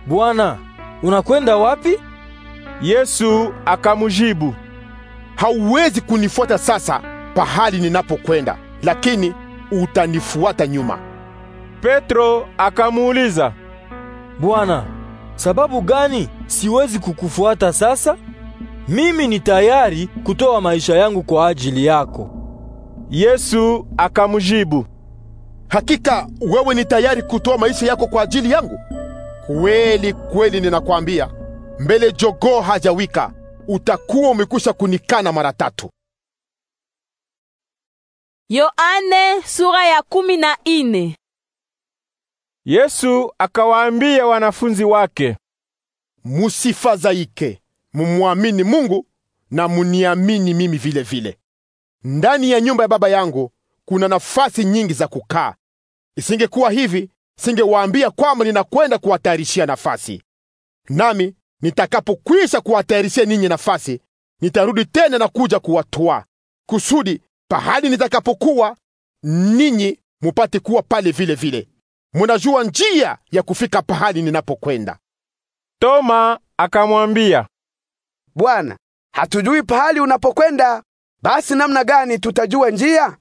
Bwana, unakwenda wapi? Yesu akamujibu, hauwezi kunifuata sasa pahali ninapokwenda lakini utanifuata nyuma. Petro akamuuliza, Bwana, sababu gani siwezi kukufuata sasa? Mimi ni tayari kutoa maisha yangu kwa ajili yako. Yesu akamjibu, Hakika wewe ni tayari kutoa maisha yako kwa ajili yangu? Kweli kweli ninakwambia, mbele jogoo hajawika, utakuwa umekwisha kunikana mara tatu. Yoane sura ya kumi na ine. Yesu akawaambia wanafunzi wake, musifadhaike, mumwamini Mungu na muniamini mimi vile vile. Ndani ya nyumba ya Baba yangu kuna nafasi nyingi za kukaa. Isingekuwa hivi, singewaambia kwamba ninakwenda kuwatayarishia nafasi. Nami nitakapokwisha kuwatayarishia ninyi nafasi, nitarudi tena na kuja kuwatwaa kusudi pahali nitakapokuwa ninyi mupate kuwa pale vile vile. Munajua njia ya kufika pahali ninapokwenda. Toma akamwambia, Bwana, hatujui pahali unapokwenda, basi namna gani tutajua njia?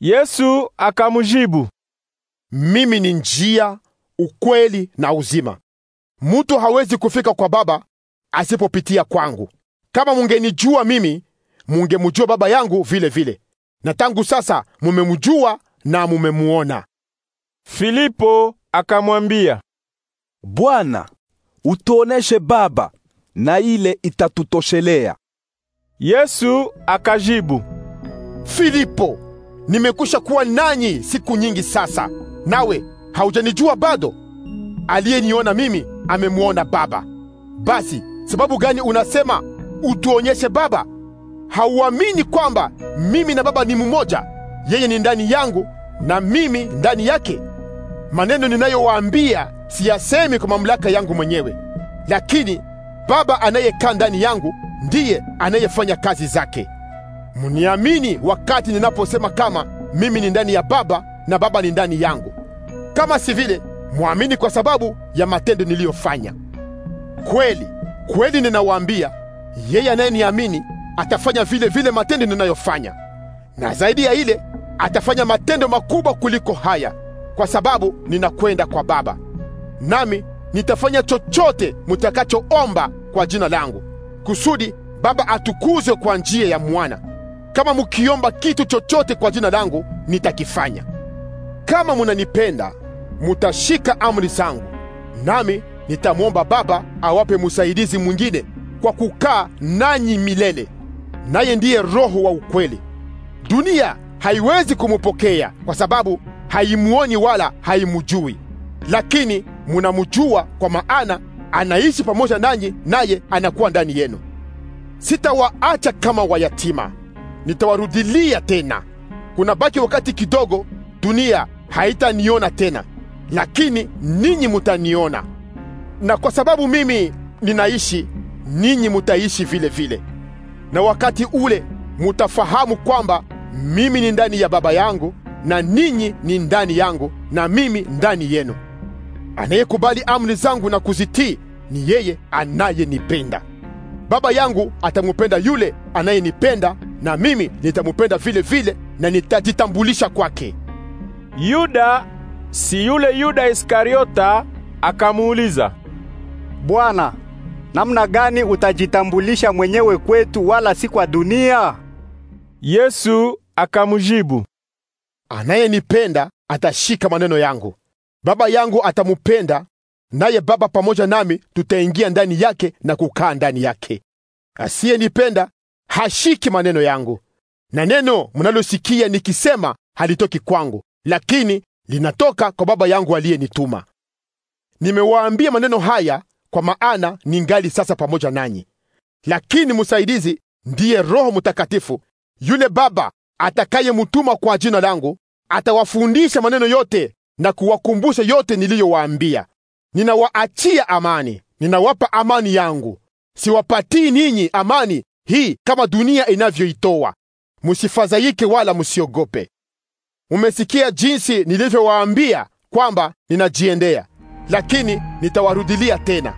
Yesu akamjibu, mimi ni njia, ukweli na uzima. Mutu hawezi kufika kwa Baba asipopitia kwangu. Kama mungenijua mimi, mungemujua Baba yangu vile vile, na tangu sasa mumemjua na mumemuona. Filipo akamwambia, Bwana, utuoneshe Baba na ile itatutoshelea. Yesu akajibu, Filipo, nimekusha kuwa nanyi siku nyingi sasa, nawe haujanijua bado? Aliyeniona mimi amemwona Baba. Basi sababu gani unasema utuonyeshe Baba? hauamini kwamba mimi na Baba ni mmoja, yeye ni ndani yangu na mimi ndani yake. Maneno ninayowaambia siyasemi kwa mamlaka yangu mwenyewe, lakini Baba anayekaa ndani yangu ndiye anayefanya kazi zake. Mniamini wakati ninaposema kama mimi ni ndani ya Baba na Baba ni ndani yangu. Kama si vile, mwamini kwa sababu ya matendo niliyofanya. Kweli kweli ninawaambia, yeye anayeniamini atafanya vile vile matendo ninayofanya, na zaidi ya ile atafanya matendo makubwa kuliko haya, kwa sababu ninakwenda kwa Baba. Nami nitafanya chochote mutakachoomba kwa jina langu, kusudi Baba atukuzwe kwa njia ya mwana. Kama mukiomba kitu chochote kwa jina langu, nitakifanya. Kama munanipenda, mutashika amri zangu, nami nitamwomba Baba awape msaidizi mwingine kwa kukaa nanyi milele naye ndiye Roho wa ukweli. Dunia haiwezi kumupokea kwa sababu haimuoni wala haimujui, lakini munamujua kwa maana anaishi pamoja nanyi, naye anakuwa ndani yenu. Sitawaacha kama wayatima, nitawarudilia tena. Kuna baki wakati kidogo, dunia haitaniona tena, lakini ninyi mutaniona, na kwa sababu mimi ninaishi, ninyi mutaishi vile vile na wakati ule mutafahamu kwamba mimi ni ndani ya Baba yangu na ninyi ni ndani yangu na mimi ndani yenu. Anayekubali amri zangu na kuzitii ni yeye anayenipenda. Baba yangu atamupenda yule anayenipenda, na mimi nitamupenda vile vile na nitajitambulisha kwake. Yuda, si yule Yuda Iskariota, akamuuliza Bwana, namna gani utajitambulisha mwenyewe kwetu wala si kwa dunia? Yesu akamjibu, anayenipenda atashika maneno yangu, Baba yangu atamupenda, naye Baba pamoja nami tutaingia ndani yake na kukaa ndani yake. Asiyenipenda hashiki maneno yangu, na neno mnalosikia nikisema halitoki kwangu, lakini linatoka kwa Baba yangu aliyenituma. Nimewaambia maneno haya kwa maana ningali sasa pamoja nanyi. Lakini msaidizi ndiye Roho Mtakatifu, yule Baba atakayemutuma kwa jina langu, atawafundisha maneno yote na kuwakumbusha yote niliyowaambia. Ninawaachia amani, ninawapa amani yangu. Siwapatii ninyi amani hii kama dunia inavyoitoa. Msifadhaike wala msiogope. Mmesikia jinsi nilivyowaambia kwamba ninajiendea lakini nitawarudilia tena.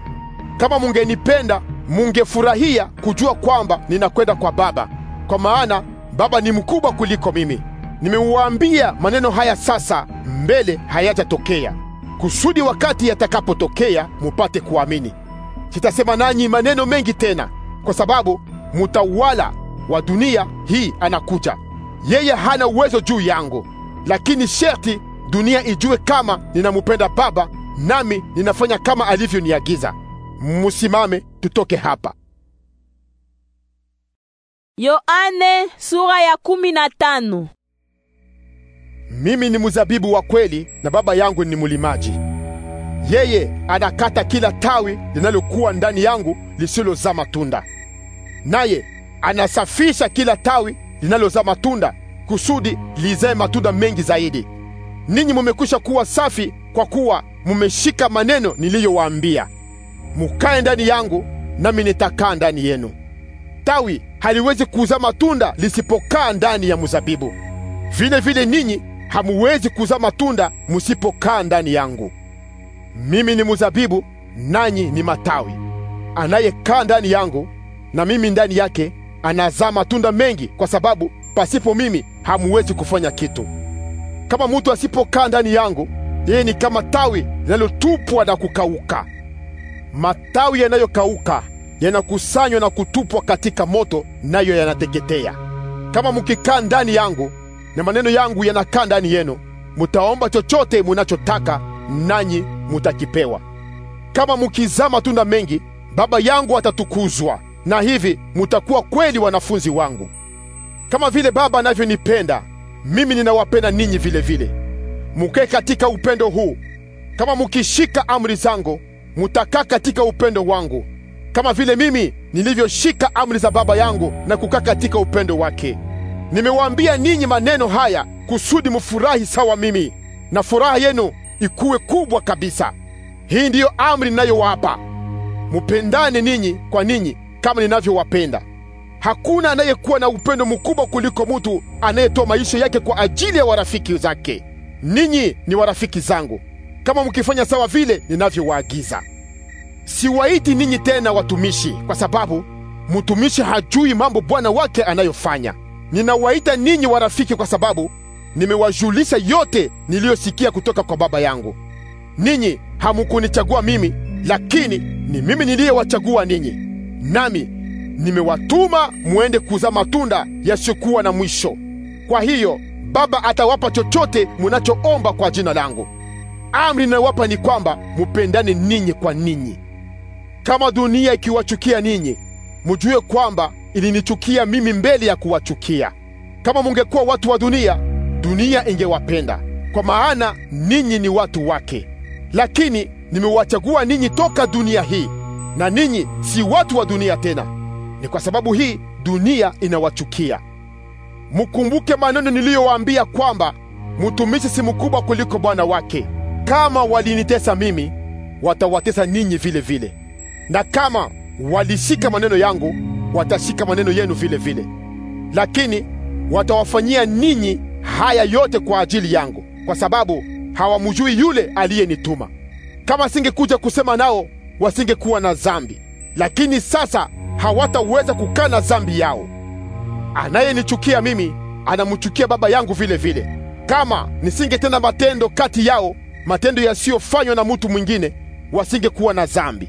Kama mungenipenda, mungefurahia kujua kwamba ninakwenda kwa Baba, kwa maana Baba ni mkubwa kuliko mimi. nimewaambia maneno haya sasa, mbele hayajatokea, kusudi wakati yatakapotokea mupate kuamini. Sitasema nanyi maneno mengi tena, kwa sababu mutawala wa dunia hii anakuja. Yeye hana uwezo juu yangu, lakini sherti dunia ijue kama ninamupenda Baba nami ninafanya kama alivyoniagiza. Musimame, tutoke hapa. Yoane sura ya kumi na tano. Mimi ni mzabibu wa kweli na Baba yangu ni mulimaji. Yeye anakata kila tawi linalokuwa ndani yangu lisilozaa matunda, naye anasafisha kila tawi linalozaa matunda kusudi lizae matunda mengi zaidi. Ninyi mumekwisha kuwa safi kwa kuwa mumeshika maneno niliyowaambia. Mukae ndani yangu, nami nitakaa ndani yenu. Tawi haliwezi kuzaa matunda lisipokaa ndani ya mzabibu, vile vile ninyi hamuwezi kuzaa matunda musipokaa ndani yangu. Mimi ni mzabibu, nanyi ni matawi. Anayekaa ndani yangu na mimi ndani yake anazaa matunda mengi, kwa sababu pasipo mimi hamuwezi kufanya kitu. Kama mutu asipokaa ndani yangu yeye ni kama tawi linalotupwa na kukauka. Matawi yanayokauka yanakusanywa na kutupwa katika moto, nayo yanateketea. Kama mukikaa ndani yangu na maneno yangu yanakaa ndani yenu, mutaomba chochote munachotaka, nanyi mutakipewa. Kama mukizaa matunda mengi, Baba yangu atatukuzwa, na hivi mutakuwa kweli wanafunzi wangu. Kama vile Baba anavyonipenda mimi, ninawapenda ninyi vile vile mukae katika upendo huu. Kama mukishika amri zangu, mutakaa katika upendo wangu, kama vile mimi nilivyoshika amri za Baba yangu na kukaa katika upendo wake. Nimewaambia ninyi maneno haya kusudi mufurahi sawa mimi, na furaha yenu ikuwe kubwa kabisa. Hii ndiyo amri ninayowapa, mupendane ninyi kwa ninyi kama ninavyowapenda. Hakuna anayekuwa na upendo mkubwa kuliko mutu anayetoa maisha yake kwa ajili ya warafiki zake ninyi ni warafiki zangu kama mkifanya sawa vile ninavyowaagiza. Siwaiti ninyi tena watumishi, kwa sababu mtumishi hajui mambo bwana wake anayofanya. Ninawaita ninyi warafiki, kwa sababu nimewajulisha yote niliyosikia kutoka kwa Baba yangu. Ninyi hamukunichagua mimi, lakini ni mimi niliyewachagua ninyi, nami nimewatuma muende kuzaa matunda yasiyokuwa na mwisho. Kwa hiyo Baba atawapa chochote munachoomba kwa jina langu. Amri ninayowapa ni kwamba mupendane ninyi kwa ninyi. Kama dunia ikiwachukia ninyi, mujue kwamba ilinichukia mimi mbele ya kuwachukia. Kama mungekuwa watu wa dunia, dunia ingewapenda, kwa maana ninyi ni watu wake. Lakini nimewachagua ninyi toka dunia hii, na ninyi si watu wa dunia tena. Ni kwa sababu hii dunia inawachukia mkumbuke maneno niliyowaambia kwamba mtumishi si mkubwa kuliko bwana wake. Kama walinitesa mimi, watawatesa ninyi vile vile, na kama walishika maneno yangu, watashika maneno yenu vile vile. Lakini watawafanyia ninyi haya yote kwa ajili yangu, kwa sababu hawamjui yule aliyenituma. Kama singekuja kusema nao, wasingekuwa na dhambi, lakini sasa hawataweza kukaa na dhambi yao. Anayenichukia mimi anamchukia Baba yangu vile vile. Kama nisingetenda matendo kati yao, matendo yasiyofanywa na mutu mwingine, wasingekuwa na zambi.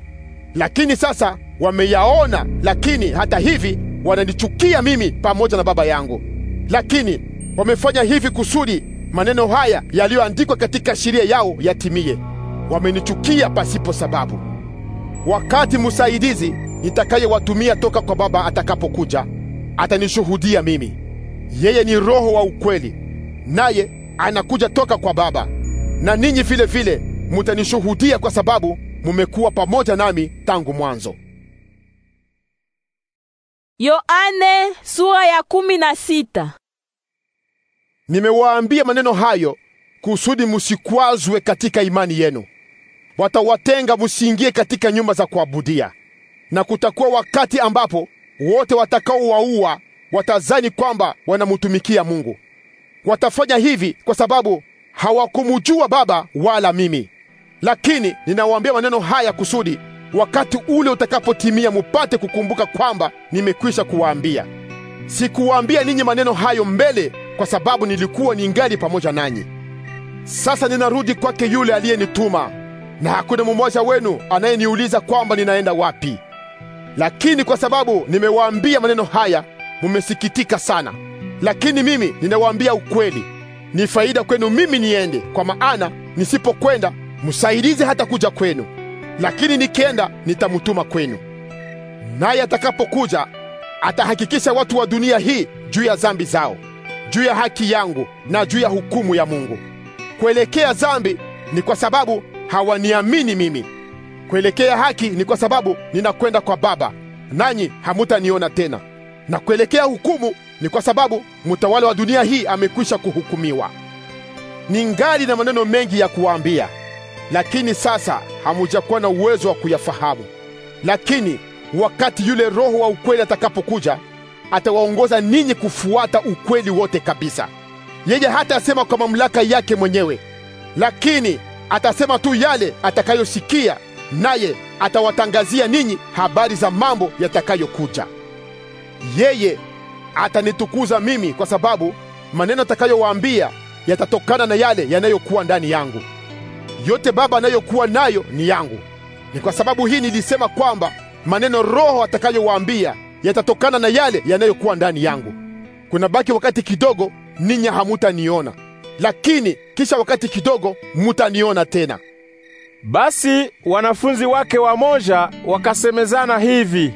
Lakini sasa wameyaona, lakini hata hivi wananichukia mimi pamoja na Baba yangu. Lakini wamefanya hivi kusudi maneno haya yaliyoandikwa katika sheria yao yatimie, wamenichukia pasipo sababu. Wakati msaidizi nitakayewatumia toka kwa Baba atakapokuja atanishuhudia mimi. Yeye ni Roho wa ukweli, naye anakuja toka kwa Baba, na ninyi vile vile mutanishuhudia kwa sababu mumekuwa pamoja nami tangu mwanzo. Yoane sura ya kumi na sita. Nimewaambia maneno hayo kusudi musikwazwe katika imani yenu. Watawatenga musiingie katika nyumba za kuabudia, na kutakuwa wakati ambapo wote watakaowaua watazani kwamba wanamtumikia Mungu. Watafanya hivi kwa sababu hawakumjua Baba wala mimi. Lakini ninawaambia maneno haya kusudi wakati ule utakapotimia mupate kukumbuka kwamba nimekwisha kuwaambia. Sikuwaambia ninyi maneno hayo mbele kwa sababu nilikuwa ningali pamoja nanyi. Sasa ninarudi kwake yule aliyenituma, na hakuna mmoja wenu anayeniuliza kwamba ninaenda wapi. Lakini kwa sababu nimewaambia maneno haya, mumesikitika sana. Lakini mimi ninawaambia ukweli, ni faida kwenu mimi niende, kwa maana nisipokwenda msaidizi hata kuja kwenu, lakini nikienda nitamutuma kwenu. Naye atakapokuja atahakikisha watu wa dunia hii juu ya zambi zao, juu ya haki yangu na juu ya hukumu ya Mungu. Kuelekea dhambi ni kwa sababu hawaniamini mimi. Kuelekea haki ni kwa sababu ninakwenda kwa Baba, nanyi hamutaniona tena, na kuelekea hukumu ni kwa sababu mtawala wa dunia hii amekwisha kuhukumiwa. Ningali na maneno mengi ya kuwaambia, lakini sasa hamujakuwa na uwezo wa kuyafahamu. Lakini wakati yule Roho wa ukweli atakapokuja, atawaongoza ninyi kufuata ukweli wote kabisa. Yeye hata asema kwa mamlaka yake mwenyewe, lakini atasema tu yale atakayosikia naye atawatangazia ninyi habari za mambo yatakayokuja. Yeye atanitukuza mimi, kwa sababu maneno atakayowaambia yatatokana na yale yanayokuwa ndani yangu. Yote Baba anayokuwa nayo ni yangu. Ni kwa sababu hii nilisema kwamba maneno Roho atakayowaambia yatatokana na yale yanayokuwa ndani yangu. Kuna baki wakati kidogo, ninyi hamutaniona, lakini kisha wakati kidogo mutaniona tena. Basi wanafunzi wake wamoja wakasemezana hivi,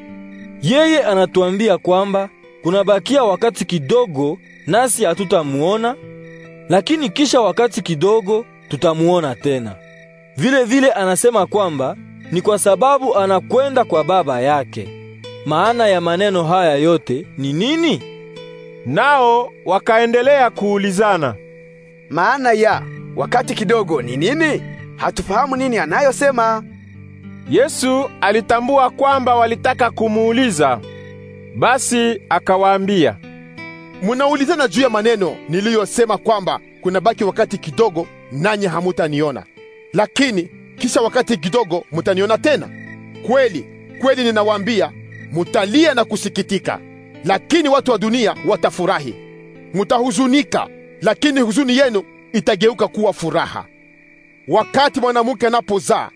yeye anatuambia kwamba kunabakia wakati kidogo nasi hatutamuona, lakini kisha wakati kidogo tutamuona tena. Vile vile anasema kwamba ni kwa sababu anakwenda kwa Baba yake. Maana ya maneno haya yote ni nini? Nao wakaendelea kuulizana, maana ya wakati kidogo ni nini? hatufahamu nini anayosema. Yesu alitambua kwamba walitaka kumuuliza, basi akawaambia, munaulizana juu ya maneno niliyosema kwamba kuna baki wakati kidogo nanyi hamutaniona, lakini kisha wakati kidogo mutaniona tena. Kweli kweli ninawaambia, mutalia na kusikitika, lakini watu wa dunia watafurahi. Mutahuzunika, lakini huzuni yenu itageuka kuwa furaha. Wakati mwanamke anapozaa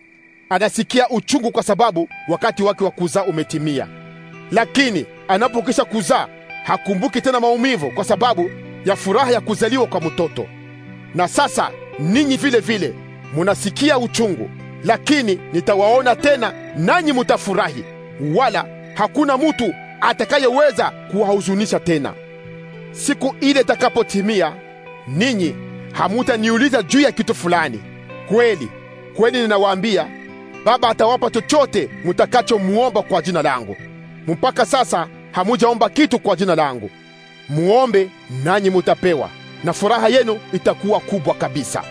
anasikia uchungu, kwa sababu wakati wake wa kuzaa umetimia, lakini anapokisha kuzaa hakumbuki tena maumivu, kwa sababu ya furaha ya kuzaliwa kwa mtoto. Na sasa ninyi vile vile munasikia uchungu, lakini nitawaona tena, nanyi mutafurahi, wala hakuna mutu atakayeweza kuwahuzunisha tena. Siku ile itakapotimia, ninyi hamutaniuliza juu ya kitu fulani. Kweli kweli ninawaambia, Baba atawapa chochote mutakachomuomba kwa jina langu. Mpaka sasa hamujaomba kitu kwa jina langu. Muombe nanyi mutapewa, na furaha yenu itakuwa kubwa kabisa.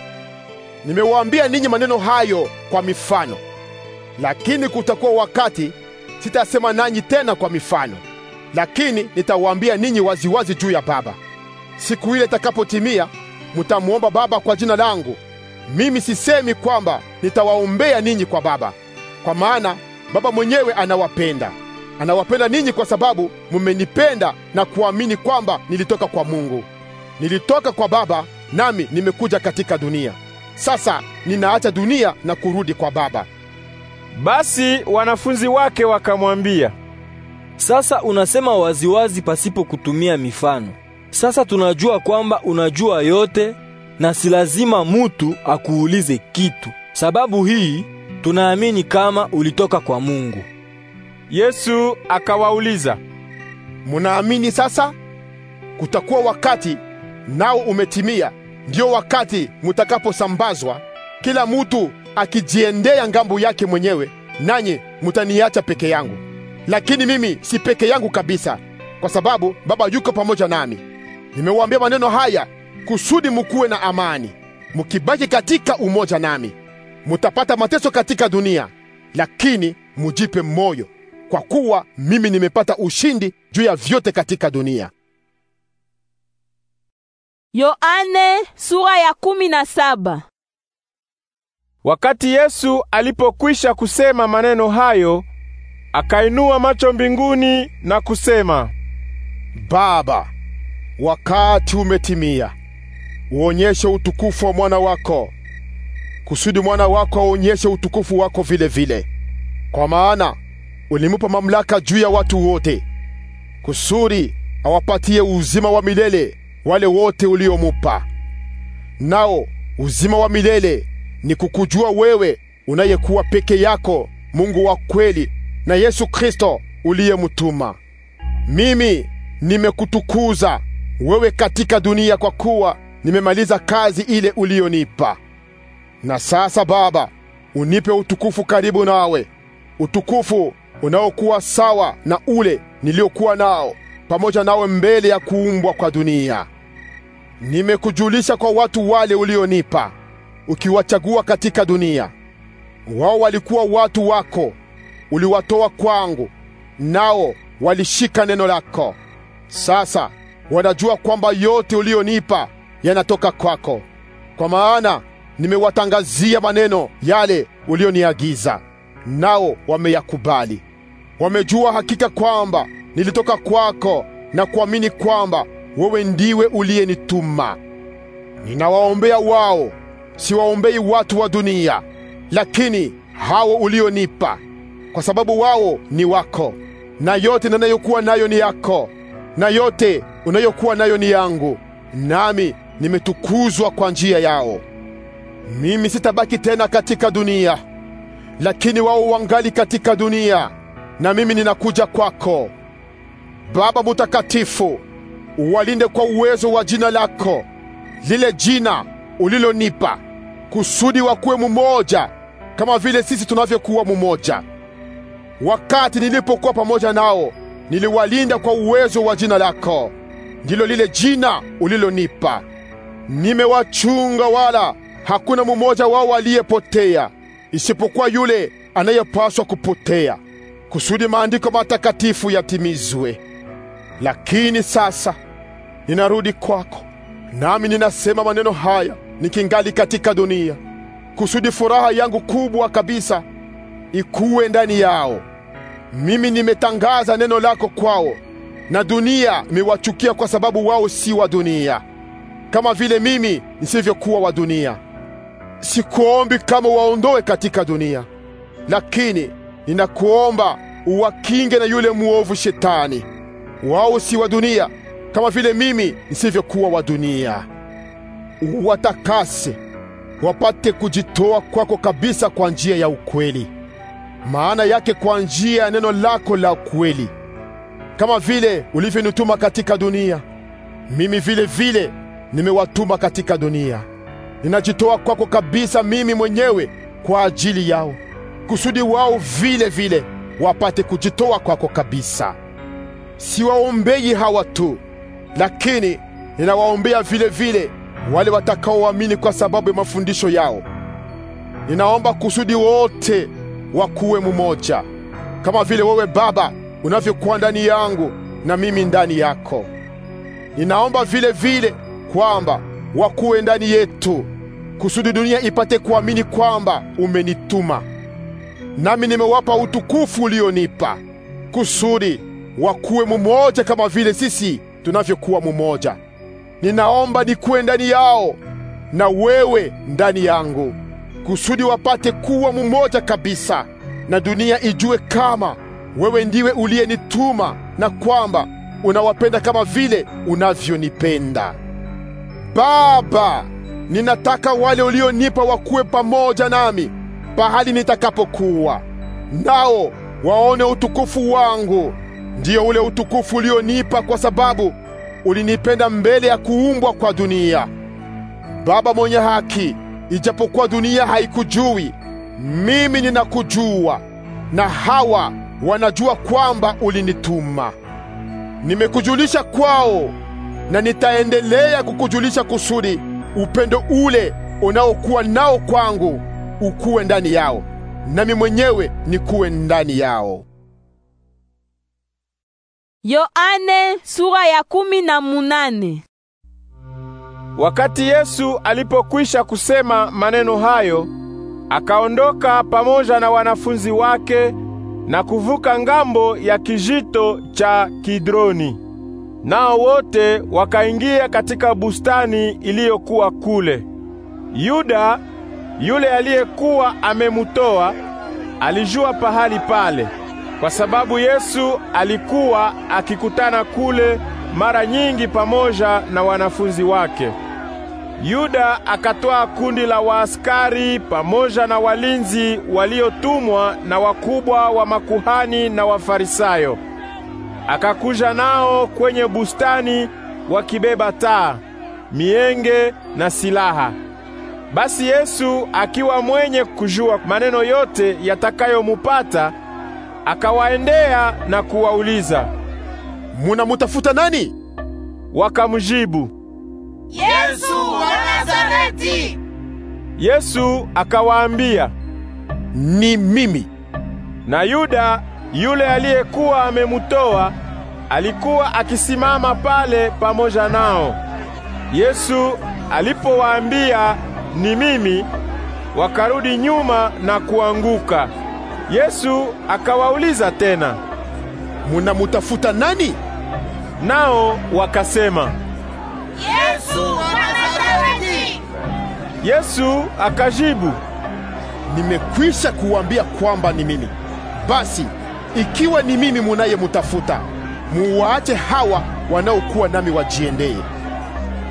Nimewaambia ninyi maneno hayo kwa mifano, lakini kutakuwa wakati sitasema nanyi tena kwa mifano, lakini nitawaambia ninyi waziwazi juu ya Baba. Siku ile itakapotimia, mutamuomba Baba kwa jina langu. Mimi sisemi kwamba nitawaombea ninyi kwa Baba, kwa maana Baba mwenyewe anawapenda. Anawapenda ninyi kwa sababu mumenipenda na kuamini kwamba nilitoka kwa Mungu. Nilitoka kwa Baba nami nimekuja katika dunia. Sasa ninaacha dunia na kurudi kwa Baba. Basi wanafunzi wake wakamwambia, sasa unasema waziwazi pasipo kutumia mifano. Sasa tunajua kwamba unajua yote na si lazima mutu akuulize kitu. Sababu hii tunaamini kama ulitoka kwa Mungu. Yesu akawauliza, munaamini sasa? Kutakuwa wakati nao umetimia, ndio wakati mutakaposambazwa, kila mutu akijiendea ngambo yake mwenyewe, nanyi mutaniacha peke yangu. Lakini mimi si peke yangu kabisa, kwa sababu Baba yuko pamoja nami. Nimewaambia maneno haya kusudi mukuwe na amani. Mukibaki katika umoja nami, mutapata mateso katika dunia, lakini mujipe moyo, kwa kuwa mimi nimepata ushindi juu ya vyote katika dunia. Yoane, sura ya kumi na saba. Wakati Yesu alipokwisha kusema maneno hayo, akainua macho mbinguni na kusema, Baba, wakati umetimia uonyeshe utukufu wa mwana wako, kusudi mwana wako aonyeshe utukufu wako vile vile. Kwa maana ulimupa mamlaka juu ya watu wote, kusudi awapatie uzima wa milele wale wote uliomupa. Nao uzima wa milele ni kukujua wewe unayekuwa peke yako Mungu wa kweli, na Yesu Kristo uliyemtuma. Mimi nimekutukuza wewe katika dunia kwa kuwa nimemaliza kazi ile ulionipa. Na sasa Baba, unipe utukufu karibu nawe, utukufu unaokuwa sawa na ule niliokuwa nao pamoja nawe mbele ya kuumbwa kwa dunia. Nimekujulisha kwa watu wale ulionipa, ukiwachagua katika dunia. Wao walikuwa watu wako, uliwatoa kwangu, nao walishika neno lako. Sasa wanajua kwamba yote ulionipa yanatoka kwako, kwa maana nimewatangazia maneno yale ulioniagiza, nao wameyakubali. Wamejua hakika kwamba nilitoka kwako na kuamini kwamba wewe ndiwe uliyenituma. Ninawaombea wao, siwaombei watu wa dunia, lakini hao ulionipa, kwa sababu wao ni wako, na yote ninayokuwa nayo ni yako, na yote unayokuwa nayo ni yangu, nami nimetukuzwa kwa njia yao. Mimi sitabaki tena katika dunia, lakini wao wangali katika dunia, na mimi ninakuja kwako. Baba Mutakatifu, uwalinde kwa uwezo wa jina lako, lile jina ulilonipa, kusudi wakuwe mumoja kama vile sisi tunavyokuwa mumoja. Wakati nilipokuwa pamoja nao, niliwalinda kwa uwezo wa jina lako, ndilo lile jina ulilonipa. Nimewachunga wala hakuna mumoja wao aliyepotea isipokuwa yule anayepaswa kupotea kusudi maandiko matakatifu yatimizwe. Lakini sasa ninarudi kwako, nami ninasema maneno haya nikingali katika dunia, kusudi furaha yangu kubwa kabisa ikuwe ndani yao. Mimi nimetangaza neno lako kwao, na dunia imewachukia kwa sababu wao si wa dunia kama vile mimi nisivyokuwa wa dunia. Sikuombi kama waondoe katika dunia, lakini ninakuomba uwakinge na yule mwovu Shetani. Wao si wa dunia kama vile mimi nisivyokuwa wa dunia. Uwatakase wapate kujitoa kwako kabisa kwa njia ya ukweli, maana yake kwa njia ya neno lako la ukweli. Kama vile ulivyonituma katika dunia, mimi vile vile nimewatuma katika dunia. Ninajitoa kwako kabisa mimi mwenyewe kwa ajili yao, kusudi wao vile vile wapate kujitoa kwako kabisa. Siwaombei hawa tu, lakini ninawaombea vile vile wale watakaoamini kwa sababu ya mafundisho yao. Ninaomba kusudi wote wakuwe mumoja, kama vile wewe Baba unavyokuwa ndani yangu na mimi ndani yako. Ninaomba vile vile kwamba wakuwe ndani yetu, kusudi dunia ipate kuamini kwamba umenituma. Nami nimewapa utukufu ulionipa, kusudi wakuwe mumoja kama vile sisi tunavyokuwa mumoja. Ninaomba nikuwe ndani yao na wewe ndani yangu, kusudi wapate kuwa mumoja kabisa, na dunia ijue kama wewe ndiwe uliyenituma na kwamba unawapenda kama vile unavyonipenda. Baba, ninataka wale ulionipa wakuwe pamoja nami pahali nitakapokuwa, nao waone utukufu wangu, ndiyo ule utukufu ulionipa kwa sababu ulinipenda mbele ya kuumbwa kwa dunia. Baba mwenye haki, ijapokuwa dunia haikujui, mimi ninakujua, na hawa wanajua kwamba ulinituma. Nimekujulisha kwao na nitaendelea kukujulisha kusudi upendo ule unaokuwa nao kwangu ukuwe ndani yao, nami mwenyewe nikuwe ndani yao. Yoane sura ya kumi na munane. Wakati Yesu alipokwisha kusema maneno hayo, akaondoka pamoja na wanafunzi wake na kuvuka ngambo ya kijito cha Kidroni. Nao wote wakaingia katika bustani iliyokuwa kule. Yuda yule aliyekuwa amemutoa alijua pahali pale, kwa sababu Yesu alikuwa akikutana kule mara nyingi pamoja na wanafunzi wake. Yuda akatwaa kundi la waaskari pamoja na walinzi waliotumwa na wakubwa wa makuhani na Wafarisayo akakuja nao kwenye bustani wakibeba taa, mienge na silaha. Basi Yesu akiwa mwenye kujua maneno yote yatakayomupata, akawaendea na kuwauliza, munamutafuta nani? Wakamjibu, Yesu wa Nazareti. Yesu akawaambia, ni mimi. Na Yuda yule aliyekuwa amemutoa alikuwa akisimama pale pamoja nao. Yesu alipowaambia ni mimi, wakarudi nyuma na kuanguka. Yesu akawauliza tena, munamutafuta nani? Nao wakasema Yesu Nazareti. Yesu akajibu, nimekwisha kuambia kwamba ni mimi. Basi ikiwa ni mimi munayemutafuta, muwaache hawa wanaokuwa nami wajiendee.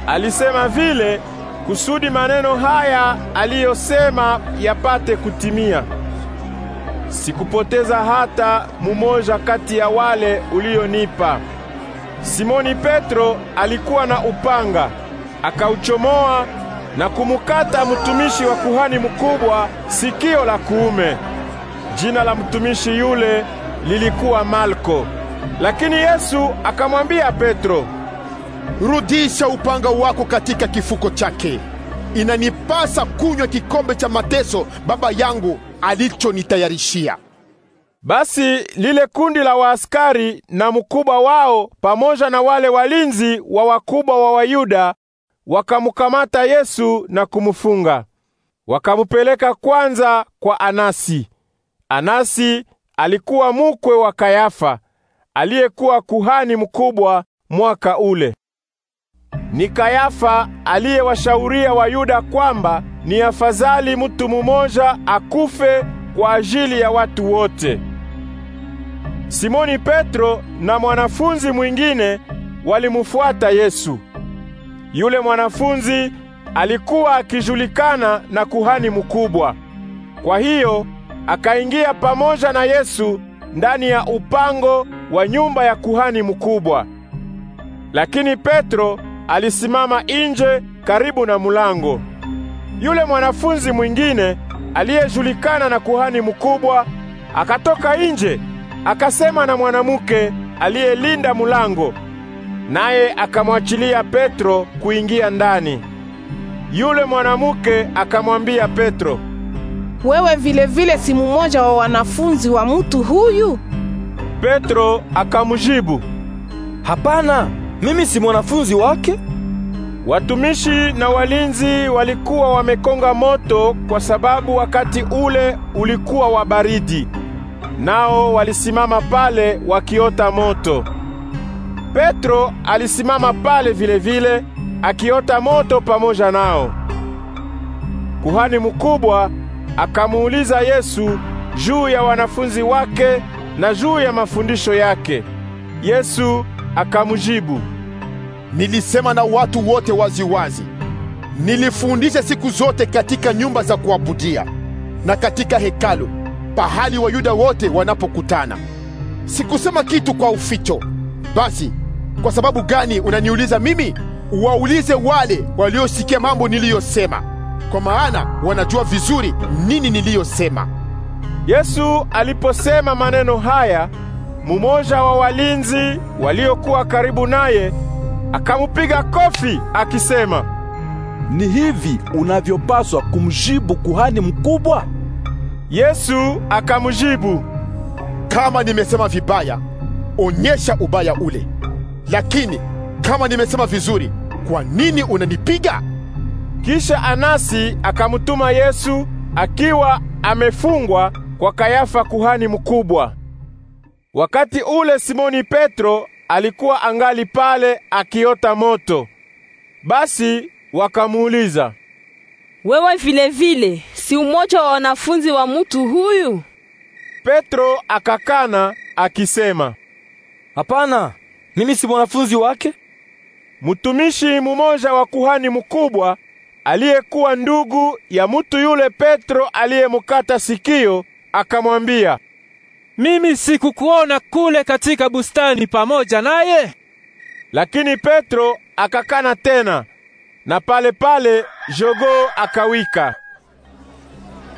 Alisema vile kusudi maneno haya aliyosema yapate kutimia: sikupoteza hata mumoja kati ya wale ulionipa. Simoni Petro alikuwa na upanga, akauchomoa na kumukata mtumishi wa kuhani mkubwa sikio la kuume. Jina la mtumishi yule lilikuwa Malko. Lakini Yesu akamwambia Petro, rudisha upanga wako katika kifuko chake. Inanipasa kunywa kikombe cha mateso baba yangu alichonitayarishia. Basi lile kundi la waaskari na mkubwa wao pamoja na wale walinzi wa wakubwa wa Wayuda wakamkamata Yesu na kumfunga. Wakamupeleka kwanza kwa Anasi. Anasi alikuwa mkwe wa Kayafa aliyekuwa kuhani mkubwa mwaka ule. Ni Kayafa aliyewashauria Wayuda kwamba ni afadhali mtu mmoja akufe kwa ajili ya watu wote. Simoni Petro na mwanafunzi mwingine walimfuata Yesu. Yule mwanafunzi alikuwa akijulikana na kuhani mkubwa. Kwa hiyo akaingia pamoja na Yesu ndani ya upango wa nyumba ya kuhani mkubwa. Lakini Petro alisimama nje karibu na mulango. Yule mwanafunzi mwingine aliyejulikana na kuhani mkubwa akatoka nje, akasema na mwanamke aliyelinda mulango, naye akamwachilia Petro kuingia ndani. Yule mwanamke akamwambia Petro, wewe vilevile vile si mmoja wa wanafunzi wa mtu huyu? Petro akamjibu, hapana, mimi si mwanafunzi wake. Watumishi na walinzi walikuwa wamekonga moto kwa sababu wakati ule ulikuwa wa baridi. Nao walisimama pale wakiota moto. Petro alisimama pale vilevile vile, akiota moto pamoja nao. Kuhani mkubwa akamuuliza Yesu juu ya wanafunzi wake na juu ya mafundisho yake. Yesu akamjibu, nilisema na watu wote wazi wazi. Nilifundisha siku zote katika nyumba za kuabudia na katika hekalu, pahali Wayuda wote wanapokutana. Sikusema kitu kwa uficho. Basi kwa sababu gani unaniuliza mimi? Waulize wale waliosikia mambo niliyosema kwa maana wanajua vizuri nini niliyosema. Yesu aliposema maneno haya, mumoja wa walinzi waliokuwa karibu naye akamupiga kofi akisema, ni hivi unavyopaswa kumjibu kuhani mkubwa? Yesu akamjibu, kama nimesema vibaya, onyesha ubaya ule, lakini kama nimesema vizuri, kwa nini unanipiga? Kisha Anasi akamtuma Yesu akiwa amefungwa kwa Kayafa kuhani mkubwa. Wakati ule Simoni Petro alikuwa angali pale akiota moto. Basi wakamuuliza, wewe vile vile si umoja wa wanafunzi wa mtu huyu? Petro akakana akisema, hapana, mimi si mwanafunzi wake. Mtumishi mmoja wa kuhani mkubwa aliyekuwa ndugu ya mutu yule Petro aliyemukata sikio, akamwambia, mimi sikukuona kule katika bustani pamoja naye? Lakini Petro akakana tena, na pale pale jogoo akawika.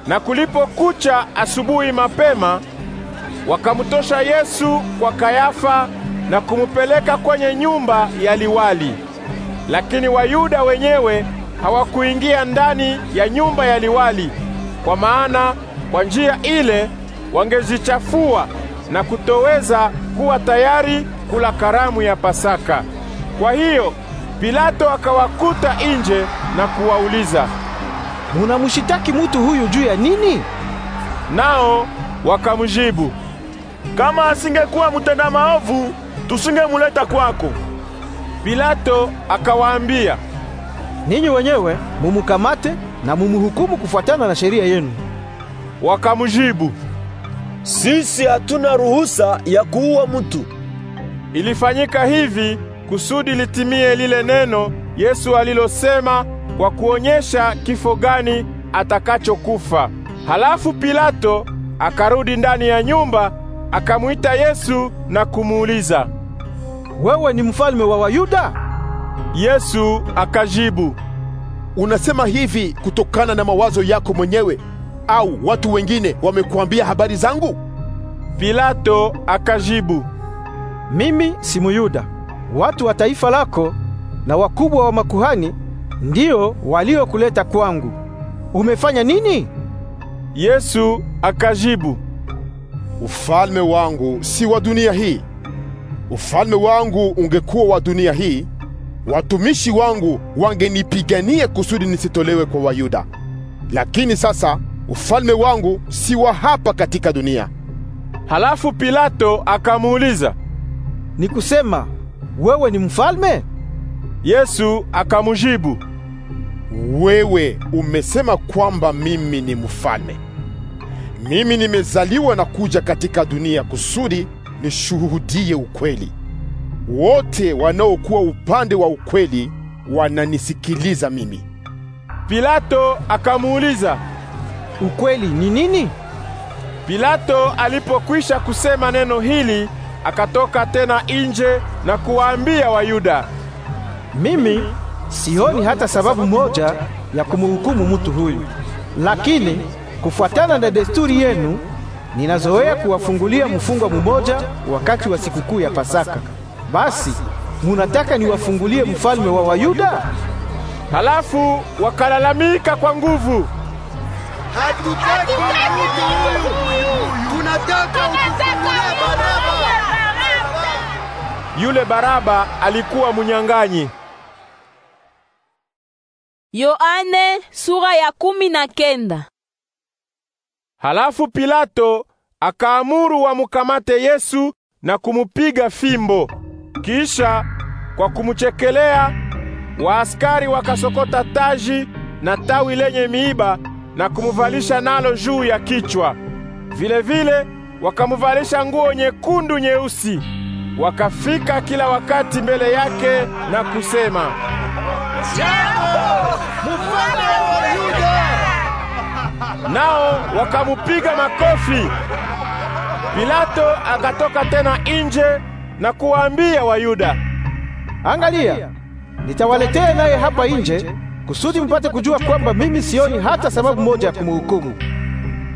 Na kulipokucha asubuhi mapema, wakamtosha Yesu kwa Kayafa na kumupeleka kwenye nyumba ya liwali. Lakini Wayuda wenyewe hawakuingia ndani ya nyumba ya liwali, kwa maana kwa njia ile wangezichafua na kutoweza kuwa tayari kula karamu ya Pasaka. Kwa hiyo Pilato akawakuta nje na kuwauliza, munamshitaki mutu huyu juu ya nini? Nao wakamjibu, kama asingekuwa mutenda maovu tusingemuleta kwako. Pilato akawaambia ninyi wenyewe mumukamate na mumuhukumu kufuatana na sheria yenu. Wakamjibu, sisi hatuna ruhusa ya kuua mtu. Ilifanyika hivi kusudi litimie lile neno Yesu alilosema kwa kuonyesha kifo gani atakachokufa. Halafu Pilato akarudi ndani ya nyumba akamwita Yesu na kumuuliza, wewe ni mfalme wa Wayuda? Yesu akajibu, unasema hivi kutokana na mawazo yako mwenyewe au watu wengine wamekuambia habari zangu? Pilato akajibu, mimi si Muyuda, watu wa taifa lako na wakubwa wa makuhani ndio waliokuleta kwangu. Umefanya nini? Yesu akajibu, ufalme wangu si wa dunia hii. Ufalme wangu ungekuwa wa dunia hii watumishi wangu wangenipigania kusudi nisitolewe kwa Wayuda. Lakini sasa ufalme wangu si wa hapa katika dunia. Halafu Pilato akamuuliza, ni kusema wewe ni mfalme? Yesu akamjibu wewe umesema kwamba mimi ni mfalme. Mimi nimezaliwa na kuja katika dunia kusudi nishuhudie ukweli wote wanaokuwa upande wa ukweli wananisikiliza mimi. Pilato akamuuliza, ukweli ni nini? Pilato alipokwisha kusema neno hili, akatoka tena nje na kuwaambia Wayuda, mimi sioni hata sababu moja ya kumhukumu mtu huyu, lakini kufuatana na desturi yenu ninazoea kuwafungulia mfungwa mmoja wakati wa sikukuu ya Pasaka. Basi munataka niwafungulie mfalme wa Wayuda? Halafu wakalalamika kwa nguvu, hatutaki tunataka utufungulie Baraba. Yule Baraba alikuwa munyang'anyi. Yoane sura ya kumi na kenda. Halafu Pilato akaamuru wamukamate Yesu na kumupiga fimbo. Kisha kwa kumchekelea waaskari wakasokota taji na tawi lenye miiba na kumuvalisha nalo juu ya kichwa. Vile vile wakamuvalisha nguo nyekundu nyeusi. Wakafika kila wakati mbele yake na kusema, Jambo, mfalme wa Yuda! Nao wakamupiga makofi. Pilato akatoka tena nje na kuwaambia Wayuda, angalia, nitawaletea naye hapa nje kusudi mpate kujua kwamba mimi sioni hata sababu moja ya kumhukumu.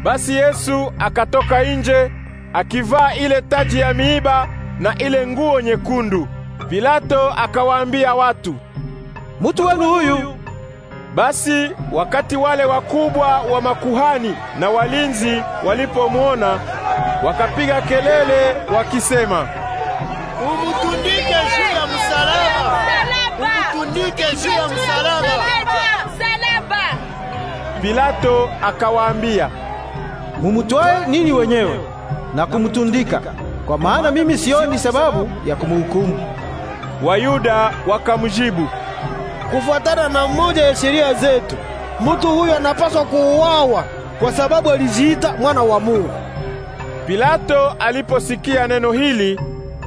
Basi Yesu akatoka nje akivaa ile taji ya miiba na ile nguo nyekundu. Pilato akawaambia watu, mutu wenu huyu. Basi wakati wale wakubwa wa makuhani na walinzi walipomwona, wakapiga kelele wakisema umutundike juu ya msalaba, umutundike juu ya msalaba. Pilato akawaambia, mumutwae nini wenyewe na kumutundika, kwa maana mimi sioni sababu ya kumuhukumu. Wayuda wakamjibu, kufuatana na mmoja ya sheria zetu, mutu huyu anapaswa kuuawa kwa sababu alijiita mwana wa Mungu. Pilato aliposikia neno hili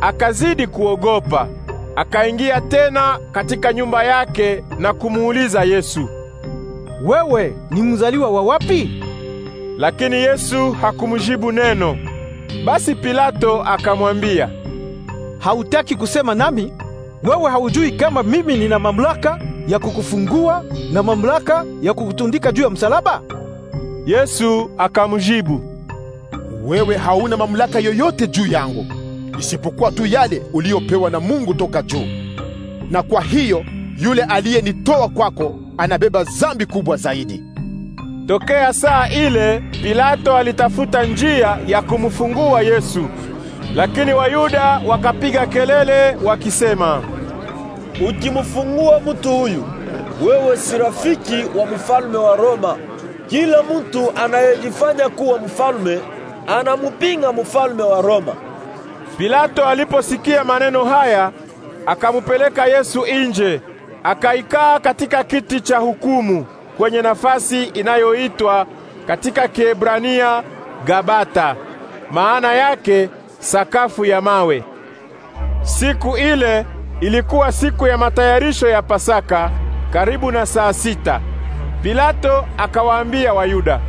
akazidi kuogopa. Akaingia tena katika nyumba yake na kumuuliza Yesu, wewe ni mzaliwa wa wapi? Lakini Yesu hakumjibu neno. Basi Pilato akamwambia, hautaki kusema nami? Wewe haujui kama mimi nina mamlaka ya kukufungua na mamlaka ya kukutundika juu ya msalaba? Yesu akamjibu, wewe hauna mamlaka yoyote juu yangu isipokuwa tu yale uliyopewa na Mungu toka juu. Na kwa hiyo yule aliyenitoa kwako anabeba dhambi kubwa zaidi. Tokea saa ile Pilato alitafuta njia ya kumfungua Yesu, lakini Wayuda wakapiga kelele wakisema, ukimfungua mtu huyu, wewe si rafiki wa mfalme wa Roma. Kila mtu anayejifanya kuwa mfalme anamupinga mfalme wa Roma. Pilato aliposikia maneno haya, akamupeleka Yesu nje, akaikaa katika kiti cha hukumu kwenye nafasi inayoitwa katika Kiebrania Gabata, maana yake sakafu ya mawe. Siku ile ilikuwa siku ya matayarisho ya Pasaka, karibu na saa sita. Pilato akawaambia Wayuda,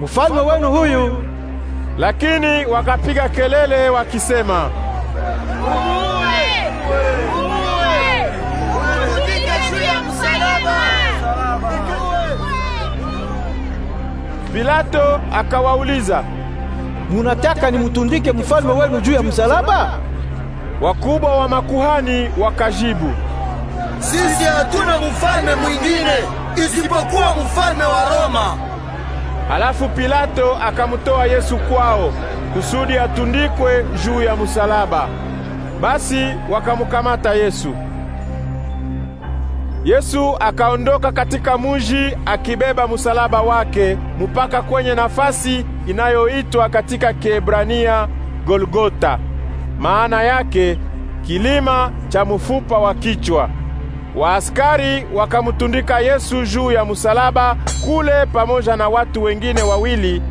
mfalme wenu huyu lakini wakapiga kelele wakisema, Pilato akawauliza, munataka nimutundike mfalme wenu juu ya msalaba? Wakubwa wa makuhani wakajibu, sisi hatuna mfalme mwingine isipokuwa mfalme wa Roma. Halafu Pilato akamtoa Yesu kwao kusudi atundikwe juu ya musalaba. Basi wakamkamata Yesu. Yesu akaondoka katika muji akibeba musalaba wake mpaka kwenye nafasi inayoitwa katika Kiebrania Golgota, maana yake kilima cha mfupa wa kichwa. Waaskari wakamtundika Yesu juu ya musalaba kule pamoja na watu wengine wawili,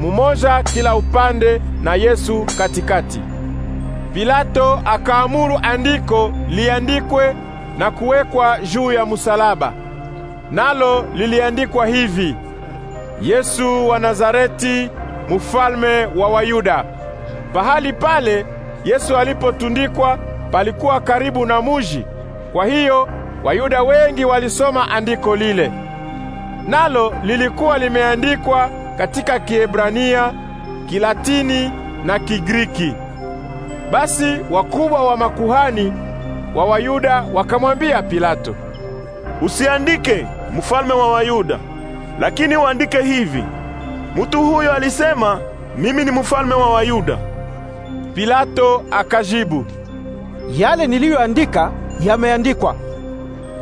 mumoja kila upande na Yesu katikati. Pilato akaamuru andiko liandikwe na kuwekwa juu ya musalaba. Nalo liliandikwa hivi: Yesu wa Nazareti, mfalme wa Wayuda. Pahali pale Yesu alipotundikwa palikuwa karibu na muji. Kwa hiyo Wayuda wengi walisoma andiko lile, nalo lilikuwa limeandikwa katika Kiebrania, Kilatini na Kigiriki. Basi wakubwa wa makuhani wa Wayuda wakamwambia Pilato, usiandike mfalme wa Wayuda, lakini uandike hivi, mtu huyo alisema mimi ni mfalme wa Wayuda. Pilato akajibu, yale niliyoandika yameandikwa.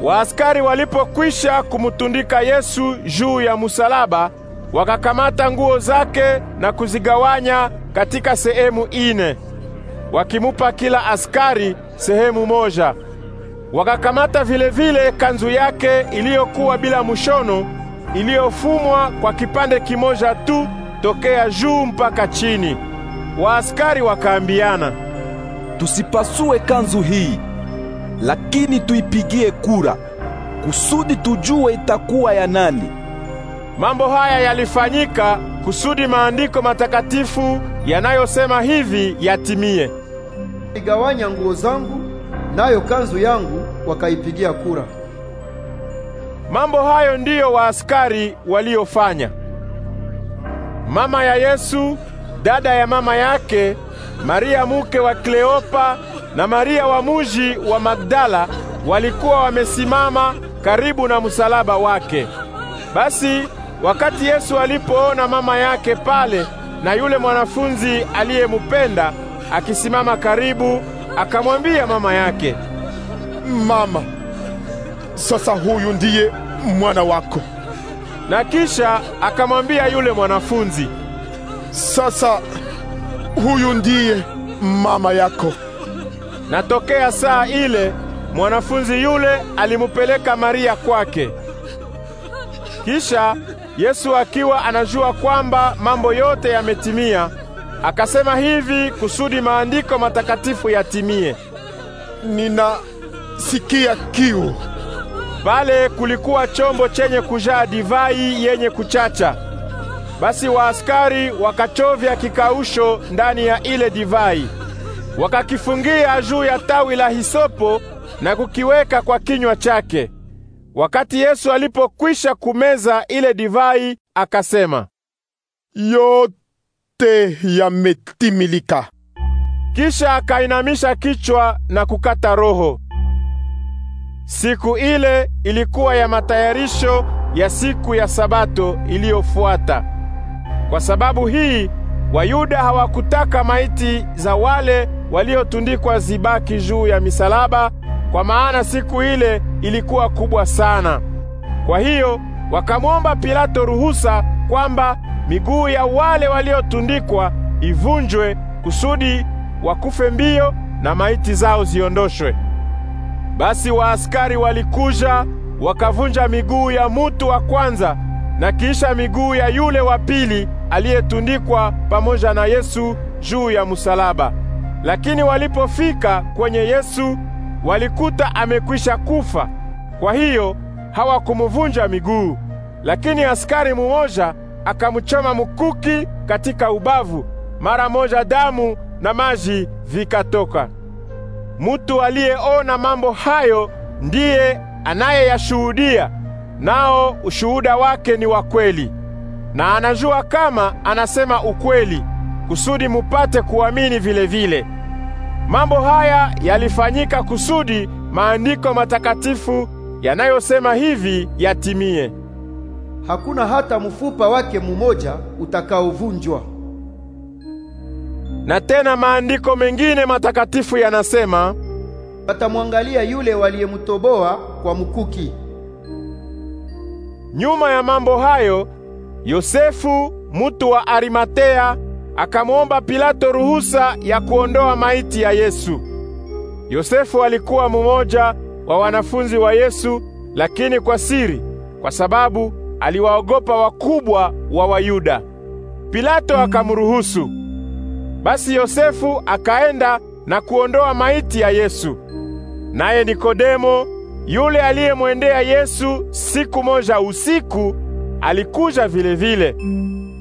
Waaskari walipokwisha kumtundika Yesu juu ya musalaba, wakakamata nguo zake na kuzigawanya katika sehemu ine, wakimupa kila askari sehemu moja. Wakakamata vile vile kanzu yake iliyokuwa bila mushono, iliyofumwa kwa kipande kimoja tu tokea juu mpaka chini. Waaskari wakaambiana, tusipasue kanzu hii lakini tuipigie kura kusudi tujue itakuwa ya nani. Mambo haya yalifanyika kusudi maandiko matakatifu yanayosema hivi yatimie: igawanya nguo zangu, nayo kanzu yangu wakaipigia kura. Mambo hayo ndiyo waaskari waliofanya. Mama ya Yesu, dada ya mama yake Maria, muke wa Kleopa na Maria wa muji wa Magdala walikuwa wamesimama karibu na msalaba wake. Basi wakati Yesu alipoona mama yake pale na yule mwanafunzi aliyemupenda akisimama karibu, akamwambia mama yake, Mama, sasa huyu ndiye mwana wako. Na kisha akamwambia yule mwanafunzi, sasa huyu ndiye mama yako. Na tokea saa ile mwanafunzi yule alimupeleka Maria kwake. Kisha Yesu akiwa anajua kwamba mambo yote yametimia, akasema hivi kusudi maandiko matakatifu yatimie, ninasikia kiu. Pale kulikuwa chombo chenye kujaa divai yenye kuchacha. Basi waaskari wakachovya kikausho ndani ya ile divai wakakifungia juu ya tawi la hisopo na kukiweka kwa kinywa chake. Wakati Yesu alipokwisha kumeza ile divai, akasema, yote yametimilika. Kisha akainamisha kichwa na kukata roho. Siku ile ilikuwa ya matayarisho ya siku ya Sabato iliyofuata. Kwa sababu hii Wayuda hawakutaka maiti za wale waliotundikwa zibaki juu ya misalaba, kwa maana siku ile ilikuwa kubwa sana. Kwa hiyo wakamwomba Pilato ruhusa kwamba miguu ya wale waliotundikwa ivunjwe kusudi wakufe mbio na maiti zao ziondoshwe. Basi waaskari walikuja wakavunja miguu ya mutu wa kwanza na kisha miguu ya yule wa pili aliyetundikwa pamoja na Yesu juu ya musalaba. Lakini walipofika kwenye Yesu walikuta amekwisha kufa, kwa hiyo hawakumuvunja miguu. Lakini askari mumoja akamchoma mukuki katika ubavu, mara moja damu na maji vikatoka. Mutu aliyeona mambo hayo ndiye anayeyashuhudia, nao ushuhuda wake ni wa kweli na anajua kama anasema ukweli kusudi mupate kuamini vile vile. Mambo haya yalifanyika kusudi maandiko matakatifu yanayosema hivi yatimie: hakuna hata mfupa wake mumoja utakaovunjwa. Na tena maandiko mengine matakatifu yanasema, watamwangalia yule waliyemtoboa kwa mkuki. Nyuma ya mambo hayo Yosefu mutu wa Arimatea akamwomba Pilato ruhusa ya kuondoa maiti ya Yesu. Yosefu alikuwa mumoja wa wanafunzi wa Yesu, lakini kwa siri, kwa sababu aliwaogopa wakubwa wa Wayuda. Pilato akamruhusu. Basi Yosefu akaenda na kuondoa maiti ya Yesu. Naye Nikodemo, yule aliyemwendea Yesu siku moja usiku alikuja vilevile vile.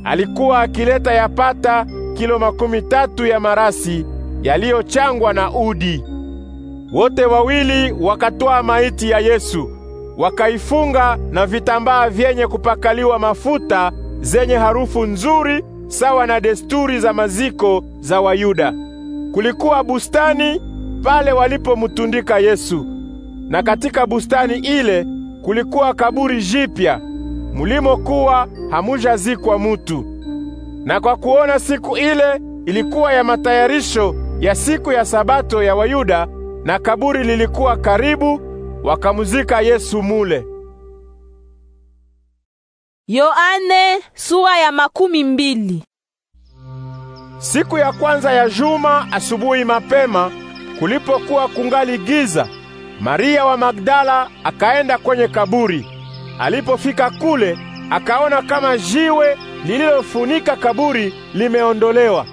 Alikuwa akileta yapata kilo makumi tatu ya marasi yaliyochangwa na udi. Wote wawili wakatoa maiti ya Yesu, wakaifunga na vitambaa vyenye kupakaliwa mafuta zenye harufu nzuri sawa na desturi za maziko za Wayuda. Kulikuwa bustani pale walipomtundika Yesu, na katika bustani ile kulikuwa kaburi jipya mulimokuwa hamujazikwa mutu. Na kwa kuona siku ile ilikuwa ya matayarisho ya siku ya sabato ya Wayuda na kaburi lilikuwa karibu, wakamuzika Yesu mule. Yoane, sura ya makumi mbili. Siku ya kwanza ya juma asubuhi mapema, kulipokuwa kungali giza, Maria wa Magdala akaenda kwenye kaburi Alipofika kule, akaona kama jiwe lililofunika kaburi limeondolewa.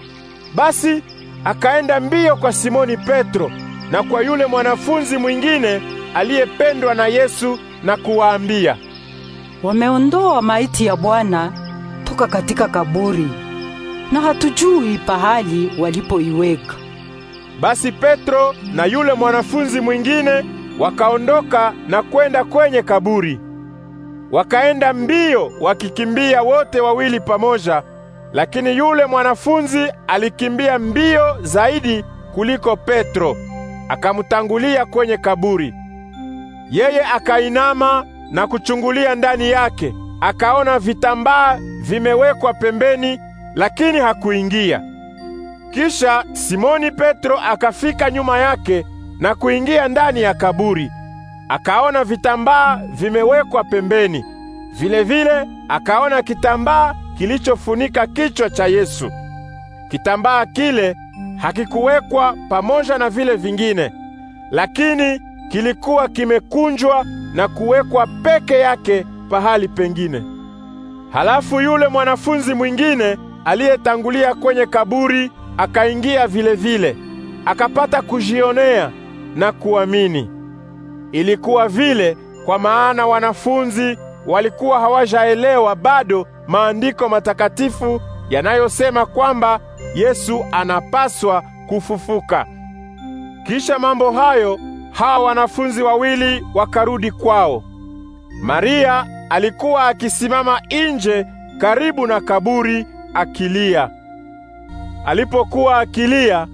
Basi akaenda mbio kwa Simoni Petro na kwa yule mwanafunzi mwingine aliyependwa na Yesu na kuwaambia, wameondoa maiti ya Bwana toka katika kaburi na hatujui pahali walipoiweka. Basi Petro na yule mwanafunzi mwingine wakaondoka na kwenda kwenye kaburi. Wakaenda mbio wakikimbia wote wawili pamoja, lakini yule mwanafunzi alikimbia mbio zaidi kuliko Petro, akamtangulia kwenye kaburi. Yeye akainama na kuchungulia ndani yake, akaona vitambaa vimewekwa pembeni, lakini hakuingia. Kisha Simoni Petro akafika nyuma yake na kuingia ndani ya kaburi akaona vitambaa vimewekwa pembeni. vile vile, akaona kitambaa kilichofunika kichwa cha Yesu. Kitambaa kile hakikuwekwa pamoja na vile vingine, lakini kilikuwa kimekunjwa na kuwekwa peke yake pahali pengine. Halafu yule mwanafunzi mwingine aliyetangulia kwenye kaburi akaingia vilevile vile, akapata kujionea na kuamini. Ilikuwa vile kwa maana wanafunzi walikuwa hawajaelewa bado maandiko matakatifu yanayosema kwamba Yesu anapaswa kufufuka. Kisha mambo hayo, hawa wanafunzi wawili wakarudi kwao. Maria alikuwa akisimama nje karibu na kaburi akilia. Alipokuwa akilia,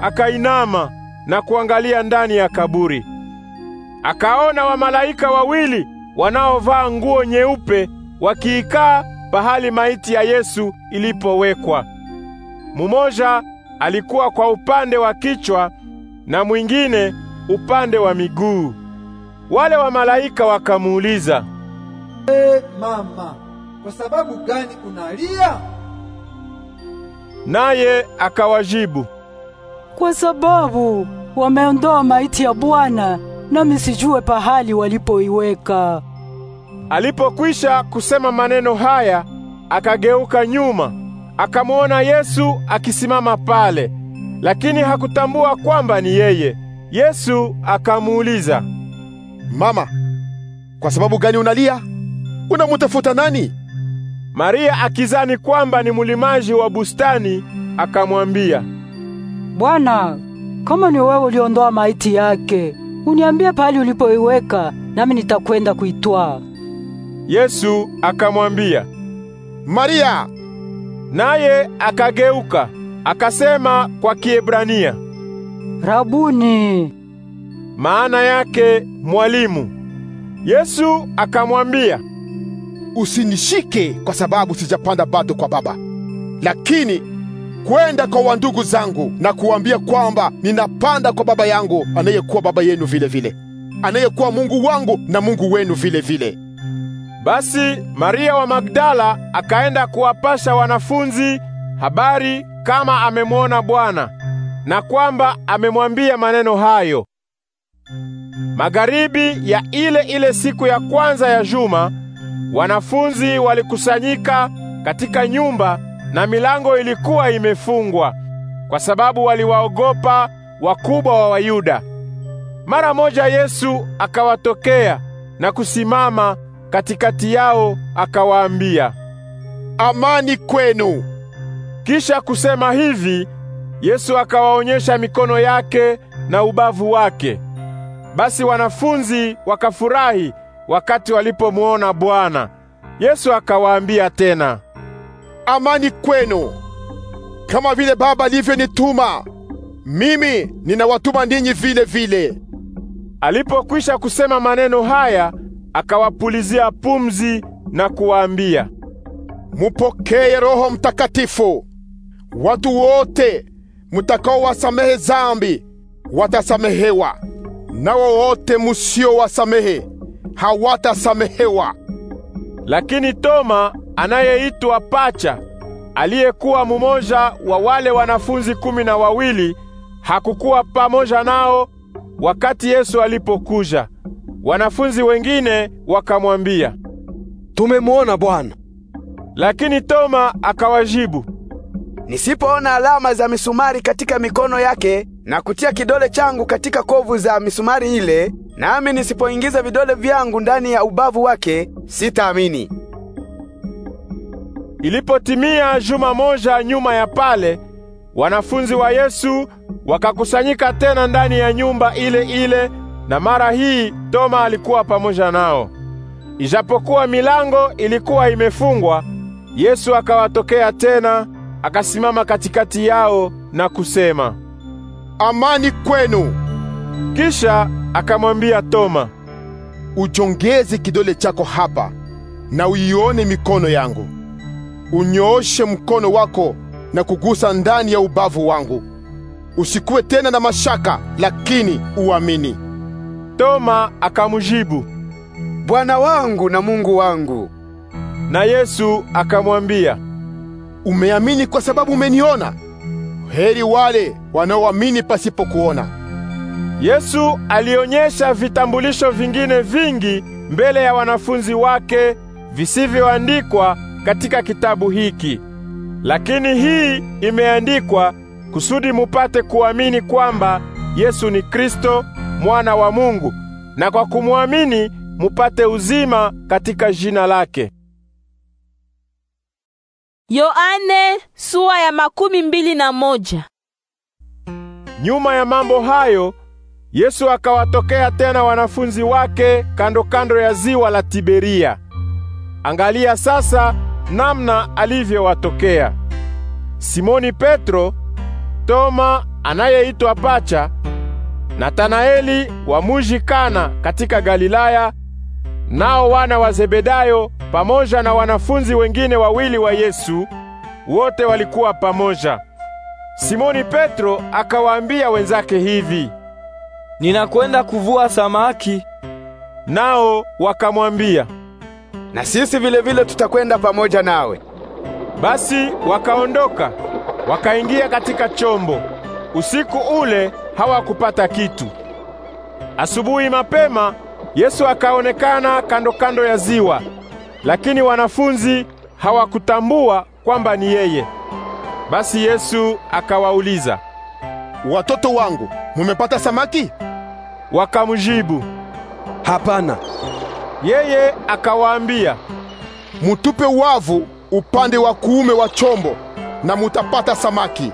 akainama na kuangalia ndani ya kaburi akaona wamalaika wawili wanaovaa nguo nyeupe wakiikaa pahali maiti ya Yesu ilipowekwa. Mumoja alikuwa kwa upande wa kichwa na mwingine upande wa miguu. Wale wamalaika wakamuuliza, "Ee mama, kwa sababu gani unalia?" Naye akawajibu, "Kwa sababu wameondoa maiti ya Bwana." nami sijue pahali walipoiweka. Alipokwisha kusema maneno haya, akageuka nyuma, akamwona Yesu akisimama pale, lakini hakutambua kwamba ni yeye. Yesu akamuuliza, "Mama, kwa sababu gani unalia? Unamutafuta nani?" Maria akizani kwamba ni mulimaji wa bustani, akamwambia, "Bwana, kama ni wewe uliondoa maiti yake, uniambie pahali ulipoiweka, nami nitakwenda kuitwaa. Yesu akamwambia Maria, naye akageuka akasema kwa Kiebrania, Rabuni, maana yake mwalimu. Yesu akamwambia, usinishike kwa sababu sijapanda bado kwa Baba, lakini kwenda kwa wandugu zangu na kuambia kwamba ninapanda kwa Baba yangu anayekuwa Baba yenu vile vile, anayekuwa Mungu wangu na Mungu wenu vile vile. Basi Maria wa Magdala akaenda kuwapasha wanafunzi habari kama amemwona Bwana na kwamba amemwambia maneno hayo. Magharibi ya ile ile siku ya kwanza ya juma, wanafunzi walikusanyika katika nyumba na milango ilikuwa imefungwa kwa sababu waliwaogopa wakubwa wa Wayuda. Mara moja Yesu akawatokea na kusimama katikati yao akawaambia, Amani kwenu. Kisha kusema hivi, Yesu akawaonyesha mikono yake na ubavu wake. Basi wanafunzi wakafurahi wakati walipomwona Bwana. Yesu akawaambia tena, amani kwenu. Kama vile Baba alivyonituma mimi, ninawatuma ninyi vile vile. Alipokwisha kusema maneno haya, akawapulizia pumzi na kuwaambia, mupokee Roho Mtakatifu. Watu wote mutakaowasamehe zambi watasamehewa, nao wote musiowasamehe hawatasamehewa. Lakini Toma anayeitwa Pacha aliyekuwa mumoja wa wale wanafunzi kumi na wawili hakukuwa pamoja nao wakati Yesu alipokuja. Wanafunzi wengine wakamwambia, tumemwona Bwana. Lakini Toma akawajibu, nisipoona alama za misumari katika mikono yake na kutia kidole changu katika kovu za misumari ile, nami na nisipoingiza vidole vyangu ndani ya ubavu wake sitaamini. Ilipotimia juma moja nyuma ya pale, wanafunzi wa Yesu wakakusanyika tena ndani ya nyumba ile ile, na mara hii Toma alikuwa pamoja nao. Ijapokuwa milango ilikuwa imefungwa, Yesu akawatokea tena, akasimama katikati yao na kusema amani kwenu. Kisha akamwambia Toma, uchongeze kidole chako hapa na uione mikono yangu, unyooshe mkono wako na kugusa ndani ya ubavu wangu. Usikuwe tena na mashaka, lakini uamini. Toma akamjibu, Bwana wangu na Mungu wangu. Na Yesu akamwambia, umeamini kwa sababu umeniona? Heri wale wanaoamini pasipo kuona. Yesu alionyesha vitambulisho vingine vingi mbele ya wanafunzi wake visivyoandikwa katika kitabu hiki. Lakini hii imeandikwa kusudi mupate kuamini kwamba Yesu ni Kristo mwana wa Mungu na kwa kumwamini mupate uzima katika jina lake. Yoane sura ya makumi mbili na moja. Nyuma ya mambo hayo Yesu akawatokea tena wanafunzi wake kando kando ya ziwa la Tiberia. Angalia sasa namna alivyowatokea. Simoni Petro, Toma anayeitwa Pacha, Natanaeli wa muji Kana katika Galilaya Nao wana wa Zebedayo pamoja na wanafunzi wengine wawili wa Yesu wote walikuwa pamoja. Simoni Petro akawaambia wenzake hivi, ninakwenda kuvua samaki. Nao wakamwambia, na sisi vile vile tutakwenda pamoja nawe. Basi wakaondoka wakaingia katika chombo. Usiku ule hawakupata kitu. Asubuhi mapema Yesu akaonekana kando kando ya ziwa, lakini wanafunzi hawakutambua kwamba ni yeye. Basi Yesu akawauliza, watoto wangu, mumepata samaki? Wakamjibu, hapana. Yeye akawaambia, mutupe wavu upande wa kuume wa chombo na mutapata samaki.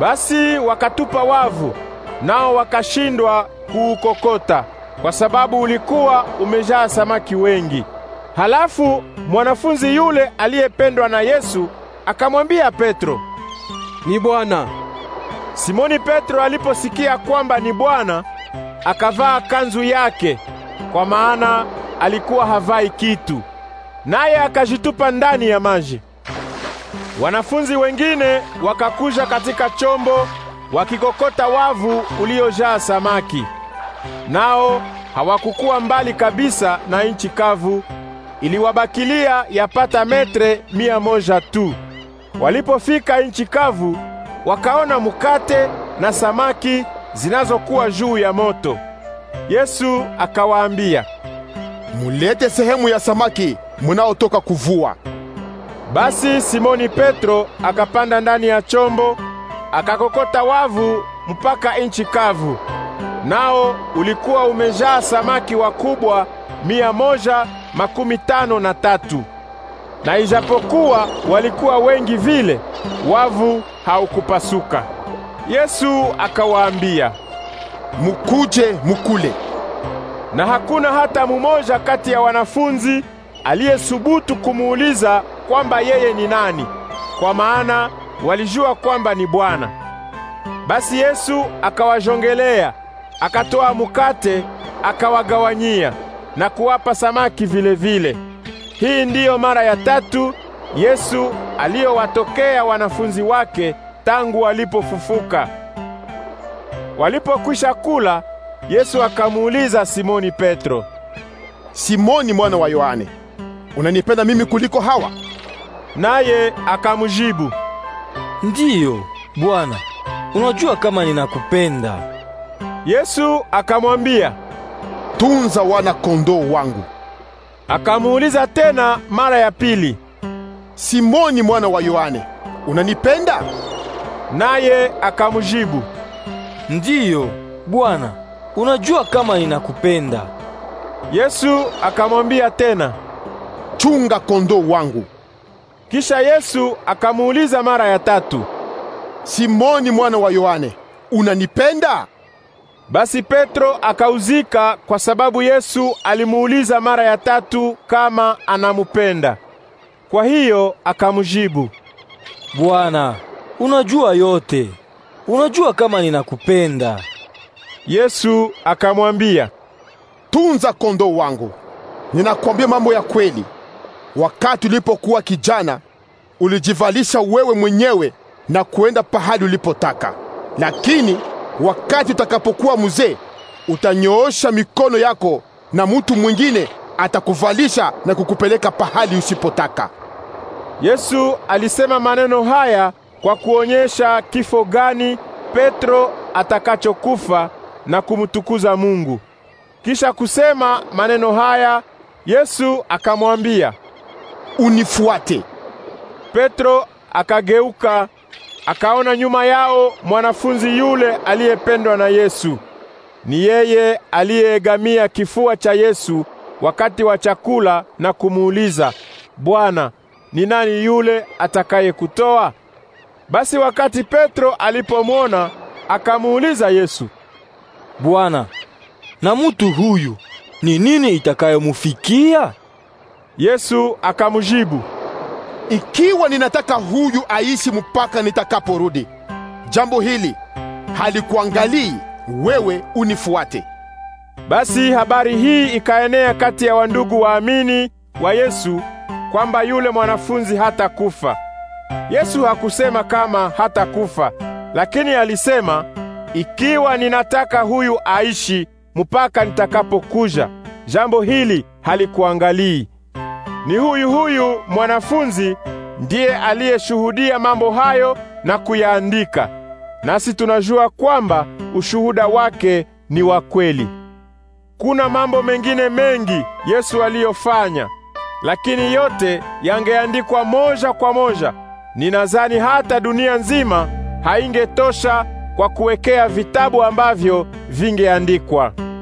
Basi wakatupa wavu, nao wakashindwa kuukokota kwa sababu ulikuwa umejaa samaki wengi. Halafu mwanafunzi yule aliyependwa na Yesu akamwambia Petro, ni Bwana. Simoni Petro aliposikia kwamba ni Bwana, akavaa kanzu yake, kwa maana alikuwa havai kitu, naye akajitupa ndani ya maji. Wanafunzi wengine wakakuja katika chombo wakikokota wavu uliojaa samaki. Nao hawakukuwa mbali kabisa na nchi kavu, iliwabakilia yapata metre mia moja tu. Walipofika nchi kavu, wakaona mukate na samaki zinazokuwa juu ya moto. Yesu akawaambia, mulete sehemu ya samaki munaotoka kuvua. Basi Simoni Petro akapanda ndani ya chombo akakokota wavu mpaka nchi kavu nao ulikuwa umejaa samaki wakubwa mia moja makumi tano na tatu. Na ijapokuwa walikuwa wengi vile, wavu haukupasuka. Yesu akawaambia, mukuje mukule. Na hakuna hata mumoja kati ya wanafunzi aliyesubutu kumuuliza kwamba yeye ni nani, kwa maana walijua kwamba ni Bwana. Basi Yesu akawajongelea Akatoa mukate akawagawanyia na kuwapa samaki vilevile. Hii ndiyo mara ya tatu Yesu aliyowatokea wanafunzi wake tangu walipofufuka. Walipokwisha kula, Yesu akamuuliza Simoni Petro, Simoni mwana wa Yohane, unanipenda mimi kuliko hawa? Naye akamjibu, Ndiyo, Bwana. Unajua kama ninakupenda. Yesu akamwambia, tunza wana kondoo wangu. Akamuuliza tena mara ya pili, Simoni mwana wa Yohane, unanipenda? Naye akamjibu, ndiyo Bwana, unajua kama ninakupenda. Yesu akamwambia tena, chunga kondoo wangu. Kisha Yesu akamuuliza mara ya tatu, Simoni mwana wa Yohane, unanipenda? Basi Petro akauzika kwa sababu Yesu alimuuliza mara ya tatu kama anamupenda. Kwa hiyo akamjibu, Bwana, unajua yote. Unajua kama ninakupenda. Yesu akamwambia, Tunza kondoo wangu. Ninakwambia mambo ya kweli. Wakati ulipokuwa kijana, ulijivalisha wewe mwenyewe na kuenda pahali ulipotaka. Lakini Wakati utakapokuwa mzee, utanyoosha mikono yako na mtu mwingine atakuvalisha na kukupeleka pahali usipotaka. Yesu alisema maneno haya kwa kuonyesha kifo gani Petro atakachokufa na kumtukuza Mungu. Kisha kusema maneno haya, Yesu akamwambia, "Unifuate." Petro akageuka akaona nyuma yao mwanafunzi yule aliyependwa na Yesu. Ni yeye aliyeegamia kifua cha Yesu wakati wa chakula na kumuuliza, Bwana, ni nani yule atakayekutoa? Basi wakati Petro alipomwona akamuuliza Yesu, Bwana, na mutu huyu ni nini itakayomufikia? Yesu akamjibu, ikiwa ninataka huyu aishi mpaka nitakaporudi. Jambo hili halikuangalii wewe unifuate. Basi habari hii ikaenea kati ya wandugu waamini wa Yesu kwamba yule mwanafunzi hatakufa. Yesu hakusema kama hatakufa, lakini alisema ikiwa ninataka huyu aishi mpaka nitakapokuja. Jambo hili halikuangalii ni huyu huyu mwanafunzi ndiye aliyeshuhudia mambo hayo na kuyaandika, nasi tunajua kwamba ushuhuda wake ni wa kweli. Kuna mambo mengine mengi Yesu aliyofanya, lakini yote yangeandikwa moja kwa moja, ninadhani hata dunia nzima haingetosha kwa kuwekea vitabu ambavyo vingeandikwa.